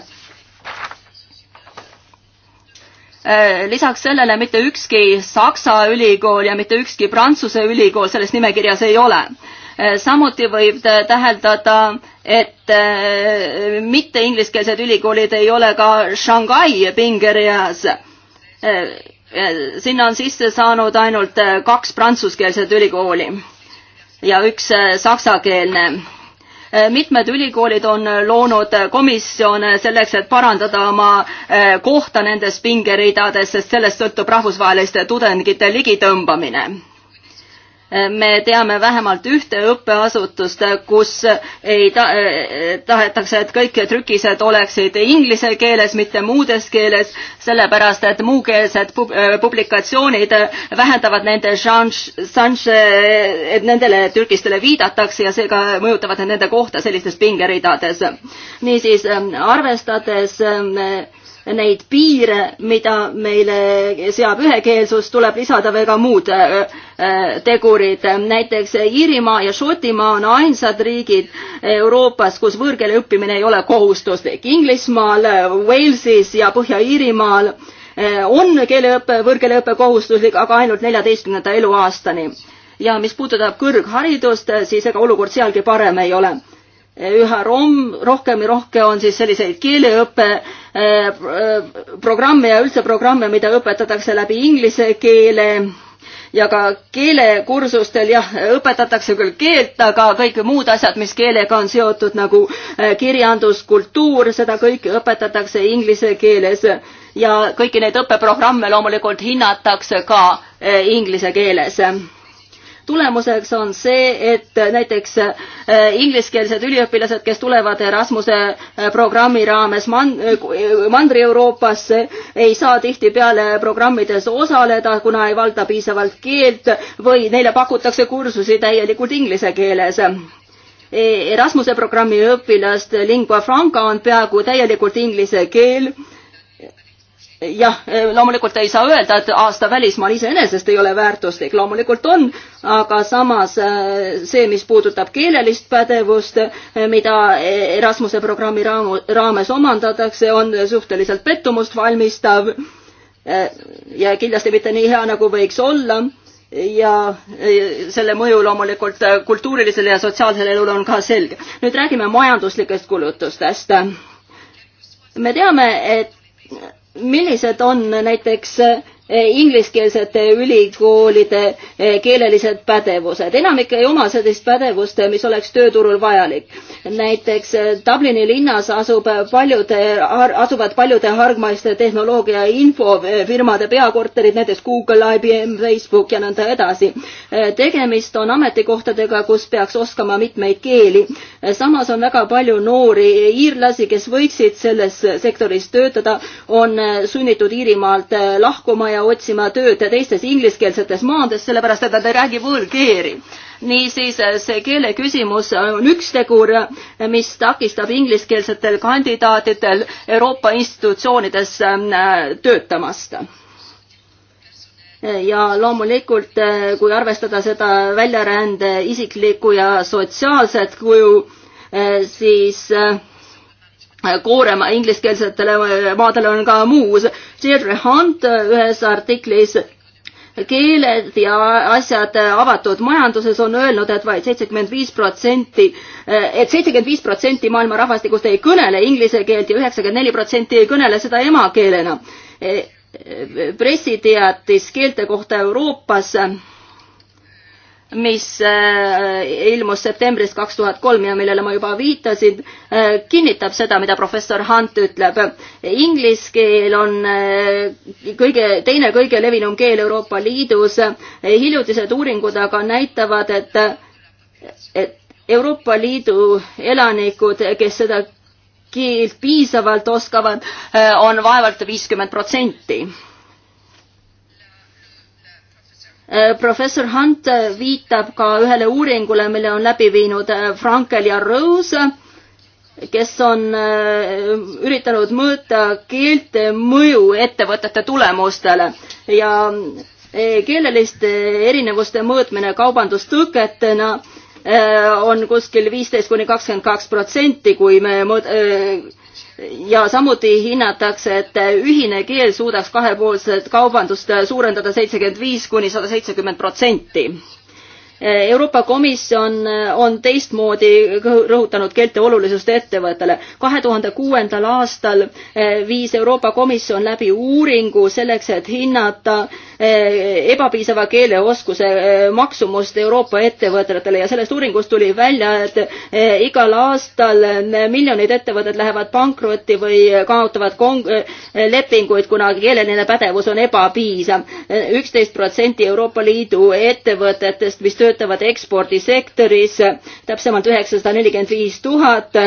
lisaks sellele mitte ükski Saksa ülikool ja mitte ükski Prantsuse ülikool selles nimekirjas ei ole Äh, samuti võib täheldada, et äh, mitte ingliskeelsed ülikoolid ei ole ka Shanghai pingereas. Äh, sinna on sisse saanud ainult kaks prantsuskeelset ülikooli ja üks saksakeelne mitmed ülikoolid on loonud komisjone selleks, et parandada oma kohta nendes pingeridades, sest sellest sõltub rahvusvaheliste tudengite ligitõmbamine me teame vähemalt ühte õppeasutust, kus ei ta, tahetakse, et kõik trükised oleksid inglise keeles, mitte muudes keeles, sellepärast et muukeelsed pub publikatsioonid vähendavad nende šanss, šanss, et nendele trükistele viidatakse ja seega mõjutavad nende kohta sellistes pingeridades. niisiis, arvestades neid piire, mida meile seab ühekeelsus, tuleb lisada veel ka muud äh, äh, tegurid. näiteks Iirimaa ja Šotimaa on ainsad riigid Euroopas, kus võõrkeele õppimine ei ole kohustuslik. Inglismaal, Walesis ja Põhja-Iirimaal äh, on keeleõpe, võõrkeeleõpe kohustuslik, aga ainult neljateistkümnenda eluaastani. ja mis puudutab kõrgharidust, siis ega olukord sealgi parem ei ole üha rom-, rohkem ja rohkem on siis selliseid keeleõppeprogramme äh, äh, ja üldse programme, mida õpetatakse läbi inglise keele ja ka keelekursustel jah, õpetatakse küll keelt, aga kõik muud asjad, mis keelega on seotud nagu äh, kirjandus, kultuur, seda kõike õpetatakse inglise keeles ja kõiki neid õppeprogramme loomulikult hinnatakse ka inglise keeles tulemuseks on see, et näiteks äh, ingliskeelsed üliõpilased, kes tulevad Erasmuse äh, programmi raames man-, äh, Mandri-Euroopasse, ei saa tihtipeale programmides osaleda, kuna ei valda piisavalt keelt või neile pakutakse kursusi täielikult inglise keeles e, Erasmuse programmi õpilaste lingua franca on peaaegu täielikult inglise keel jah, loomulikult ei saa öelda, et aasta välismaal iseenesest ei ole väärtuslik, loomulikult on, aga samas äh, see, mis puudutab keelelist pädevust, äh, mida Erasmuse programmi raamu, raames omandatakse, on suhteliselt pettumust valmistav äh, ja kindlasti mitte nii hea, nagu võiks olla ja selle mõju loomulikult kultuurilisele ja sotsiaalsele elule on ka selge. nüüd räägime majanduslikest kulutustest. me teame, et millised on näiteks ingliskeelsete ülikoolide eh, keelelised pädevused. enamik ei oma sellist pädevust, mis oleks tööturul vajalik. näiteks eh, Dublini linnas asub paljude, asuvad paljude hargmaiste tehnoloogia infofirmade peakorterid, näiteks Google, IBM, Facebook ja nõnda edasi. Eh, tegemist on ametikohtadega, kus peaks oskama mitmeid keeli. samas on väga palju noori iirlasi, kes võiksid selles sektoris töötada, on sunnitud Iirimaalt lahkuma ja otsima tööd teistes ingliskeelsetes maades, sellepärast et nad ei räägi võõrkeeli. niisiis äh, see keele küsimus on üks tegur, äh, mis takistab ingliskeelsetel kandidaatidel Euroopa institutsioonides äh, töötamast ja loomulikult, kui arvestada seda väljarände isiklikku ja sotsiaalset kuju, siis äh, koorema ingliskeelsetele maadele on ka muus. Deirdre Hunt äh, ühes artiklis keeled ja asjad avatud majanduses on öelnud, et vaid seitsekümmend viis protsenti, äh, et seitsekümmend viis protsenti maailma rahvastikust ei kõnele inglise keelt ja üheksakümmend neli protsenti ei kõnele seda emakeelena. Äh, pressiteatis keelte kohta Euroopas mis äh, ilmus septembris kaks tuhat kolm ja millele ma juba viitasin, äh, kinnitab seda, mida professor Hunt ütleb. Inglise keel on äh, kõige, teine kõige levinum keel Euroopa Liidus. hiljutised uuringud aga näitavad, et, et Euroopa Liidu elanikud, kes seda keelt piisavalt oskavad on, on vaevalt viiskümmend protsenti Äh, professor Hunt äh, viitab ka ühele uuringule, mille on läbi viinud äh, Frankel ja Rose, kes on üritanud mõõta keelte mõju ettevõtete tulemustele ja keeleliste erinevuste mõõtmine kaubandustõketena on kuskil viisteist kuni kakskümmend kaks protsenti, kui me mõõd-, ja samuti hinnatakse, et ühine keel suudaks kahepoolset kaubandust suurendada seitsekümmend viis kuni sada seitsekümmend protsenti Euroopa Komisjon äh, on teistmoodi rõhutanud keelte olulisust ettevõttele. kahe tuhande kuuendal aastal äh, viis Euroopa Komisjon läbi uuringu selleks, et hinnata äh, ebapiisava keeleoskuse maksumust Euroopa ettevõtetele ja sellest uuringust tuli välja, et igal aastal miljonid ettevõtted lähevad pankrotti või kaotavad lepinguid, kuna keeleline pädevus on ebapiisav. üksteist protsenti Euroopa Liidu ettevõtetest, mis töötavad ekspordisektoris, täpsemalt üheksasada nelikümmend viis tuhat,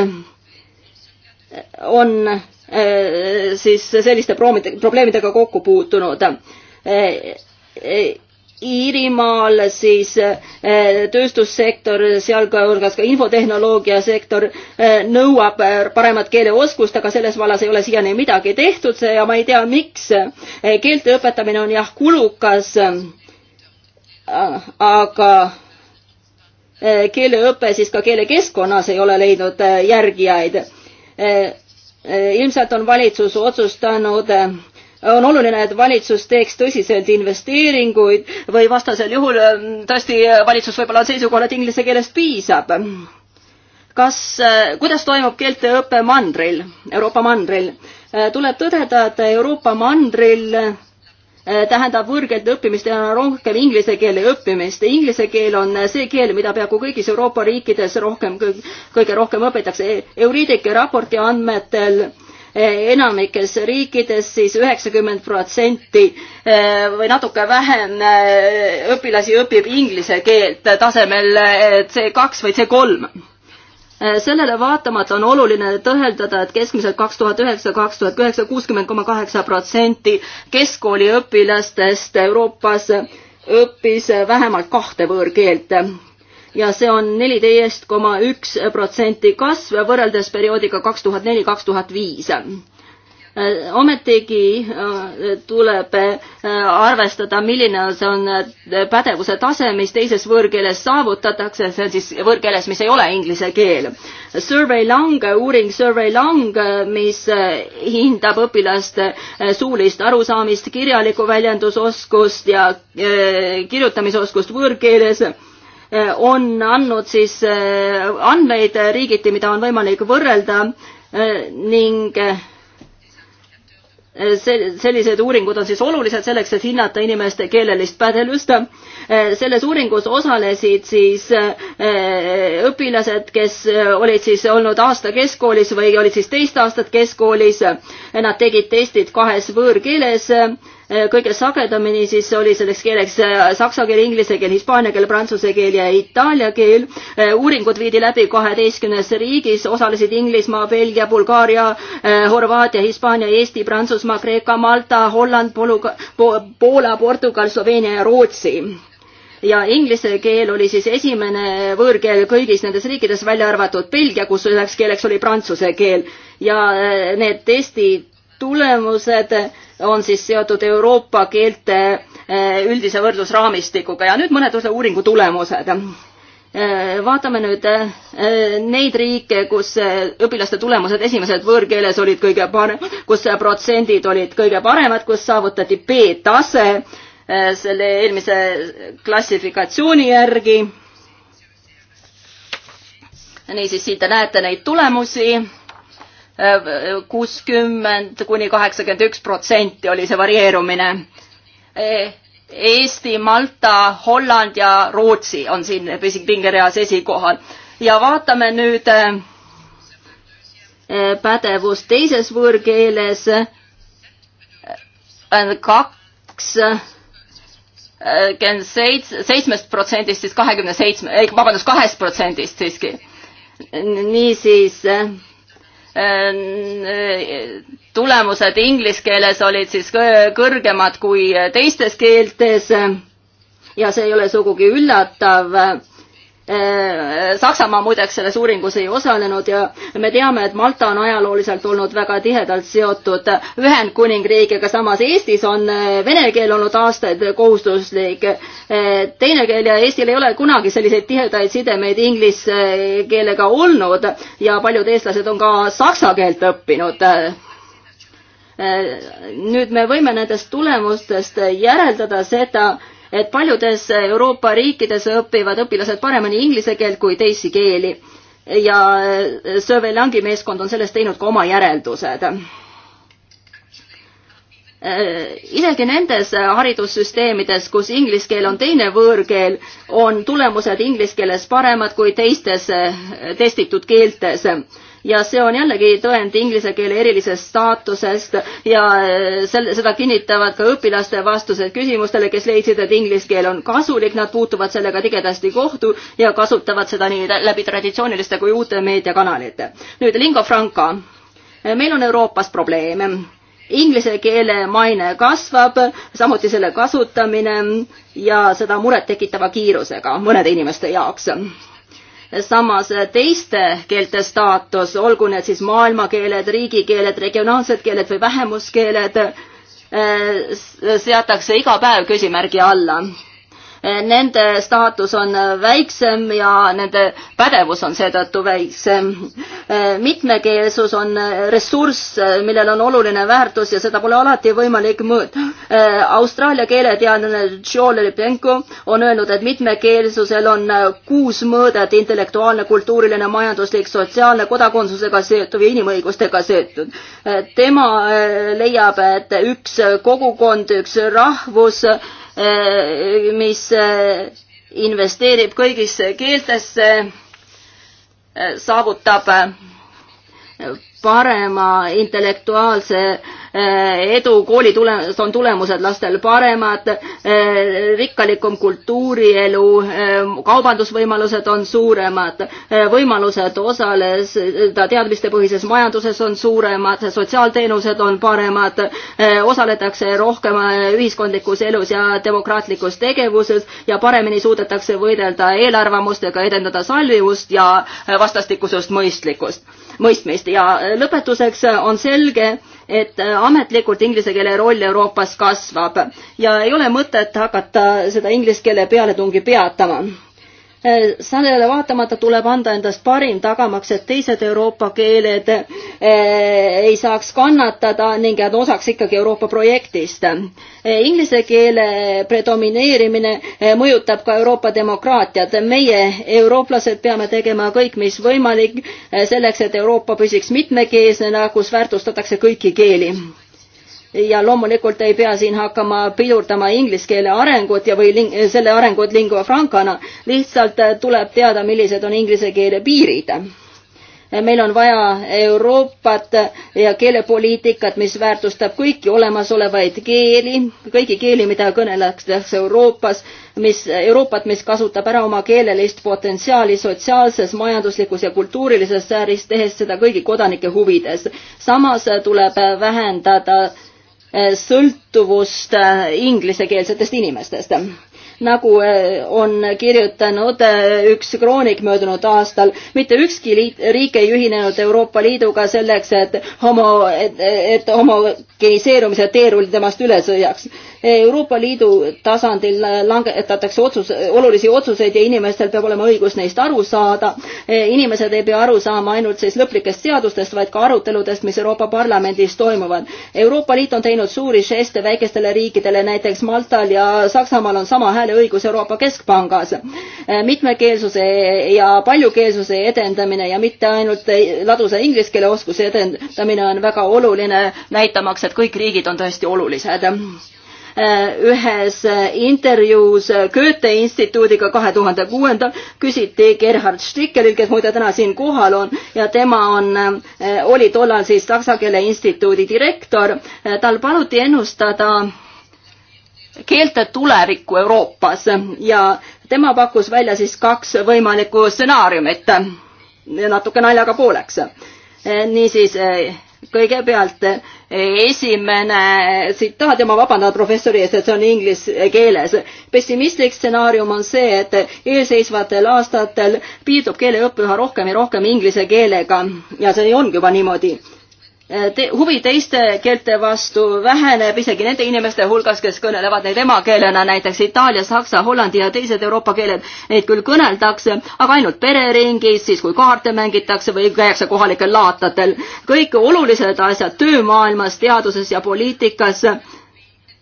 on eh, siis selliste probleemidega kokku puutunud. Eh, eh, Iirimaal siis tööstussektor, sealhulgas ka infotehnoloogiasektor nõuab paremat keeleoskust, aga selles vallas ei ole siiani midagi tehtud ja ma ei tea, miks. keelte õpetamine on jah kulukas Ah, aga eh, keeleõpe siis ka keelekeskkonnas ei ole leidnud eh, järgijaid. Eh, ilmselt on valitsus otsustanud on oluline, et valitsus teeks tõsiselt investeeringuid või vastasel juhul tõesti valitsus võib-olla on seisukohal, et inglise keelest piisab. kas, kuidas toimub keelte õpe mandril, Euroopa mandril? tuleb tõdeda, et Euroopa mandril Äh, tähendab võõrkeelte õppimist ja rohkem inglise keele õppimist. Inglise keel on äh, see keel, mida peaaegu kõigis Euroopa riikides rohkem, kõige rohkem õpitakse. E-, Euridike raporti andmetel äh, enamikes riikides siis üheksakümmend protsenti või natuke vähem õpilasi õpib inglise keelt tasemel C2 või C3 Äh, sellele vaatamata on oluline tõheldada, et keskmiselt kaks tuhat üheksa, kaks tuhat üheksa kuuskümmend koma kaheksa protsenti keskkooliõpilastest Euroopas õppis vähemalt kahte võõrkeelt ja see on neliteist koma üks protsenti kasv võrreldes perioodiga kaks tuhat neli, kaks tuhat viis ometigi äh, tuleb äh, arvestada, milline see on äh, pädevuse tase, mis teises võõrkeeles saavutatakse, see on siis võõrkeeles, mis ei ole inglise keel. Survey Lang, uuring Survey Lang, mis hindab õpilaste suulist arusaamist, kirjalikku väljendusoskust ja kirjutamisoskust võõrkeeles on andnud siis andmeid riigiti, mida on võimalik võrrelda ning sellised uuringud on siis olulised selleks, et hinnata inimeste keelelist pädevust. Äh, selles uuringus osalesid siis äh, õpilased, kes äh, olid siis olnud aasta keskkoolis või olid siis teist aastat keskkoolis. Nad tegid testid kahes võõrkeeles Eh, kõige sagedamini siis oli selleks keeleks eh, saksa keel, inglise keel, hispaania keel, prantsuse keel ja itaalia keel. Eh, uuringud viidi läbi kaheteistkümnes riigis, osalesid Inglismaa, Belgia, Bulgaaria, Horvaatia, Hispaania, Eesti, Prantsusmaa, Kreeka, Malta, Holland, Poola, Portugal, Sloveenia ja Rootsi ja inglise keel oli siis esimene võõrkeel kõigis nendes riikides, välja arvatud Belgia, kus üheks keeleks oli prantsuse keel ja need testid tulemused on siis seotud Euroopa keelte eh, üldise võrdlusraamistikuga ja nüüd mõned uuringu tulemused. Eh, vaatame nüüd eh, neid riike, kus õpilaste tulemused esimeses võõrkeeles olid kõige parem, kus protsendid olid kõige paremad, kus saavutati B-tase selle eelmise klassifikatsiooni järgi. niisiis, siit te näete neid tulemusi kuuskümmend kuni kaheksakümmend üks protsenti oli see varieerumine. Eesti, Malta, Holland ja Rootsi on siin pingereas esikohal ja vaatame nüüd eh, pädevust teises võõrkeeles äh, kaks kümne äh, seitse, seitsmest protsendist siis kahekümne seitsme, ei vabandust, kahest protsendist siiski. niisiis äh, tulemused inglise keeles olid siis kõrgemad kui teistes keeltes ja see ei ole sugugi üllatav Äh, Saksamaa muideks selles uuringus ei osalenud ja me teame, et Malta on ajalooliselt olnud väga tihedalt seotud Ühendkuningriigiga, samas Eestis on äh, vene keel olnud aastaid kohustuslik äh, teine keel ja Eestil ei ole kunagi selliseid tihedaid sidemeid inglise keelega olnud ja paljud eestlased on ka saksa keelt õppinud nüüd me võime nendest tulemustest järeldada seda, et paljudes Euroopa riikides õpivad õpilased paremini inglise keelt kui teisi keeli ja äh, Sõve Langi meeskond on sellest teinud ka oma järeldused. Äh, isegi nendes haridussüsteemides, kus inglise keel on teine võõrkeel, on tulemused inglise keeles paremad kui teistes äh, testitud keeltes ja see on jällegi tõend inglise keele erilisest staatusest ja eh, selle, seda kinnitavad ka õpilaste vastused küsimustele, kes leidsid, et inglise keel on kasulik, nad puutuvad sellega tigedasti kohtu ja kasutavad seda nii läbi traditsiooniliste kui uute meediakanalite. nüüd Lingo Franco. Eh, meil on Euroopas probleeme inglise keele maine kasvab, samuti selle kasutamine ja seda murettekitava kiirusega mõnede inimeste jaoks samas teiste keelte staatus, olgu need siis maailmakeeled, riigikeeled, regionaalsed keeled või vähemuskeeled, äh, seatakse iga päev küsimärgi alla Eh, nende staatus on eh, väiksem ja nende pädevus on seetõttu väiksem. Eh, mitmekeelsus on ressurss, millel on oluline väärtus ja seda pole alati võimalik mõõta. Austraalia keeleteadlane Joel Lipenko on öelnud, et mitmekeelsusel on kuus mõõdet, intellektuaalne, kultuuriline, majanduslik, sotsiaalne, kodakondsusega seotud ja inimõigustega seotud. tema leiab, et üks kogukond, üks rahvus, Äh, mis äh, investeerib kõigisse keeltesse, äh, saavutab parema intellektuaalse Äh, edu, kooli tulemus, on tulemused lastel paremad, äh, rikkalikum kultuurielu, äh, kaubandusvõimalused on suuremad, võimalused osaleda teadmistepõhises majanduses on suuremad, sotsiaalteenused on paremad, osaletakse rohkem ühiskondlikus elus ja demokraatlikus tegevuses ja paremini suudetakse võidelda eelarvamustega, edendada salvivust ja vastastikusust mõistlikkust, mõistmist ja lõpetuseks on selge, et äh, ametlikult inglise keele roll Euroopas kasvab ja ei ole mõtet hakata seda inglise keele pealetungi peatama Äh, sellele vaatamata tuleb anda endast parim, tagamaks, et teised Euroopa keeled äh, ei saaks kannatada ning jääda osaks ikkagi Euroopa projektist. Äh, inglise keele predomineerimine mõjutab ka Euroopa demokraatiat. meie, eurooplased, peame tegema kõik, mis võimalik selleks, et Euroopa püsiks mitmekeelsena, kus väärtustatakse kõiki keeli ja loomulikult ei pea siin hakkama pidurdama inglise keele arengut ja, või ling, selle arengut lingua francana, lihtsalt äh, tuleb teada, millised on inglise keele piirid. Äh, meil on vaja Euroopat äh, ja keelepoliitikat, mis väärtustab kõiki olemasolevaid keeli, kõiki keeli, mida kõneletakse Euroopas, mis, Euroopat, mis kasutab ära oma keelelist potentsiaali sotsiaalses, majanduslikus ja kultuurilises sfääris, tehes seda kõigi kodanike huvides. samas tuleb vähendada Eh, sõltuvust eh, inglisekeelsetest inimestest. nagu eh, on kirjutanud üks kroonik möödunud aastal, mitte ükski liit, riik ei ühinenud Euroopa Liiduga selleks, et homo, et homogeniseerumise teerull temast üle sõidaks. Euroopa Liidu tasandil langetatakse otsus, olulisi otsuseid ja inimestel peab olema õigus neist aru saada. inimesed ei pea aru saama ainult siis lõplikest seadustest, vaid ka aruteludest, mis Euroopa Parlamendis toimuvad. Euroopa Liit on teinud suuri žeste väikestele riikidele, näiteks Maltal ja Saksamaal on sama hääleõigus Euroopa Keskpangas. mitmekeelsuse ja paljukeelsuse edendamine ja mitte ainult ladusa inglise keele oskuse edendamine on väga oluline, näitamaks, et kõik riigid on tõesti olulised Äh, ühes äh, intervjuus äh, Goethe instituudiga kahe tuhande kuuendal küsiti Gerhard Strickerilt, kes muide täna siin kohal on ja tema on, oli tollal siis Saksa Keele Instituudi direktor, tal paluti ennustada keelte tulevikku Euroopas ja tema pakkus välja siis kaks võimalikku stsenaariumit, natuke naljaga pooleks. niisiis kõigepealt eh, esimene tsitaat ja ma vabandan professori eest, et see on inglise keeles. pessimistlik stsenaarium on see, et eelseisvatel aastatel piirdub keeleõpe üha rohkem ja rohkem inglise keelega ja see ongi juba niimoodi Äh, te, huvi teiste keelte vastu väheneb isegi nende inimeste hulgas, kes kõnelevad neid emakeelena, näiteks itaalia, saksa, hollandi ja teised Euroopa keeled, neid küll kõneldakse, aga ainult pereringis, siis kui kaarte mängitakse või käiakse kohalikel laatatel. kõik olulised asjad töömaailmas, teaduses ja poliitikas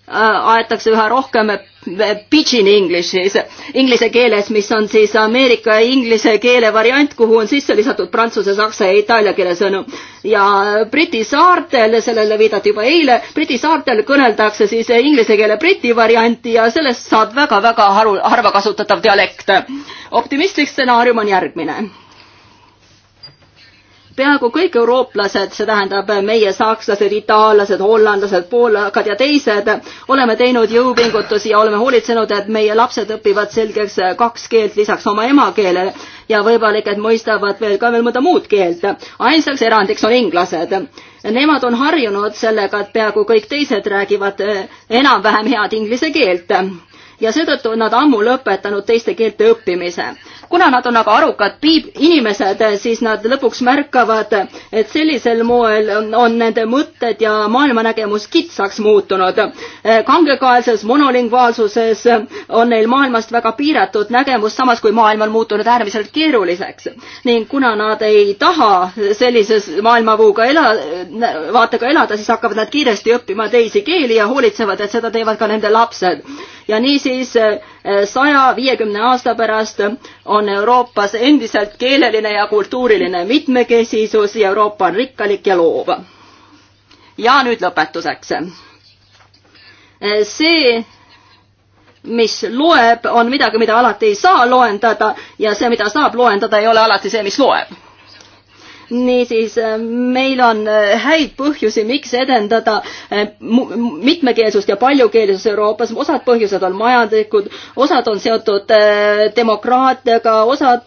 Äh, aetakse üha rohkem äh, pidžin Englishes, inglise keeles, mis on siis Ameerika inglise keele variant, kuhu on sisse lisatud prantsuse, saksa ja itaalia keele sõnu. ja Briti saartel, sellele viidati juba eile, Briti saartel kõneldakse siis inglise keele briti varianti ja sellest saab väga-väga haru, harva kasutatav dialekt. optimistlik stsenaarium on järgmine peaaegu kõik eurooplased, see tähendab meie sakslased, itaallased, hollandlased, poolakad ja teised, oleme teinud jõupingutusi ja oleme hoolitsenud, et meie lapsed õpivad selgeks kaks keelt lisaks oma emakeelele ja võimalik, et mõistavad veel ka veel mõnda muud keelt. ainsaks erandiks on inglased. Nemad on harjunud sellega, et peaaegu kõik teised räägivad enam-vähem head inglise keelt ja seetõttu on nad ammu lõpetanud teiste keelte õppimise kuna nad on aga arukad piib-, inimesed, siis nad lõpuks märkavad, et sellisel moel on nende mõtted ja maailmanägemus kitsaks muutunud. kangekaelses monolingvaalsuses on neil maailmast väga piiratud nägemus, samas kui maailm on muutunud äärmiselt keeruliseks. ning kuna nad ei taha sellises maailmavuuga ela-, vaatega elada, siis hakkavad nad kiiresti õppima teisi keeli ja hoolitsevad, et seda teevad ka nende lapsed. ja niisiis saja viiekümne aasta pärast on Euroopas endiselt keeleline ja kultuuriline mitmekesisus ja Euroopa on rikkalik ja loov. ja nüüd lõpetuseks. see, mis loeb, on midagi, mida alati ei saa loendada ja see, mida saab loendada, ei ole alati see, mis loeb niisiis äh, meil on äh, häid põhjusi, miks edendada äh, mitmekeelsust ja paljukeelsust Euroopas, osad põhjused on majanduslikud, osad on seotud demokraatiaga, osad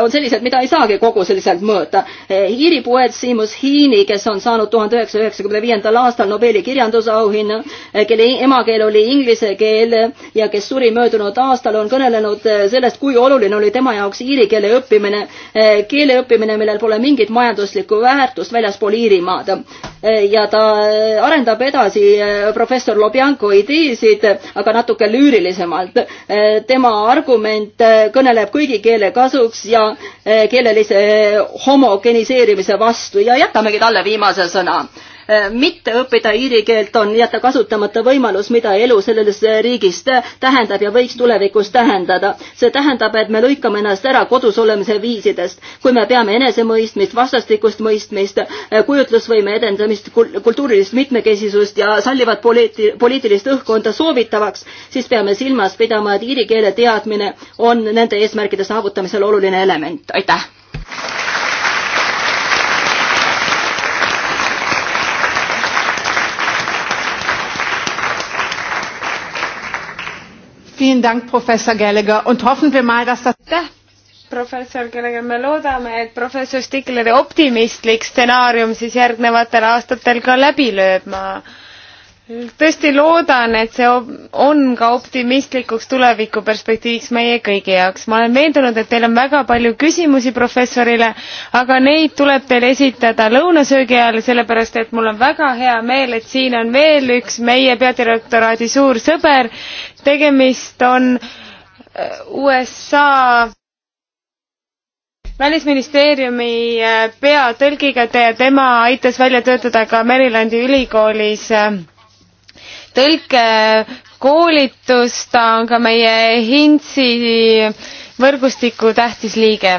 on sellised, mida ei saagi koguseliselt mõõta. Iiri poeet Seamus Heaney, kes on saanud tuhande üheksasaja üheksakümne viiendal aastal Nobeli kirjandusauhinna, kelle emakeel oli inglise keel ja kes suri möödunud aastal, on kõnelenud sellest, kui oluline oli tema jaoks iiri keele õppimine, keele õppimine, millel pole mingit mingit majanduslikku väärtust väljaspool Iirimaad. ja ta arendab edasi eh, professor Lobjanko ideesid, aga natuke lüürilisemalt. Eh, tema argument eh, kõneleb kõigi keele kasuks ja keelelise homogeniseerimise vastu ja jätamegi talle viimase sõna Äh, mitte õppida iiri keelt on jätta kasutamata võimalus, mida elu selles riigis tähendab ja võiks tulevikus tähendada. see tähendab, et me lõikame ennast ära kodus olemise viisidest, kui me peame enesemõistmist, vastastikust mõistmist, äh, kujutlusvõime edendamist, kultuurilist mitmekesisust ja sallivat poliiti-, poliitilist õhkkonda soovitavaks, siis peame silmas pidama, et iiri keele teadmine on nende eesmärkide saavutamisel oluline element. aitäh! Vielen Dank, professor Gallagher und hoffen wir mal, dass das aitäh, professor Gallagher, me loodame, et professor Stigleri optimistlik stsenaarium siis järgnevatel aastatel ka läbi lööb, ma tõesti loodan, et see on ka optimistlikuks tulevikuperspektiiviks meie kõigi jaoks. ma olen veendunud, et teil on väga palju küsimusi professorile, aga neid tuleb teil esitada lõunasöögi ajal, sellepärast et mul on väga hea meel, et siin on veel üks meie peadirektoraadi suur sõber. tegemist on äh, USA välisministeeriumi äh, peatõlgiga ja tema aitas välja töötada ka Marylandi ülikoolis äh, tõlkekoolitus, ta on ka meie Hintsi võrgustiku tähtis liige.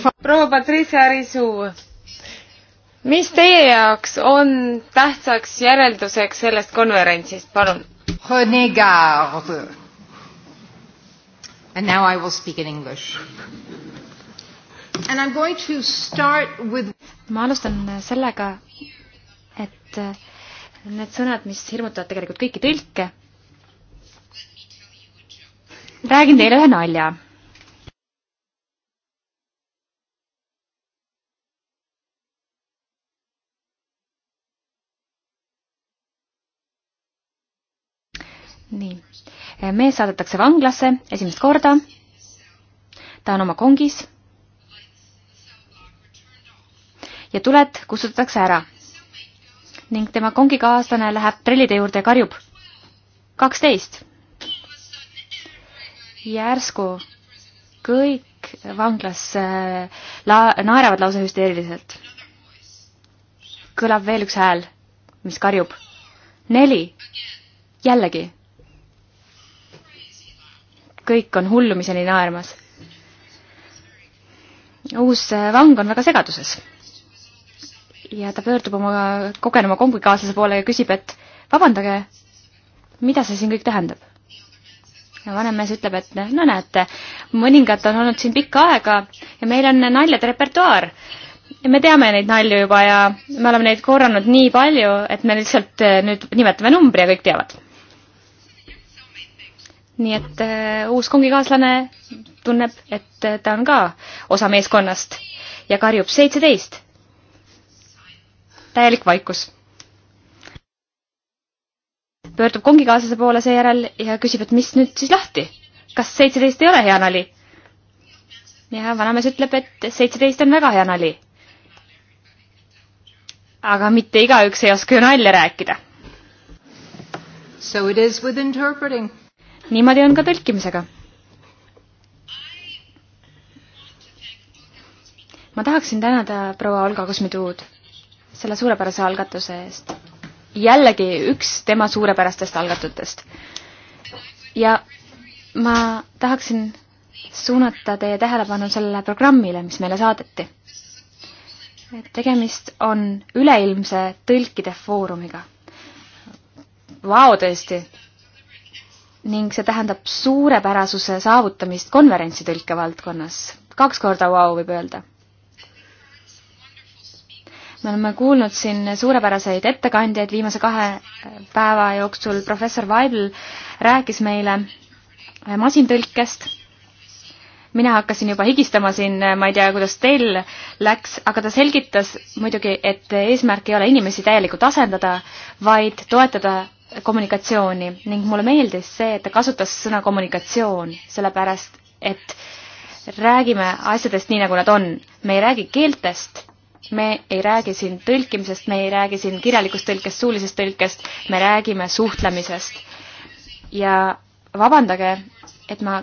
From... proua Patricia Arisu, mis teie jaoks on tähtsaks järelduseks sellest konverentsist, palun? And now I will speak in English. And I'm going to start with ma alustan sellega, et need sõnad, mis hirmutavad tegelikult kõiki tõlke, räägin teile ühe nalja. nii, mees saadetakse vanglasse esimest korda. ta on oma kongis. ja tuled kustutatakse ära ning tema kongikaaslane läheb trellide juurde ja karjub. kaksteist. järsku kõik vanglas äh, la-, naeravad lausa hüsteeriliselt. kõlab veel üks hääl, mis karjub. neli. jällegi. kõik on hullumiseni naermas. uus äh, vang on väga segaduses ja ta pöördub oma kogenuma kongikaaslase poole ja küsib, et vabandage, mida see siin kõik tähendab? ja vanem mees ütleb, et noh, no näete, mõningad on olnud siin pikka aega ja meil on naljade repertuaar. ja me teame neid nalju juba ja me oleme neid korranud nii palju, et me lihtsalt eh, nüüd nimetame numbri ja kõik teavad. nii et uh, uus kongikaaslane tunneb, et eh, ta on ka osa meeskonnast ja karjub seitseteist täielik vaikus. pöördub kongikaaslase poole seejärel ja küsib, et mis nüüd siis lahti, kas seitseteist ei ole hea nali? ja vanamees ütleb, et seitseteist on väga hea nali. aga mitte igaüks ei oska ju nalja rääkida. So it is with interpreting. niimoodi on ka tõlkimisega ma tahaksin tänada proua Olga Kosmituud selle suurepärase algatuse eest. jällegi üks tema suurepärastest algatutest. ja ma tahaksin suunata teie tähelepanu sellele programmile, mis meile saadeti. tegemist on üleilmse tõlkide foorumiga. Vau, tõesti! ning see tähendab suurepärasuse saavutamist konverentsi tõlke valdkonnas. kaks korda vau wow,, võib öelda me oleme kuulnud siin suurepäraseid ettekandjaid viimase kahe päeva jooksul. professor Vaibel rääkis meile masintõlkest. mina hakkasin juba higistama siin, ma ei tea, kuidas teil läks, aga ta selgitas muidugi, et eesmärk ei ole inimesi täielikult asendada, vaid toetada kommunikatsiooni ning mulle meeldis see, et ta kasutas sõna kommunikatsioon, sellepärast et räägime asjadest nii, nagu nad on. me ei räägi keeltest me ei räägi siin tõlkimisest, me ei räägi siin kirjalikust tõlkest, suulisest tõlkest, me räägime suhtlemisest. ja vabandage, et ma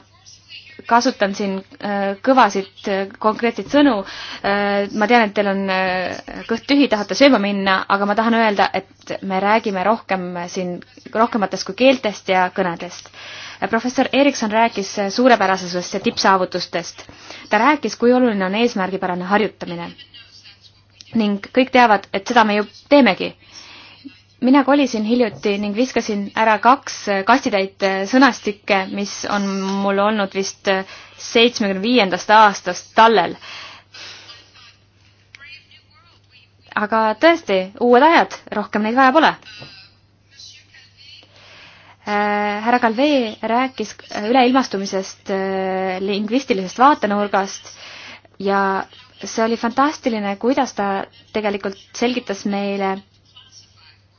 kasutan siin äh, kõvasid äh, konkreetseid sõnu. Äh, ma tean, et teil on kõht tühi, tahate sööma minna, aga ma tahan öelda, et me räägime rohkem siin, rohkematest kui keeltest ja kõnedest. professor Erikson rääkis suurepärasusest ja tippsaavutustest. ta rääkis, kui oluline on eesmärgipärane harjutamine ning kõik teavad, et seda me ju teemegi. mina kolisin hiljuti ning viskasin ära kaks kastitäit sõnastikke, mis on mul olnud vist seitsmekümne viiendast aastast tallel. aga tõesti, uued ajad, rohkem neid vaja pole äh, härra Calvee rääkis üleilmastumisest äh, lingvistilisest vaatenurgast ja see oli fantastiline, kuidas ta tegelikult selgitas meile,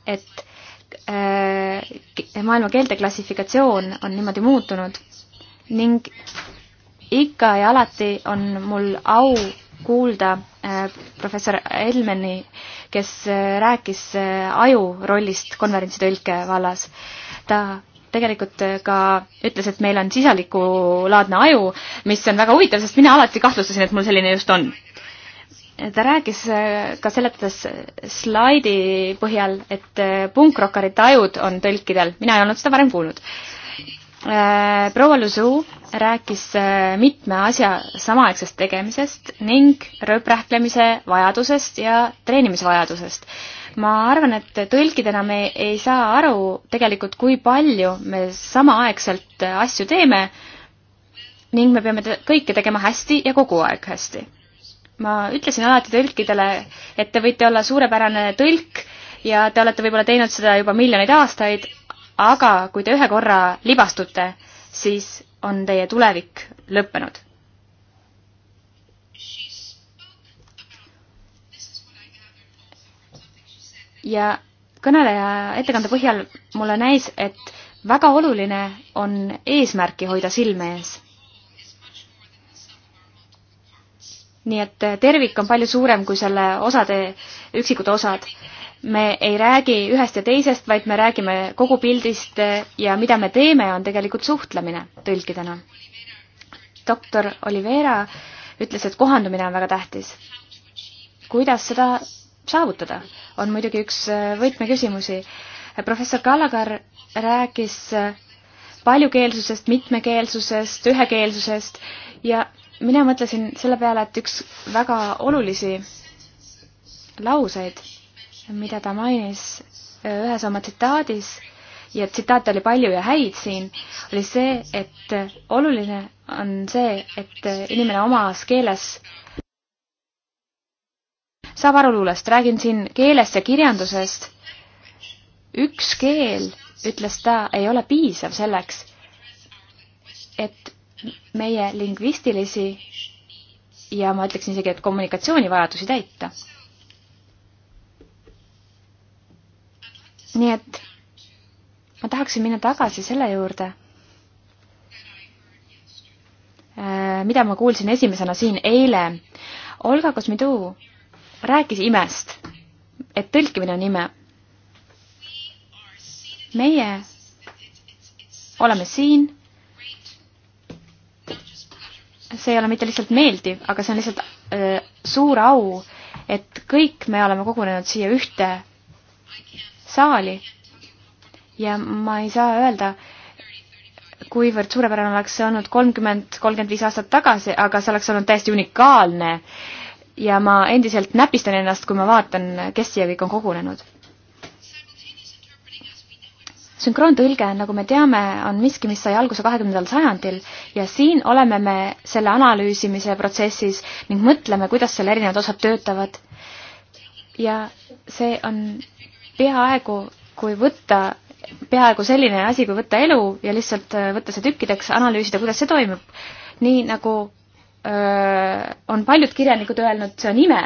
et äh, maailma keelte klassifikatsioon on niimoodi muutunud ning ikka ja alati on mul au kuulda äh, professor Elmeni, kes äh, rääkis aju rollist konverentsitõlke vallas. ta tegelikult ka ütles, et meil on sisalikulaadne aju, mis on väga huvitav, sest mina alati kahtlustasin, et mul selline just on ta rääkis äh, ka seletades slaidi põhjal, et äh, punkrokari tajud on tõlkidel, mina ei olnud seda varem kuulnud. Äh, proua Luzu rääkis mitme asja samaaegsest tegemisest ning rööprähklemise vajadusest ja treenimisvajadusest. ma arvan, et tõlkidena me ei saa aru tegelikult, kui palju me samaaegselt asju teeme ning me peame kõike tegema hästi ja kogu aeg hästi ma ütlesin alati tõlkidele, et te võite olla suurepärane tõlk ja te olete võib-olla teinud seda juba miljoneid aastaid, aga kui te ühe korra libastute, siis on teie tulevik lõppenud. ja kõneleja ettekande põhjal mulle näis, et väga oluline on eesmärki hoida silme ees nii et eh, tervik on palju suurem kui selle osade, üksikud osad. me ei räägi ühest ja teisest, vaid me räägime kogu pildist eh, ja mida me teeme, on tegelikult suhtlemine tõlkidena. doktor Olivera ütles, et kohandumine on väga tähtis. kuidas seda saavutada, on muidugi üks eh, võtmeküsimusi. professor Kallagar rääkis paljukeelsusest, mitmekeelsusest, ühekeelsusest ja mina mõtlesin selle peale, et üks väga olulisi lauseid, mida ta mainis äh, ühes oma tsitaadis ja tsitaate oli palju ja häid siin, oli see, et äh, oluline on see, et äh, inimene omas keeles saab aru luulest, räägin siin keelest ja kirjandusest. üks keel, ütles ta, ei ole piisav selleks, et meie lingvistilisi ja ma ütleksin isegi, et kommunikatsioonivajadusi täita. nii et ma tahaksin minna tagasi selle juurde, äh, mida ma kuulsin esimesena siin eile. Olga Kosmidu rääkis imest, et tõlkimine on ime. meie oleme siin see ei ole mitte lihtsalt meeldiv, aga see on lihtsalt öö, äh, suur au, et kõik me oleme kogunenud siia ühte saali. ja ma ei saa öelda, kuivõrd suurepärane oleks see olnud kolmkümmend, kolmkümmend viis aastat tagasi, aga see oleks olnud täiesti unikaalne. ja ma endiselt näpistan ennast, kui ma vaatan, kes siia kõik on kogunenud sünkroontõlge, nagu me teame, on miski, mis sai alguse kahekümnendal sajandil ja siin oleme me selle analüüsimise protsessis ning mõtleme, kuidas selle erinevad osad töötavad. ja see on peaaegu, kui võtta peaaegu selline asi, kui võtta elu ja lihtsalt äh, võtta see tükkideks, analüüsida, kuidas see toimub. nii nagu öö, äh, on paljud kirjanikud öelnud, see on ime.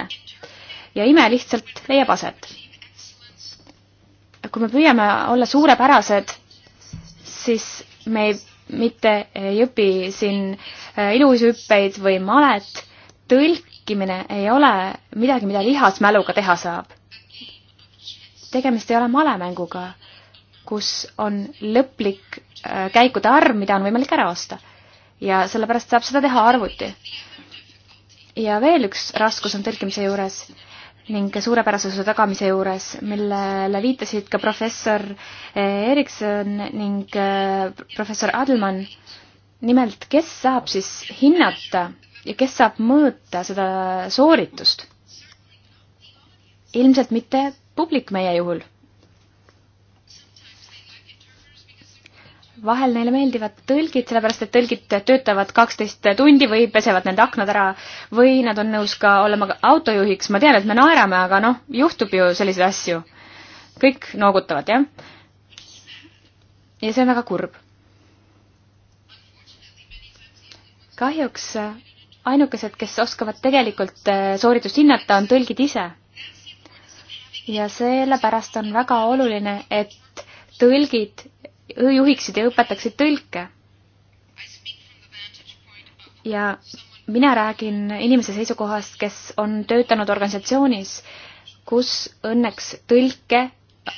ja ime lihtsalt leiab aset kui me püüame olla suurepärased, siis me ei, mitte ei õpi siin äh, iluuisuhüppeid või malet, tõlkimine ei ole midagi, mida lihasmäluga teha saab. tegemist ei ole malemänguga, kus on lõplik äh, käikude arv, mida on võimalik ära osta. ja sellepärast saab seda teha arvuti. ja veel üks raskus on tõlkimise juures ning suurepärasuse tagamise juures, millele viitasid ka professor eh, Erikson ning eh, professor Adelmann. nimelt, kes saab siis hinnata ja kes saab mõõta seda sooritust? ilmselt mitte publik meie juhul vahel neile meeldivad tõlgid, sellepärast et tõlgid töötavad kaksteist tundi või pesevad nende aknad ära või nad on nõus ka olema autojuhiks. ma tean, et me naerame, aga noh, juhtub ju selliseid asju. kõik noogutavad, jah. ja see on väga kurb. kahjuks ainukesed, kes oskavad tegelikult eh, sooritust hinnata, on tõlgid ise. ja sellepärast on väga oluline, et tõlgid juhiksid ja õpetaksid tõlke. ja mina räägin inimese seisukohast, kes on töötanud organisatsioonis, kus õnneks tõlke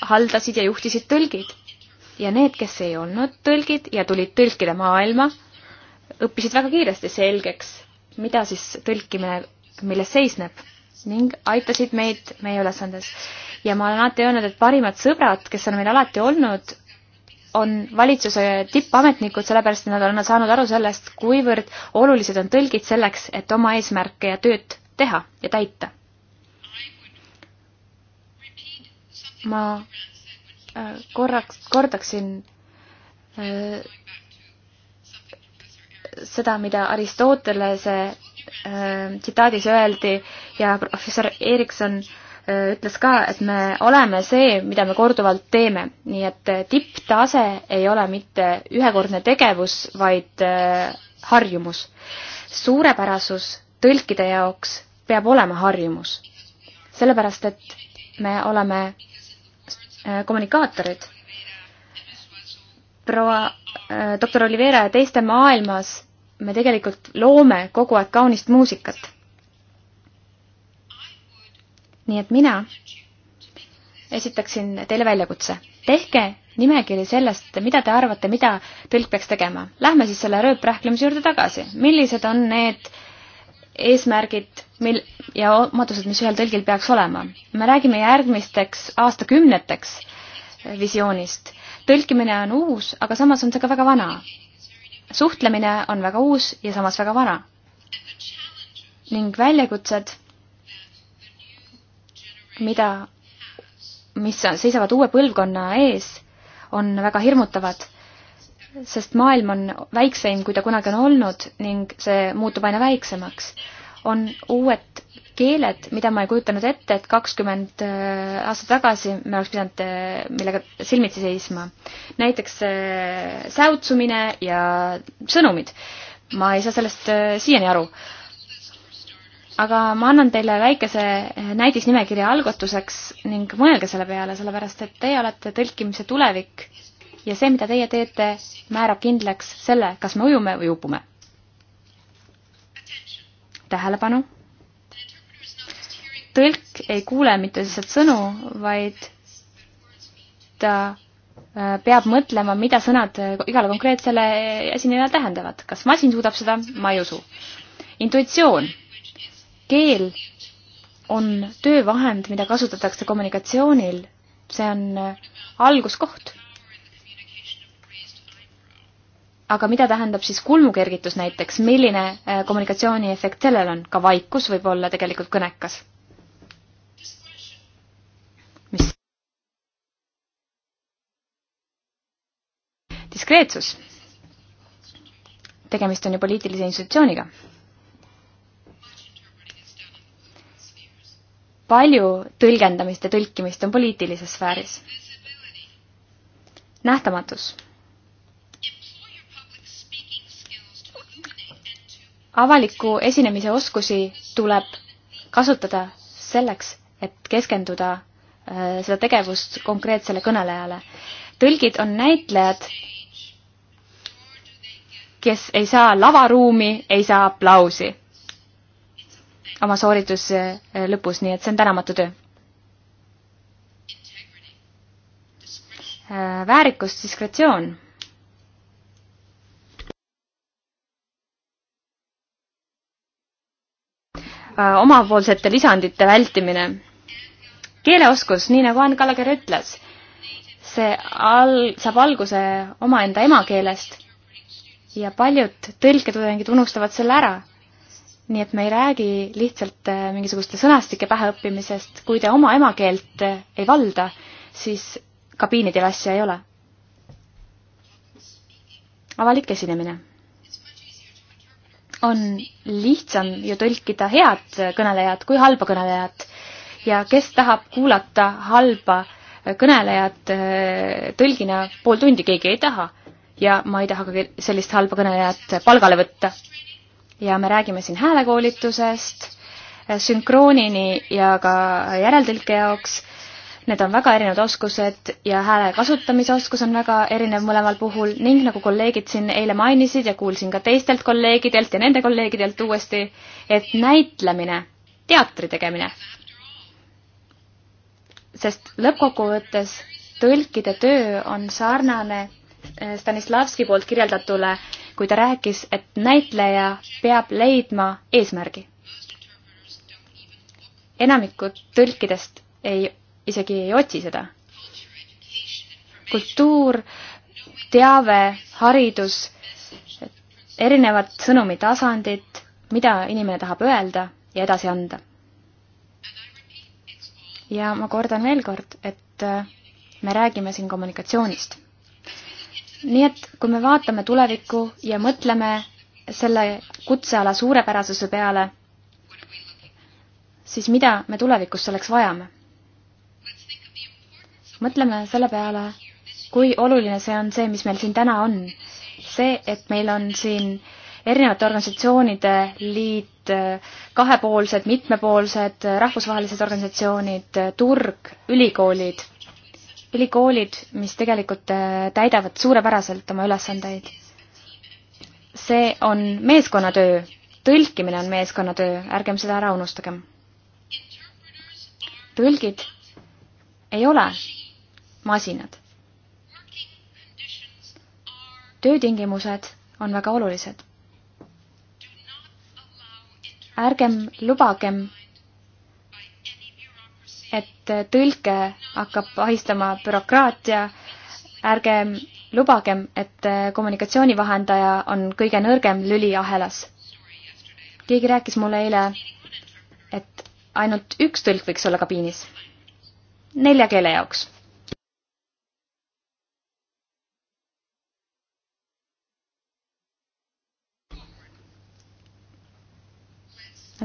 haldasid ja juhtisid tõlgid. ja need, kes ei olnud tõlgid ja tulid tõlkida maailma, õppisid väga kiiresti selgeks, mida siis tõlkimine, milles seisneb ning aitasid meid meie ülesandes. ja ma olen alati öelnud, et parimad sõbrad, kes on meil alati olnud, on valitsuse tippametnikud, sellepärast et nad on saanud aru sellest, kuivõrd olulised on tõlgid selleks, et oma eesmärke ja tööd teha ja täita. ma äh, korraks, kordaksin äh, seda, mida Aristotelese äh, tsitaadis öeldi ja professor Erikson äh, ütles ka, et me oleme see, mida me korduvalt teeme, nii et eh, tipptase ei ole mitte ühekordne tegevus, vaid eh, harjumus. suurepärasus tõlkide jaoks peab olema harjumus, sellepärast et me oleme eh, kommunikaatorid. proua doktor Olivera ja teiste maailmas me tegelikult loome kogu aeg kaunist muusikat nii et mina esitaksin teile väljakutse. tehke nimekiri sellest, mida te arvate, mida tõlk peaks tegema. Lähme siis selle rööprähklemise juurde tagasi. millised on need eesmärgid, mil- ja omadused, mis ühel tõlgil peaks olema? me räägime järgmisteks aastakümneteks visioonist. tõlkimine on uus, aga samas on see ka väga vana. suhtlemine on väga uus ja samas väga vana. ning väljakutsed mida, mis seisavad uue põlvkonna ees, on väga hirmutavad, sest maailm on väikseim, kui ta kunagi on olnud ning see muutub aina väiksemaks. on uued keeled, mida ma ei kujutanud ette, et kakskümmend äh, aastat tagasi me oleks pidanud äh, millega silmitsi seisma. näiteks äh, säutsumine ja sõnumid. ma ei saa sellest siiani aru aga ma annan teile väikese näidisnimekirja algatuseks ning mõelge selle peale, sellepärast et teie olete tõlkimise tulevik ja see, mida teie teete, määrab kindlaks selle, kas me ujume või upume. tähelepanu. tõlk ei kuule mitte lihtsalt sõnu, vaid ta äh, peab mõtlema, mida sõnad äh, igale konkreetsele esinejale äh, tähendavad. kas masin suudab seda? ma ei usu. intuitsioon keel on töövahend, mida kasutatakse kommunikatsioonil, see on äh, alguskoht. aga mida tähendab siis kulmukergitus näiteks, milline äh, kommunikatsiooniefekt sellel on, ka vaikus võib olla tegelikult kõnekas? mis? diskreetsus. tegemist on ju poliitilise institutsiooniga palju tõlgendamist ja tõlkimist on poliitilises sfääris. nähtamatus. avaliku esinemise oskusi tuleb kasutada selleks, et keskenduda äh, seda tegevust konkreetsele kõnelejale. tõlgid on näitlejad, kes ei saa lavaruumi, ei saa aplausi oma soorituse eh, lõpus, nii et see on tänamatu töö. Eh, väärikus, diskretsioon eh, omapoolsete lisandite vältimine. keeleoskus, nii nagu Ann Kallager ütles, see all, saab alguse omaenda emakeelest ja paljud tõlketudengid unustavad selle ära nii et me ei räägi lihtsalt äh, mingisuguste sõnastike päheõppimisest, kui te oma emakeelt äh, ei valda, siis kabiinidel asja ei ole. avalik esinemine. on lihtsam ju tõlkida head kõnelejat kui halba kõnelejat ja kes tahab kuulata halba kõnelejat äh, tõlgina pool tundi, keegi ei taha. ja ma ei taha ka sellist halba kõnelejat palgale võtta ja me räägime siin häälekoolitusest, sünkroonini ja ka järeltõlke jaoks. Need on väga erinevad oskused ja hääle kasutamise oskus on väga erinev mõlemal puhul ning nagu kolleegid siin eile mainisid ja kuulsin ka teistelt kolleegidelt ja nende kolleegidelt uuesti, et näitlemine, teatri tegemine. sest lõppkokkuvõttes tõlkide töö on sarnane eh, Stanislavski poolt kirjeldatule äh, kui ta rääkis, et näitleja peab leidma eesmärgi. enamikud tõlkidest ei, isegi ei otsi seda. kultuur, teave, haridus, erinevad sõnumitasandid, mida inimene tahab öelda ja edasi anda. ja ma kordan veel kord, et me räägime siin kommunikatsioonist nii et kui me vaatame tulevikku ja mõtleme selle kutseala suurepärasuse peale, siis mida me tulevikus selleks vajame? mõtleme selle peale, kui oluline see on see, mis meil siin täna on. see, et meil on siin erinevate organisatsioonide liit, kahepoolsed, mitmepoolsed, rahvusvahelised organisatsioonid, turg, ülikoolid ülikoolid, mis tegelikult äh, täidavad suurepäraselt oma ülesandeid. see on meeskonnatöö, tõlkimine on meeskonnatöö, ärgem seda ära unustagem. tõlgid ei ole masinad. töötingimused on väga olulised. ärgem lubagem et tõlke hakkab ahistama bürokraatia, ärgem lubagem, et kommunikatsioonivahendaja on kõige nõrgem lüli ahelas. keegi rääkis mulle eile, et ainult üks tõlk võiks olla kabiinis. nelja keele jaoks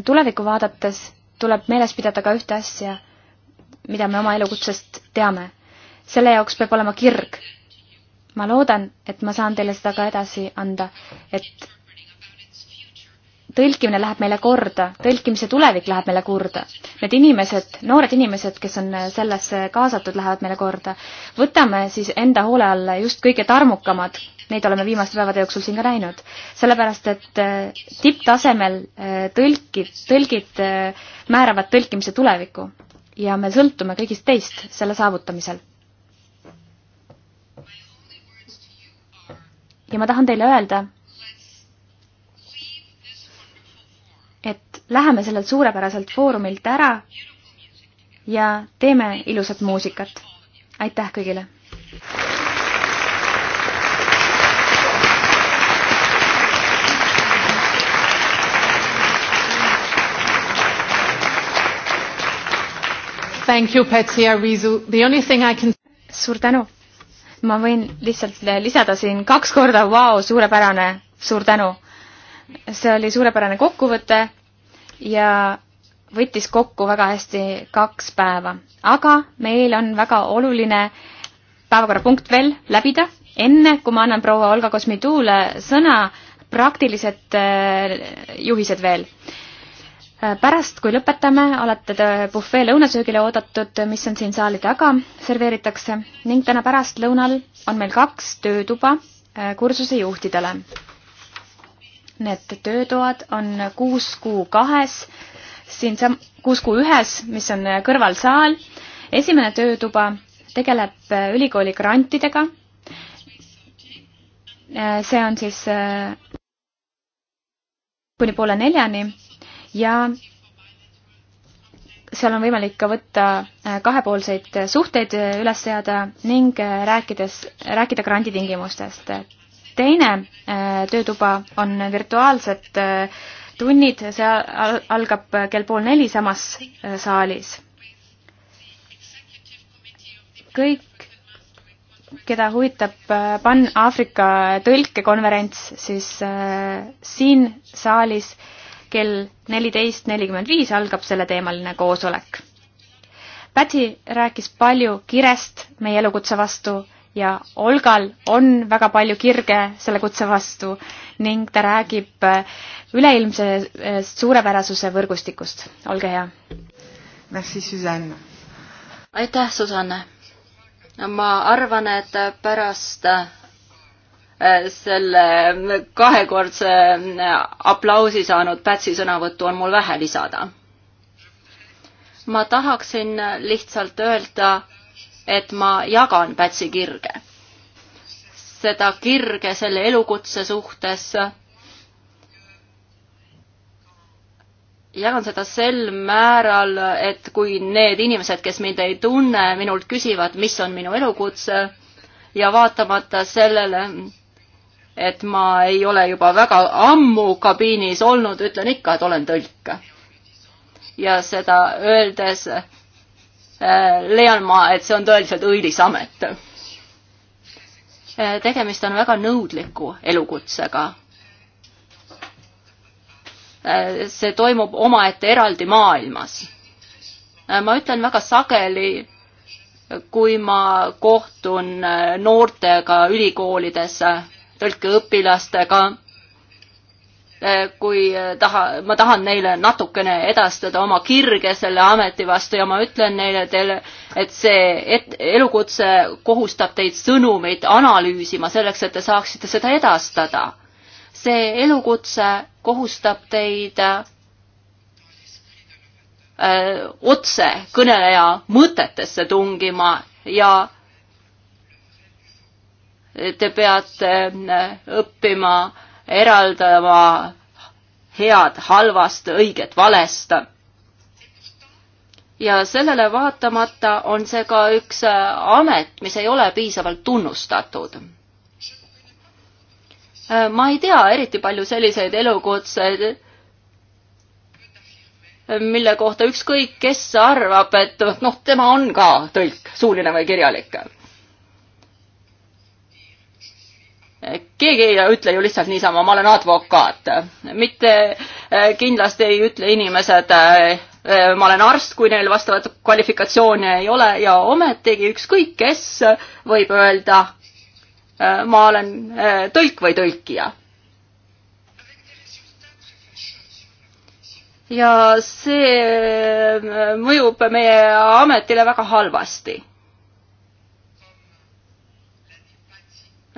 tulevikku vaadates tuleb meeles pidada ka ühte asja mida me oma elukutsest teame. selle jaoks peab olema kirg. ma loodan, et ma saan teile seda ka edasi anda, et tõlkimine läheb meile korda, tõlkimise tulevik läheb meile korda. Need inimesed, noored inimesed, kes on sellesse kaasatud, lähevad meile korda. võtame siis enda hoole alla just kõige tarmukamad, neid oleme viimaste päevade jooksul siin ka näinud. sellepärast, et eh, tipptasemel eh, tõlkid, tõlgid eh, määravad tõlkimise tulevikku ja me sõltume kõigist teist selle saavutamisel. ja ma tahan teile öelda, et läheme sellelt suurepäraselt foorumilt ära ja teeme ilusat muusikat. aitäh kõigile! Thank you, Petsi Arizu. The only thing I can suur tänu! ma võin lihtsalt eh, lisada siin kaks korda, vau, suurepärane, suur tänu! see oli suurepärane kokkuvõte ja võttis kokku väga hästi kaks päeva. aga meil on väga oluline päevakorrapunkt veel läbida. enne, kui ma annan proua Olga Kosmitule sõna, praktilised eh, juhised veel Äh, pärast, kui lõpetame, olete te bufee lõunasöögile oodatud, mis on siin saali taga, serveeritakse ning täna pärastlõunal on meil kaks töötuba äh, kursuse juhtidele. Need töötoad on kuus kuu kahes, siin sam-, kuus kuu ühes, mis on äh, kõrvalsaal. esimene töötuba tegeleb ülikooli grantidega. see on siis kuni poole neljani ja seal on võimalik ka võtta äh, kahepoolseid äh, suhteid äh, üles seada ning rääkides, rääkida granditingimustest. teine töötuba on virtuaalsed tunnid, see algab kell pool neli samas saalis. kõik, keda huvitab Pan-Aafrika tõlkekonverents, siis siin saalis äh, kell neliteist nelikümmend viis algab selleteemaline koosolek. Päti rääkis palju kirest meie elukutse vastu ja Olgal on väga palju kirge selle kutse vastu ning ta räägib äh, üleilmse äh, suurepärasuse võrgustikust. olge hea. Merci, Susanne. aitäh, Susanne. ma arvan, et pärast äh, Äh, selle kahekordse äh, aplausi saanud Pätsi sõnavõttu on mul vähe lisada. ma tahaksin lihtsalt öelda, et ma jagan Pätsi kirge. seda kirge selle elukutse suhtes. jagan seda sel määral, et kui need inimesed, kes mind ei tunne, minult küsivad, mis on minu elukutse ja vaatamata sellele, et ma ei ole juba väga ammu kabiinis olnud, ütlen ikka, et olen tõlk. ja seda öeldes äh, leian ma, et see on tõeliselt õilis amet äh,. tegemist on väga nõudliku elukutsega äh,. see toimub omaette eraldi maailmas. Äh, ma ütlen väga sageli kui ma kohtun äh, noortega ülikoolides tõlkeõpilastega eh, kui eh, taha, ma tahan neile natukene edastada oma kirge selle ameti vastu ja ma ütlen neile teile, et see et, elukutse kohustab teid sõnumeid analüüsima selleks, et te saaksite seda edastada. see elukutse kohustab teid äh, otse kõneleja mõtetesse tungima ja äh, te peate äh, õppima eraldama head halvast, õiget valest. ja sellele vaatamata on see ka üks äh, amet, mis ei ole piisavalt tunnustatud. Äh, ma ei tea eriti palju selliseid elukutseid, mille kohta ükskõik kes arvab, et noh, tema on ka tõlk, suuline või kirjalik keegi ei ütle ju lihtsalt niisama, ma olen advokaat. mitte eh, kindlasti ei ütle inimesed, eh, ma olen arst, kui neil vastavat kvalifikatsiooni ei ole ja ometigi ükskõik kes võib öelda, eh, ma olen tõlk või tõlkija. ja see mõjub meie ametile väga halvasti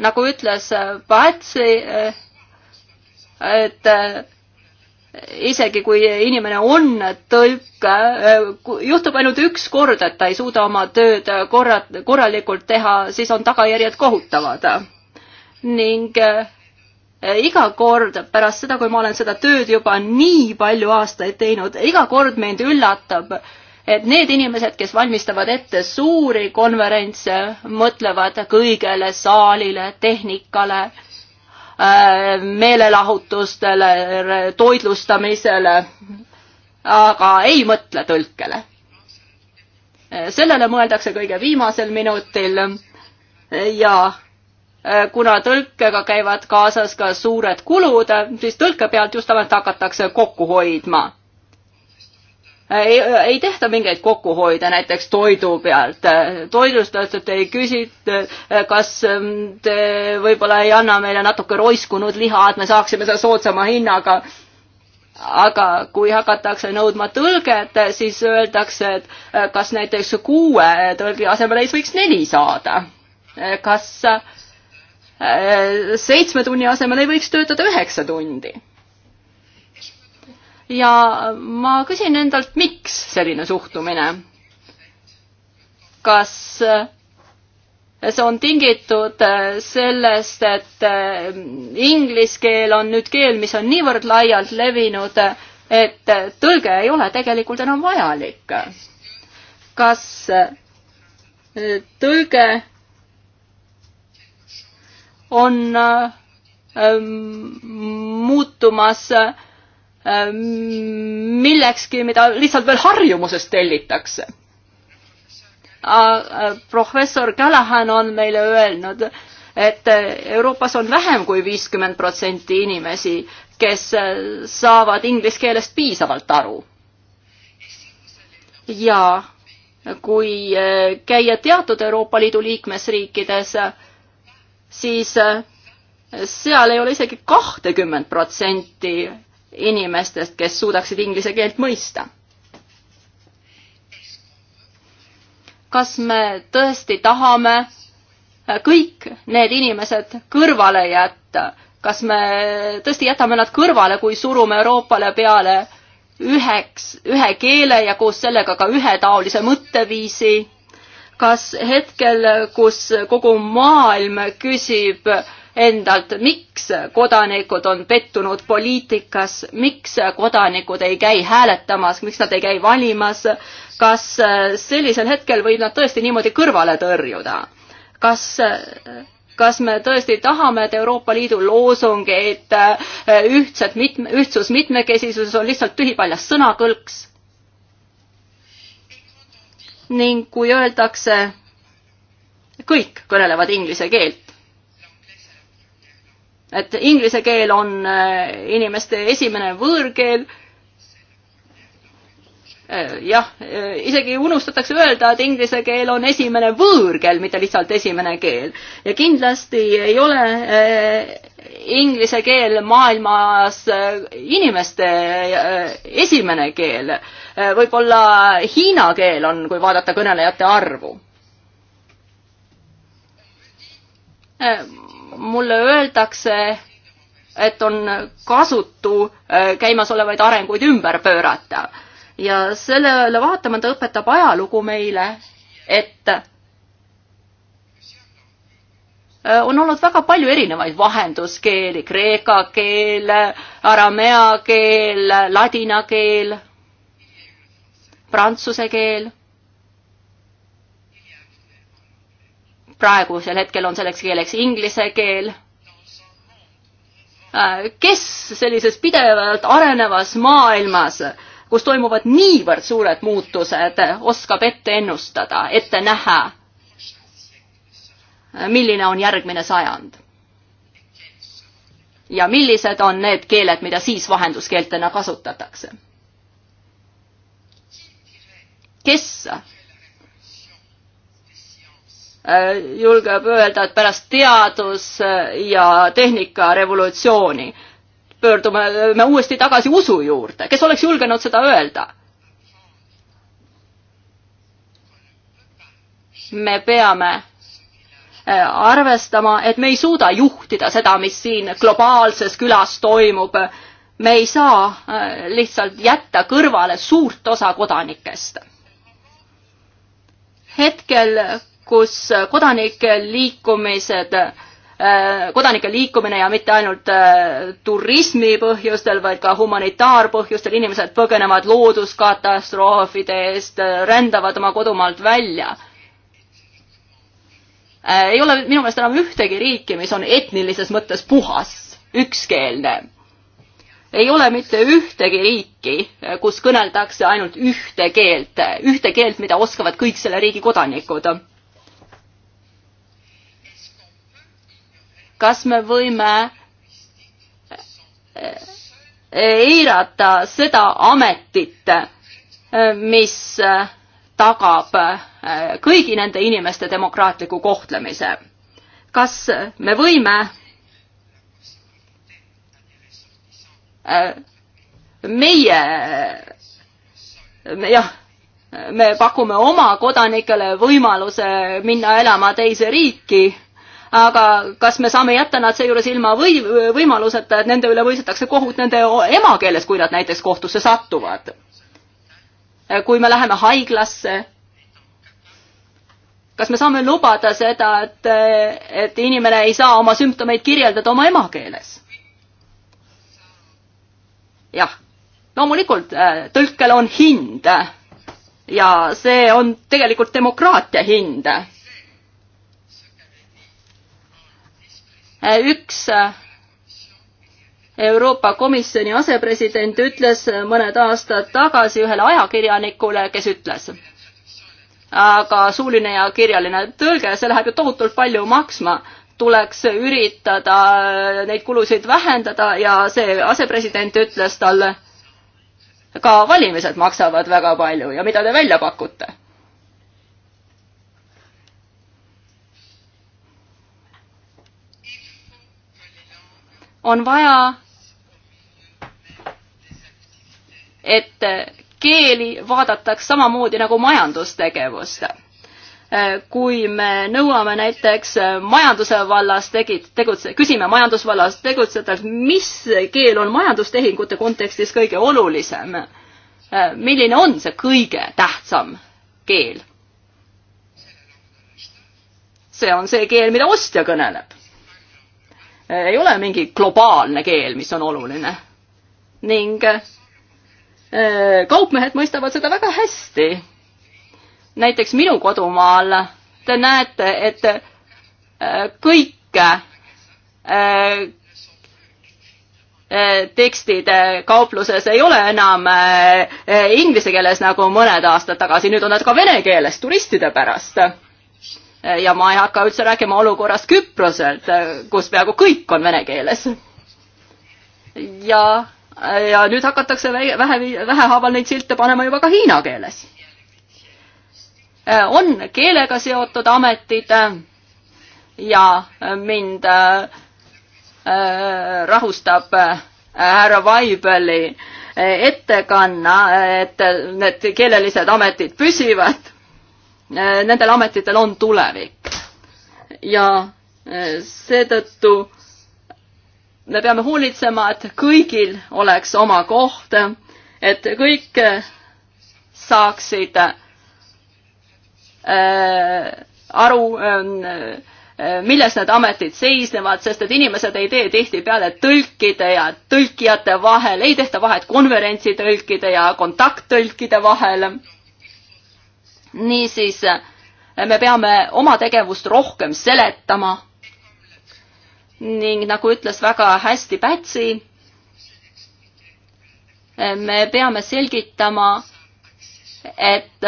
nagu ütles äh, Patsi, äh, et äh, isegi kui inimene on tõlk, juhtub ainult üks kord, et ta ei suuda oma tööd korra, korralikult teha, siis on tagajärjed kohutavad. ning iga kord pärast seda, kui ma olen seda tööd juba nii palju aastaid teinud, iga kord mind üllatab äh, et need inimesed, kes valmistavad ette suuri konverentse, mõtlevad kõigele saalile, tehnikale, äh, meelelahutustele, toitlustamisele, aga ei mõtle tõlkele. Äh, sellele mõeldakse kõige viimasel minutil ja äh, kuna tõlkega käivad kaasas ka suured kulud, siis tõlke pealt just nimelt hakatakse kokku hoidma Äh, ei, äh, ei tehta mingeid kokkuhoide näiteks toidu pealt. Äh, toidust lihtsalt ei küsita, kas ähm, te võib-olla ei anna meile natuke roiskunud liha, et me saaksime seda soodsama hinnaga. aga kui hakatakse nõudma tõlget, siis öeldakse, et kas näiteks kuue tõlgi asemel ei võiks neli saada. kas seitsme tunni asemel ei võiks töötada üheksa tundi ja ma küsin endalt, miks selline suhtumine? kas eh, see on tingitud eh, sellest, et eh, inglise keel on nüüd keel, mis on niivõrd laialt levinud, et tõlge ei ole tegelikult enam vajalik. kas tõlge on muutumas äh, Äh, millekski, mida lihtsalt veel harjumusest tellitakse. Äh, äh, professor Callahan on meile öelnud, et Euroopas on vähem kui viiskümmend protsenti inimesi, kes saavad inglise keelest piisavalt aru. ja kui käia teatud Euroopa Liidu liikmesriikides, siis seal ei ole isegi kahtekümmend protsenti inimestest, kes suudaksid inglise keelt mõista. kas me tõesti tahame kõik need inimesed kõrvale jätta, kas me tõesti jätame nad kõrvale, kui surume Euroopale peale üheks, ühe keele ja koos sellega ka ühetaolise mõtteviisi? kas hetkel, kus kogu maailm küsib äh, endalt, miks kodanikud on pettunud poliitikas, miks kodanikud ei käi hääletamas, miks nad ei käi valimas, kas sellisel hetkel võib nad tõesti niimoodi kõrvale tõrjuda? kas kas me tõesti tahame, et Euroopa Liidu loosungeid ühtset mitme, ühtsus mitmekesisuses on lihtsalt tühipaljas sõnakõlks? ning kui öeldakse, kõik kõnelevad inglise keelt, et inglise keel on äh, inimeste esimene võõrkeel. Äh, jah, äh, isegi unustatakse öelda, et inglise keel on esimene võõrkeel, mitte lihtsalt esimene keel. ja kindlasti ei ole inglise keel maailmas inimeste esimene keel. võib-olla hiina keel on, kui vaadata kõnelejate arvu mulle öeldakse, et on kasutu äh, käimasolevaid arenguid ümber pöörata. ja sellele vaatamata õpetab ajalugu meile, et äh, on olnud väga palju erinevaid vahenduskeeli, kreeka keel, aramea keel, ladina keel, prantsuse keel praegusel hetkel on selleks keeleks inglise keel. Äh, kes sellises pidevalt arenevas maailmas, kus toimuvad niivõrd suured muutused, oskab ette ennustada, ette näha, milline on järgmine sajand? ja millised on need keeled, mida siis vahenduskeeltena kasutatakse? kes Äh, julgeb öelda, et pärast teadus- äh, ja tehnikarevolutsiooni pöördume me uuesti tagasi usu juurde, kes oleks julgenud seda öelda? me peame äh, arvestama, et me ei suuda juhtida seda, mis siin globaalses külas toimub. me ei saa lihtsalt jätta kõrvale suurt osa kodanikest. hetkel kus äh, kodanike liikumised äh, kodanike liikumine ja mitte ainult äh, turismi põhjustel, vaid ka humanitaarpõhjustel, inimesed põgenevad looduskatastroofide eest, rändavad oma kodumaalt välja. ei ole minu meelest enam ühtegi riiki, mis on etnilises mõttes puhas, ükskeelne. ei ole mitte ühtegi riiki, kus kõneldakse ainult ühte keelt, ühte keelt, mida oskavad kõik selle riigi kodanikud kas me võime eh, eh, eirata seda ametit, eh, mis tagab kõigi nende inimeste demokraatliku kohtlemise. kas me võime meie, jah, me pakume oma kodanikele võimaluse minna elama teise riiki aga kas me saame jätta nad seejuures ilma või võimaluseta, et nende üle võidetakse kohut nende emakeeles, kui nad näiteks kohtusse satuvad? kui me läheme haiglasse, kas me saame lubada seda, et, et inimene ei saa oma sümptomeid kirjeldada oma emakeeles? jah, loomulikult äh, tõlkel on hind ja see on tegelikult demokraatia hind Äh, üks äh, Euroopa Komisjoni asepresident ütles mõned aastad tagasi ühele ajakirjanikule, kes ütles, aga suuline ja kirjaline tõlge, see läheb ju tohutult palju maksma, tuleks üritada äh, neid kulusid vähendada ja see asepresident ütles talle, ka valimised maksavad väga palju ja mida te välja pakute on vaja, et keeli vaadataks samamoodi nagu majandustegevust kui me nõuame näiteks majanduse vallas tegid, tegutse-, küsime majandusvallas tegutsedes, mis keel on majandustehingute kontekstis kõige olulisem? milline on see kõige tähtsam keel? see on see keel, mida ostja kõneleb. Äh, ei ole mingi globaalne keel, mis on oluline. ning äh, kaupmehed mõistavad seda väga hästi. näiteks minu kodumaal te näete, et äh, kõike tekstid kaupluses ei ole enam inglise keeles nagu mõned aastad tagasi, nüüd on nad ka vene keeles turistide pärast ja ma ei hakka üldse rääkima olukorrast Küproselt, kus peaaegu kõik on vene keeles. ja, ja nüüd hakatakse vähe, vähehaaval neid silte panema juba ka hiina keeles. on keelega seotud ametid ja mind äh, rahustab äh, härra Vaibeli ettekanna, et need keelelised ametid püsivad Äh, nendel ametitel on tulevik. ja äh, seetõttu me peame hoolitsema, et kõigil oleks oma koht, et kõik äh, saaksid äh, aru ähm, äh, milles need ametid seisnevad, sest et inimesed ei tee tihtipeale tõlkide ja tõlkijate vahel, ei tehta vahet konverentsitõlkide ja kontakttõlkide vahel niisiis me peame oma tegevust rohkem seletama ning nagu ütles väga hästi Pätsi, me peame selgitama, et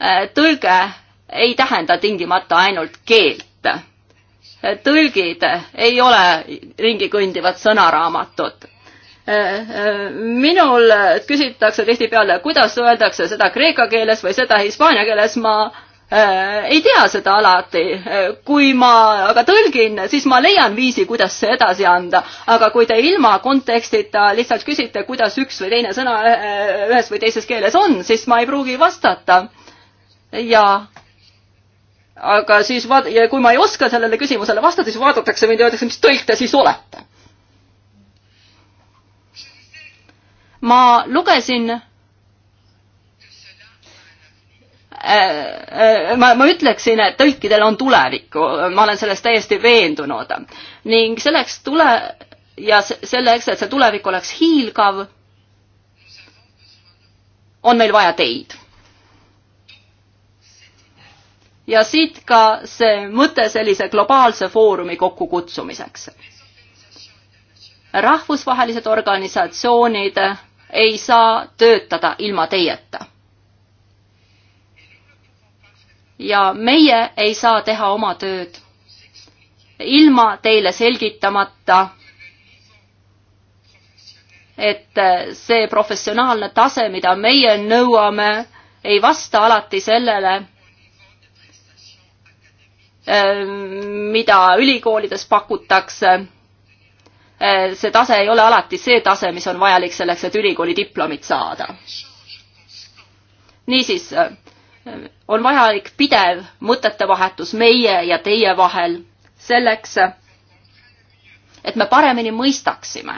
äh, tõlge ei tähenda tingimata ainult keelt. tõlgid ei ole ringi kõndivad sõnaraamatud minul küsitakse tihtipeale, kuidas öeldakse seda kreeka keeles või seda hispaania keeles, ma äh, ei tea seda alati. kui ma aga tõlgin, siis ma leian viisi, kuidas see edasi anda. aga kui te ilma kontekstita lihtsalt küsite, kuidas üks või teine sõna äh, ühes või teises keeles on, siis ma ei pruugi vastata. ja aga siis vaat-, kui ma ei oska sellele küsimusele vastata, siis vaadatakse mind ja öeldakse, mis tõlk te siis olete ma lugesin äh, äh, ma, ma ütleksin, et tõlkidel on tulevikku, ma olen selles täiesti veendunud ning selleks tule ja selleks, et see tulevik oleks hiilgav, on meil vaja teid. ja siit ka see mõte sellise globaalse foorumi kokkukutsumiseks. rahvusvahelised organisatsioonid ei saa töötada ilma teieta. ja meie ei saa teha oma tööd ilma teile selgitamata, et see professionaalne tase, mida meie nõuame, ei vasta alati sellele, mida ülikoolides pakutakse Eh, see tase ei ole alati see tase, mis on vajalik selleks, et ülikooli diplomit saada. niisiis, eh, on vajalik pidev mõtetevahetus meie ja teie vahel selleks, et me paremini mõistaksime,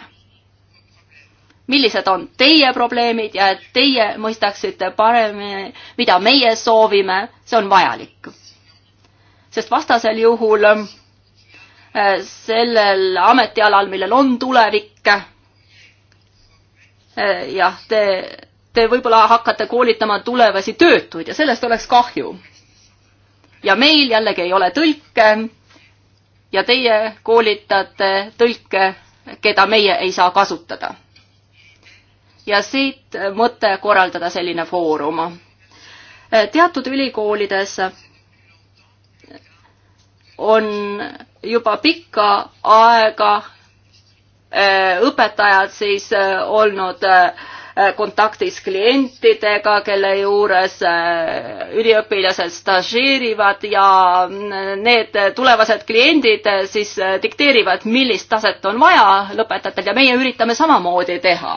millised on teie probleemid ja et teie mõistaksite paremini, mida meie soovime, see on vajalik. sest vastasel juhul sellel ametialal, millel on tulevik. jah, te, te võib-olla hakkate koolitama tulevasi töötuid ja sellest oleks kahju. ja meil jällegi ei ole tõlke. ja teie koolitate tõlke, keda meie ei saa kasutada. ja siit mõte korraldada selline foorum. teatud ülikoolides on juba pikka aega äh, õpetajad siis äh, olnud äh, kontaktis klientidega, kelle juures üliõpilased stažeerivad ja need tulevased kliendid siis dikteerivad, millist taset on vaja lõpetajatel ja meie üritame samamoodi teha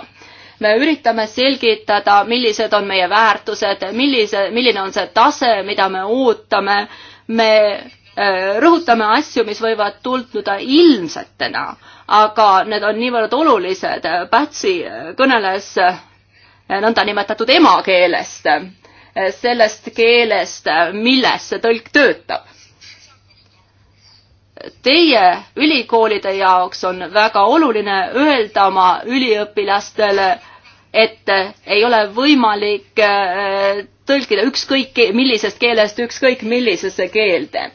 me üritame selgitada, millised on meie väärtused, millise, milline on see tase, mida me ootame, me Äh, rõhutame asju, mis võivad tunduda ilmsetena, aga need on niivõrd olulised. Pätsi kõneles äh, nõndanimetatud emakeelest, äh, sellest keelest, milles see tõlk töötab. Teie ülikoolide jaoks on väga oluline öelda oma üliõpilastele, et ei ole võimalik tõlkida ükskõik millisest keelest ükskõik millisesse keelde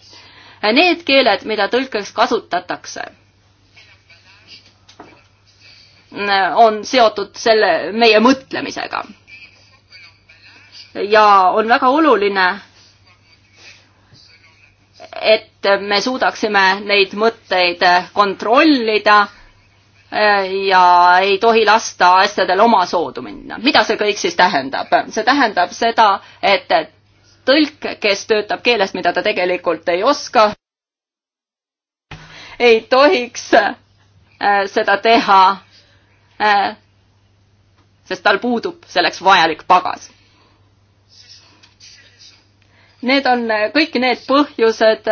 need keeled, mida tõlkeks kasutatakse, on seotud selle, meie mõtlemisega. ja on väga oluline, et me suudaksime neid mõtteid kontrollida eh, ja ei tohi lasta asjadel omasoodu minna. mida see kõik siis tähendab? see tähendab seda, et tõlk, kes töötab keeles, mida ta tegelikult ei oska, ei tohiks äh, seda teha, äh, sest tal puudub selleks vajalik pagas. Need on äh, kõik need põhjused,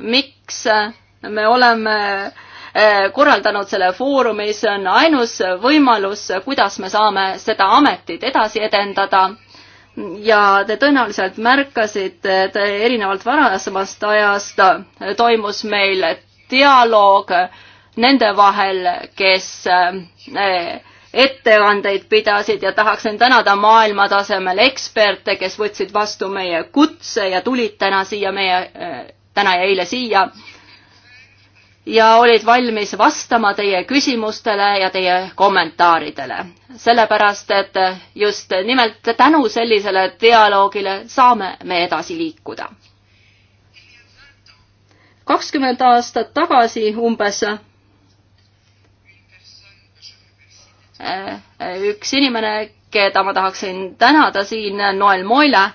miks me oleme korraldanud selle foorumi, see on ainus võimalus, kuidas me saame seda ametit edasi edendada ja te tõenäoliselt märkasite, et erinevalt varasemast ajast toimus meil dialoog nende vahel, kes eh, ettekandeid pidasid ja tahaksin tänada maailmatasemel eksperte, kes võtsid vastu meie kutse ja tulid täna siia meie, eh, täna ja eile siia ja olid valmis vastama teie küsimustele ja teie kommentaaridele. sellepärast, et just nimelt tänu sellisele dialoogile saame me edasi liikuda. kakskümmend aastat tagasi umbes üks inimene, keda ma tahaksin tänada siin, Noel Moile,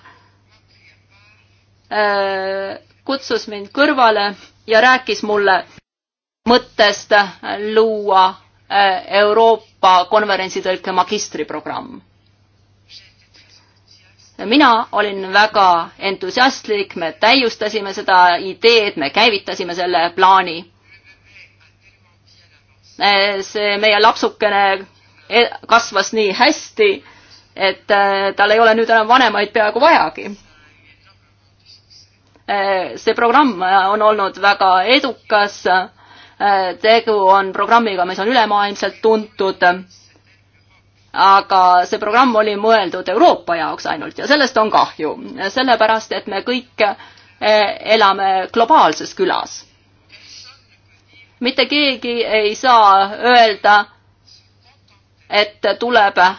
kutsus mind kõrvale ja rääkis mulle mõttest luua äh, Euroopa konverentsitõlke magistriprogramm. mina olin väga entusiastlik, me täiustasime seda ideed, me käivitasime selle plaani. Äh, see meie lapsukene e, kasvas nii hästi, et äh, tal ei ole nüüd enam vanemaid peaaegu vajagi see programm on olnud väga edukas. Äh, tegu on programmiga, mis on ülemaailmselt tuntud. aga see programm oli mõeldud Euroopa jaoks ainult ja sellest on kahju, sellepärast et me kõik äh, elame globaalses külas. mitte keegi ei saa öelda, et tuleb äh,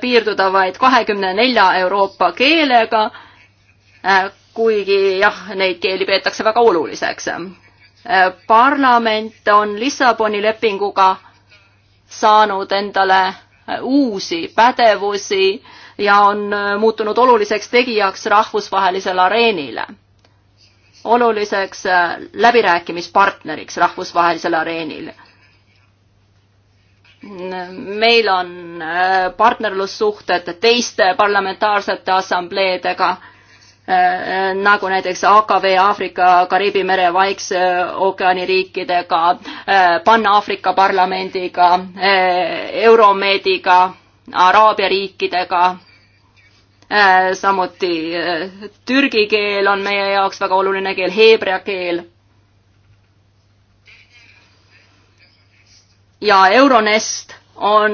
piirduda vaid kahekümne nelja Euroopa keelega, kuigi jah, neid keeli peetakse väga oluliseks parlament on Lissaboni lepinguga saanud endale uusi pädevusi ja on muutunud oluliseks tegijaks rahvusvahelisel areenil, oluliseks äh, läbirääkimispartneriks rahvusvahelisel areenil. meil on äh, partnerlussuhted teiste parlamentaarsete assambleedega Äh, nagu näiteks AKV Aafrika, Kariibi mere Vaikse äh, ookeani riikidega, äh, Pan-Aafrika parlamendiga, Euromeediga, Araabia riikidega. samuti türgi keel on meie jaoks väga oluline keel, heebrea keel. ja Euronest on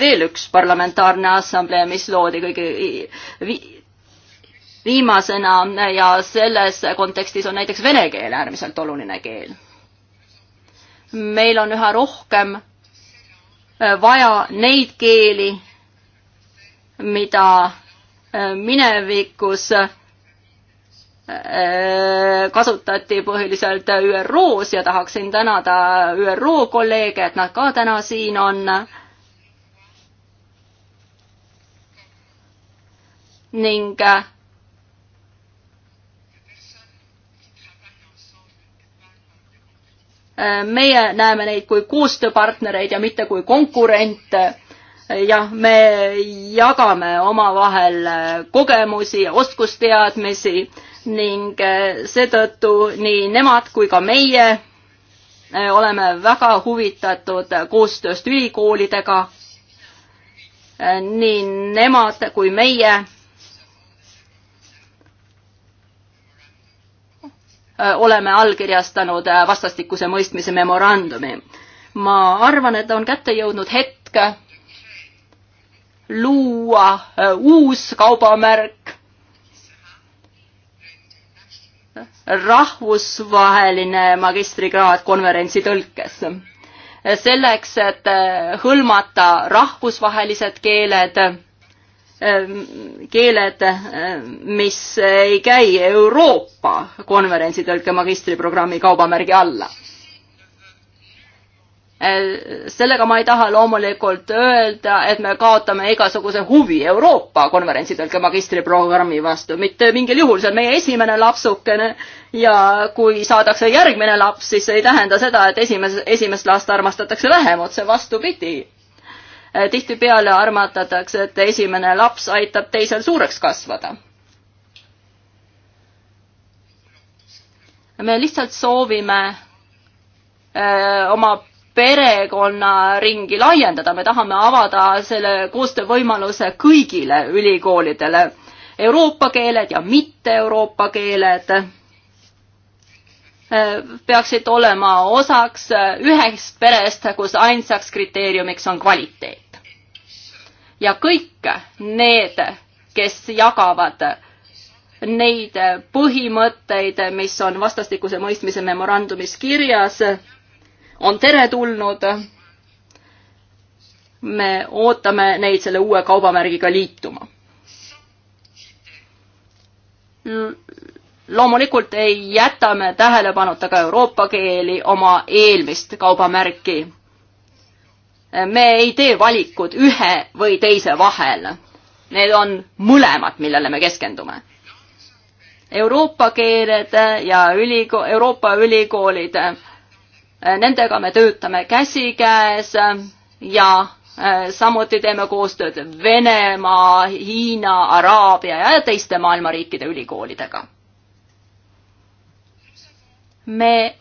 veel üks parlamentaarne assamblee, mis loodi kõige viimasena ja selles kontekstis on näiteks vene keel äärmiselt oluline keel. meil on üha rohkem äh, vaja neid keeli, mida äh, minevikus äh, kasutati põhiliselt ÜRO-s ja tahaksin tänada ÜRO kolleege, et nad ka täna siin on. ning meie näeme neid kui koostööpartnereid ja mitte kui konkurente. jah, me jagame omavahel kogemusi ja oskusteadmisi ning seetõttu nii nemad kui ka meie oleme väga huvitatud koostööst ülikoolidega. nii nemad kui meie oleme allkirjastanud vastastikuse mõistmise memorandumi. ma arvan, et on kätte jõudnud hetk luua uus kaubamärk, rahvusvaheline magistrikraad konverentsi tõlkes. selleks, et hõlmata rahvusvahelised keeled Ähm, keeled, äh, mis ei käi Euroopa konverentsitõlke magistriprogrammi kaubamärgi alla. Äh, sellega ma ei taha loomulikult öelda, et me kaotame igasuguse huvi Euroopa konverentsitõlke magistriprogrammi vastu, mitte mingil juhul, see on meie esimene lapsukene ja kui saadakse järgmine laps, siis see ei tähenda seda, et esimese, esimest last armastatakse vähem, otse vastupidi Eh, tihtipeale armatatakse, et esimene laps aitab teisel suureks kasvada. me lihtsalt soovime öö, eh, oma perekonnaringi laiendada, me tahame avada selle koostöövõimaluse kõigile ülikoolidele. Euroopa keeled ja mitte-Euroopa keeled eh, peaksid olema osaks ühest perest, kus ainsaks kriteeriumiks on kvaliteet ja kõik need, kes jagavad neid põhimõtteid, mis on vastastikuse mõistmise memorandumis kirjas, on teretulnud. me ootame neid selle uue kaubamärgiga liituma. loomulikult ei jäta me tähelepanuta ka Euroopa keeli oma eelmist kaubamärki me ei tee valikut ühe või teise vahel. Need on mõlemad, millele me keskendume. Euroopa keeled ja ülikool, Euroopa ülikoolid, nendega me töötame käsikäes ja eh, samuti teeme koostööd Venemaa, Hiina, Araabia ja teiste maailma riikide ülikoolidega. me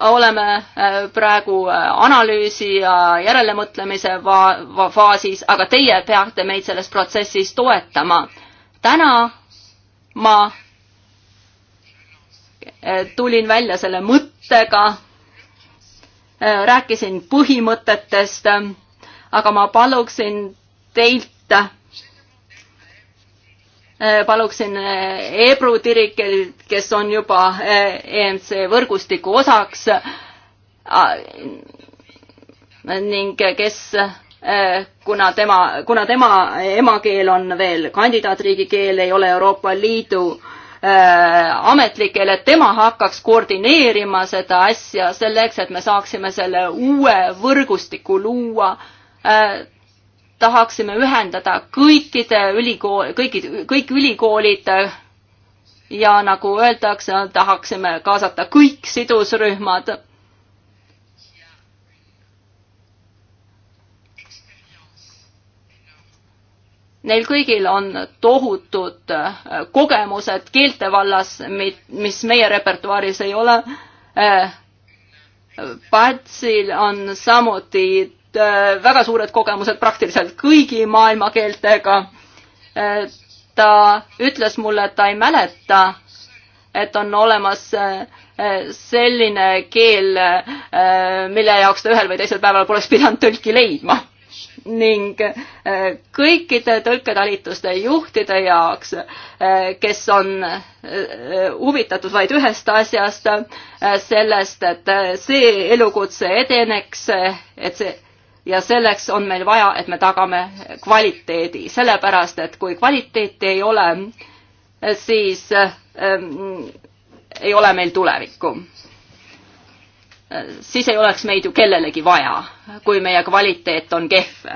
oleme äh, praegu äh, analüüsi ja järelemõtlemise va-, faasis, aga teie peate meid selles protsessis toetama. täna ma äh, tulin välja selle mõttega, rääkisin põhimõtetest, aga ma paluksin teilt Äh, paluksin äh, Ebru Tirikilt, kes on juba äh, EMC võrgustiku osaks ning kes, kuna tema, kuna tema emakeel on veel kandidaatriigi keel, ei ole Euroopa Liidu ametlikel, et tema hakkaks koordineerima seda asja selleks, et me saaksime selle uue võrgustiku luua tahaksime ühendada kõikide ülikool, kõikid, kõik ülikoolid ja nagu öeldakse, tahaksime kaasata kõik sidusrühmad. Neil kõigil on tohutud kogemused keelte vallas, mis meie repertuaaris ei ole. Äh, Patsil on samuti Äh, väga suured kogemused praktiliselt kõigi maailmakeeltega. Äh, ta ütles mulle, et ta ei mäleta, et on olemas äh, selline keel, mille jaoks ta ühel või teisel päeval poleks pidanud tõlki leidma. ning kõikide tõlketalituste juhtide jaoks, kes on huvitatud vaid ühest asjast, sellest, et see elukutse edeneks, et see ja selleks on meil vaja, et me tagame kvaliteedi, sellepärast et kui kvaliteeti ei ole, siis ähm, ei ole meil tulevikku. siis ei oleks meid ju kellelegi vaja, kui meie kvaliteet on kehv.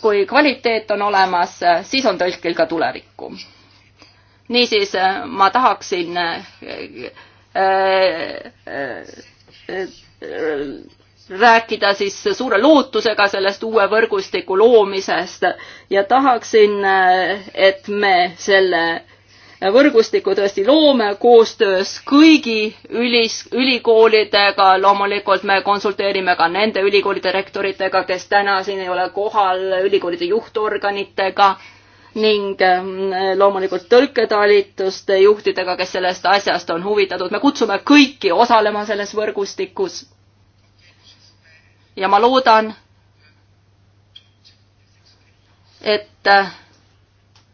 kui kvaliteet on olemas, siis on tõlkil ka tulevikku. niisiis ma tahaksin äh, äh, äh, rääkida siis suure lootusega sellest uue võrgustiku loomisest ja tahaksin, et me selle võrgustiku tõesti loome koostöös kõigi ülis, ülikoolidega, loomulikult me konsulteerime ka nende ülikoolide rektoritega, kes täna siin ei ole kohal, ülikoolide juhtorganitega ning ähm, loomulikult tõlketalituste juhtidega, kes sellest asjast on huvitatud. me kutsume kõiki osalema selles võrgustikus ja ma loodan, et äh,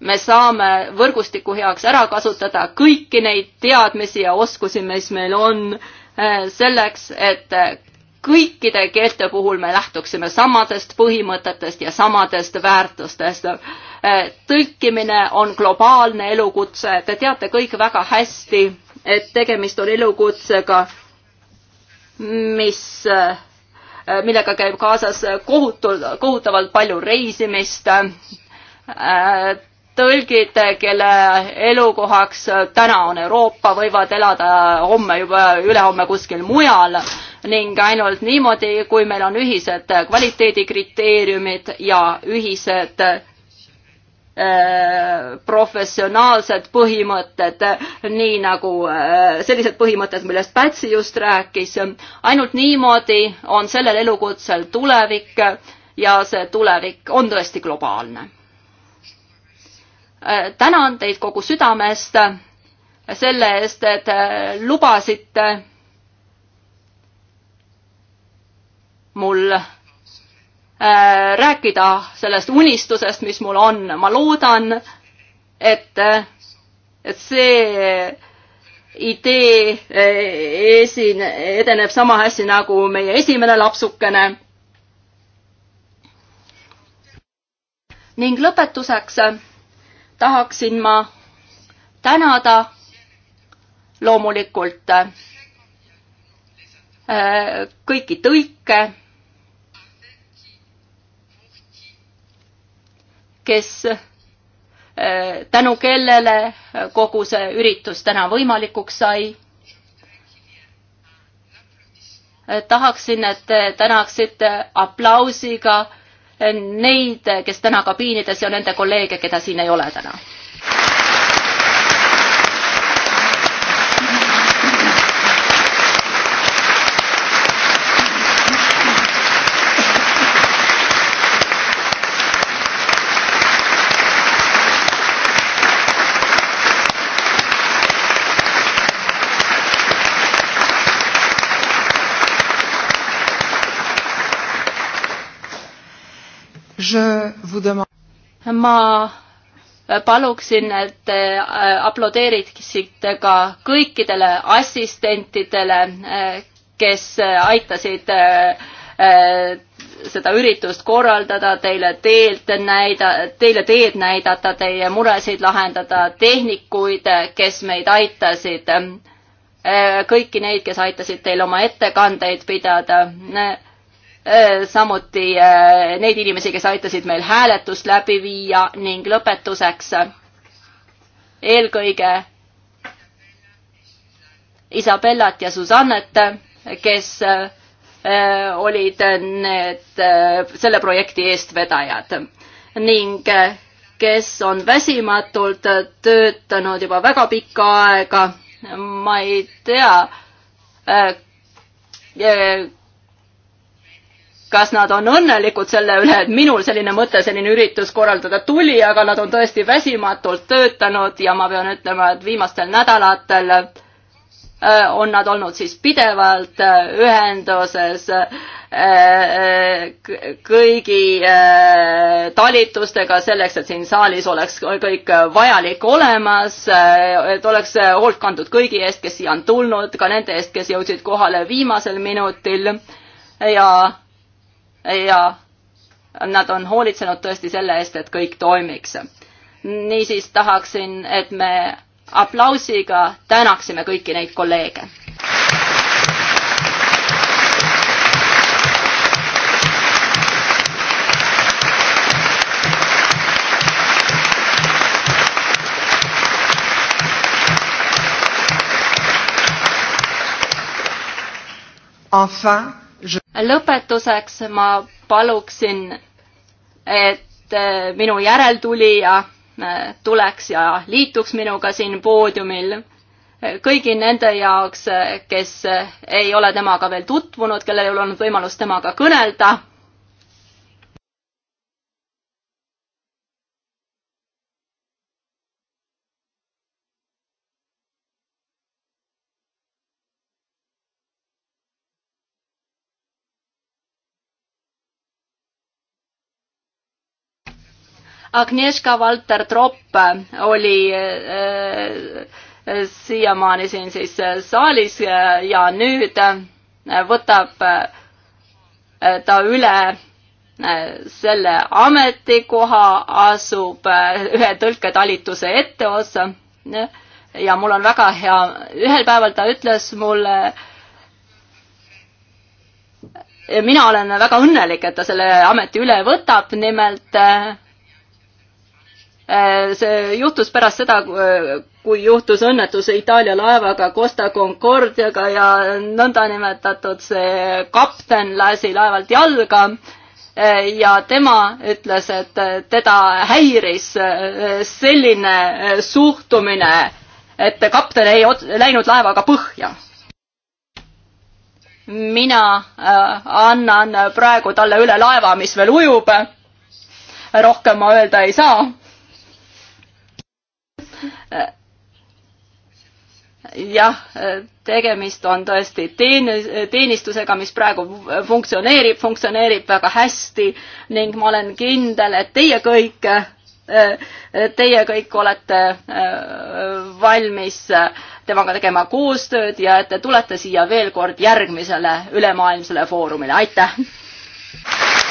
me saame võrgustiku heaks ära kasutada kõiki neid teadmisi ja oskusi, mis meil on, äh, selleks, et äh, kõikide keelte puhul me lähtuksime samadest põhimõtetest ja samadest väärtustest. tõlkimine on globaalne elukutse, te teate kõik väga hästi, et tegemist on elukutsega, mis Äh, millega käib kaasas kohutul, kohutavalt palju reisimist, äh, tõlgid, kelle elukohaks täna on Euroopa, võivad elada homme juba, ülehomme kuskil mujal ning ainult niimoodi, kui meil on ühised kvaliteedikriteeriumid ja ühised Äh, professionaalsed põhimõtted, nii nagu äh, sellised põhimõtted, millest Pätsi just rääkis. ainult niimoodi on sellel elukutsel tulevik ja see tulevik on tõesti globaalne. Äh, tänan teid kogu südamest selle eest, et lubasite mul Äh, rääkida sellest unistusest, mis mul on. ma loodan, et, et see idee äh, esin-, edeneb sama hästi nagu meie esimene lapsukene. ning lõpetuseks tahaksin ma tänada loomulikult äh, kõiki tõlke kes, eh, tänu kellele kogu see üritus täna võimalikuks sai. Eh, tahaksin, et te tänaksite aplausiga neid, kes täna kabiinides ja nende kolleege, keda siin ei ole täna ma paluksin, et te äh, aplodeeriksite ka kõikidele assistentidele, äh, kes äh, aitasid seda üritust korraldada, teile teelt näida, teile teed näidata, teie muresid lahendada, tehnikuid, kes meid aitasid, kõiki neid, kes aitasid teil oma ettekandeid pidada Äh, samuti äh, neid inimesi, kes aitasid meil hääletust läbi viia ning lõpetuseks eelkõige Isabellat ja Susannet, kes äh, olid need, selle projekti eestvedajad ning kes on väsimatult töötanud juba väga pikka aega, ma ei tea, kas nad on õnnelikud selle üle, et minul selline mõte, selline üritus korraldada tuli, aga nad on tõesti väsimatult töötanud ja ma pean ütlema, et viimastel nädalatel äh, on nad olnud siis pidevalt äh, ühenduses äh, kõigi talitustega selleks, et siin saalis oleks kõik vajalik olemas, et oleks hoolt kantud kõigi eest, kes siia on tulnud, ka nende eest, kes jõudsid kohale viimasel minutil ja ja nad on hoolitsenud tõesti selle eest, et kõik toimiks. niisiis tahaksin, et me aplausiga tänaksime kõiki neid kolleege. Enfin, lõpetuseks ma paluksin, et äh, minu järeltulija äh, tuleks ja liituks minuga siin poodiumil. Äh, kõigi nende jaoks, kes ei ole temaga veel tutvunud, kellel ei ole olnud võimalust temaga kõnelda Agnieszka Valter Tropp oli äh, siiamaani siin siis saalis ja nüüd äh, võtab äh, ta üle selle ametikoha, asub ühe tõlketalituse etteotsa ja mul on väga hea, ühel päeval ta ütles mulle, mina olen väga õnnelik, et ta selle ameti üle võtab, nimelt Äh, see juhtus pärast seda, äh, kui juhtus õnnetus Itaalia laevaga Costa Concordiaga ja nõndanimetatud see kapten lasi laevalt jalga äh, ja tema ütles, et teda häiris selline suhtumine, et kapten ei läinud laevaga põhja mina annan praegu talle üle laeva, mis veel ujub. rohkem ma öelda ei saa jah, tegemist on tõesti teen-, teenistusega, mis praegu funktsioneerib, funktsioneerib väga hästi ning ma olen kindel, et teie kõik, teie kõik olete äh, valmis temaga tegema koostööd ja et te tulete siia veel kord järgmisele ülemaailmsele foorumile, aitäh!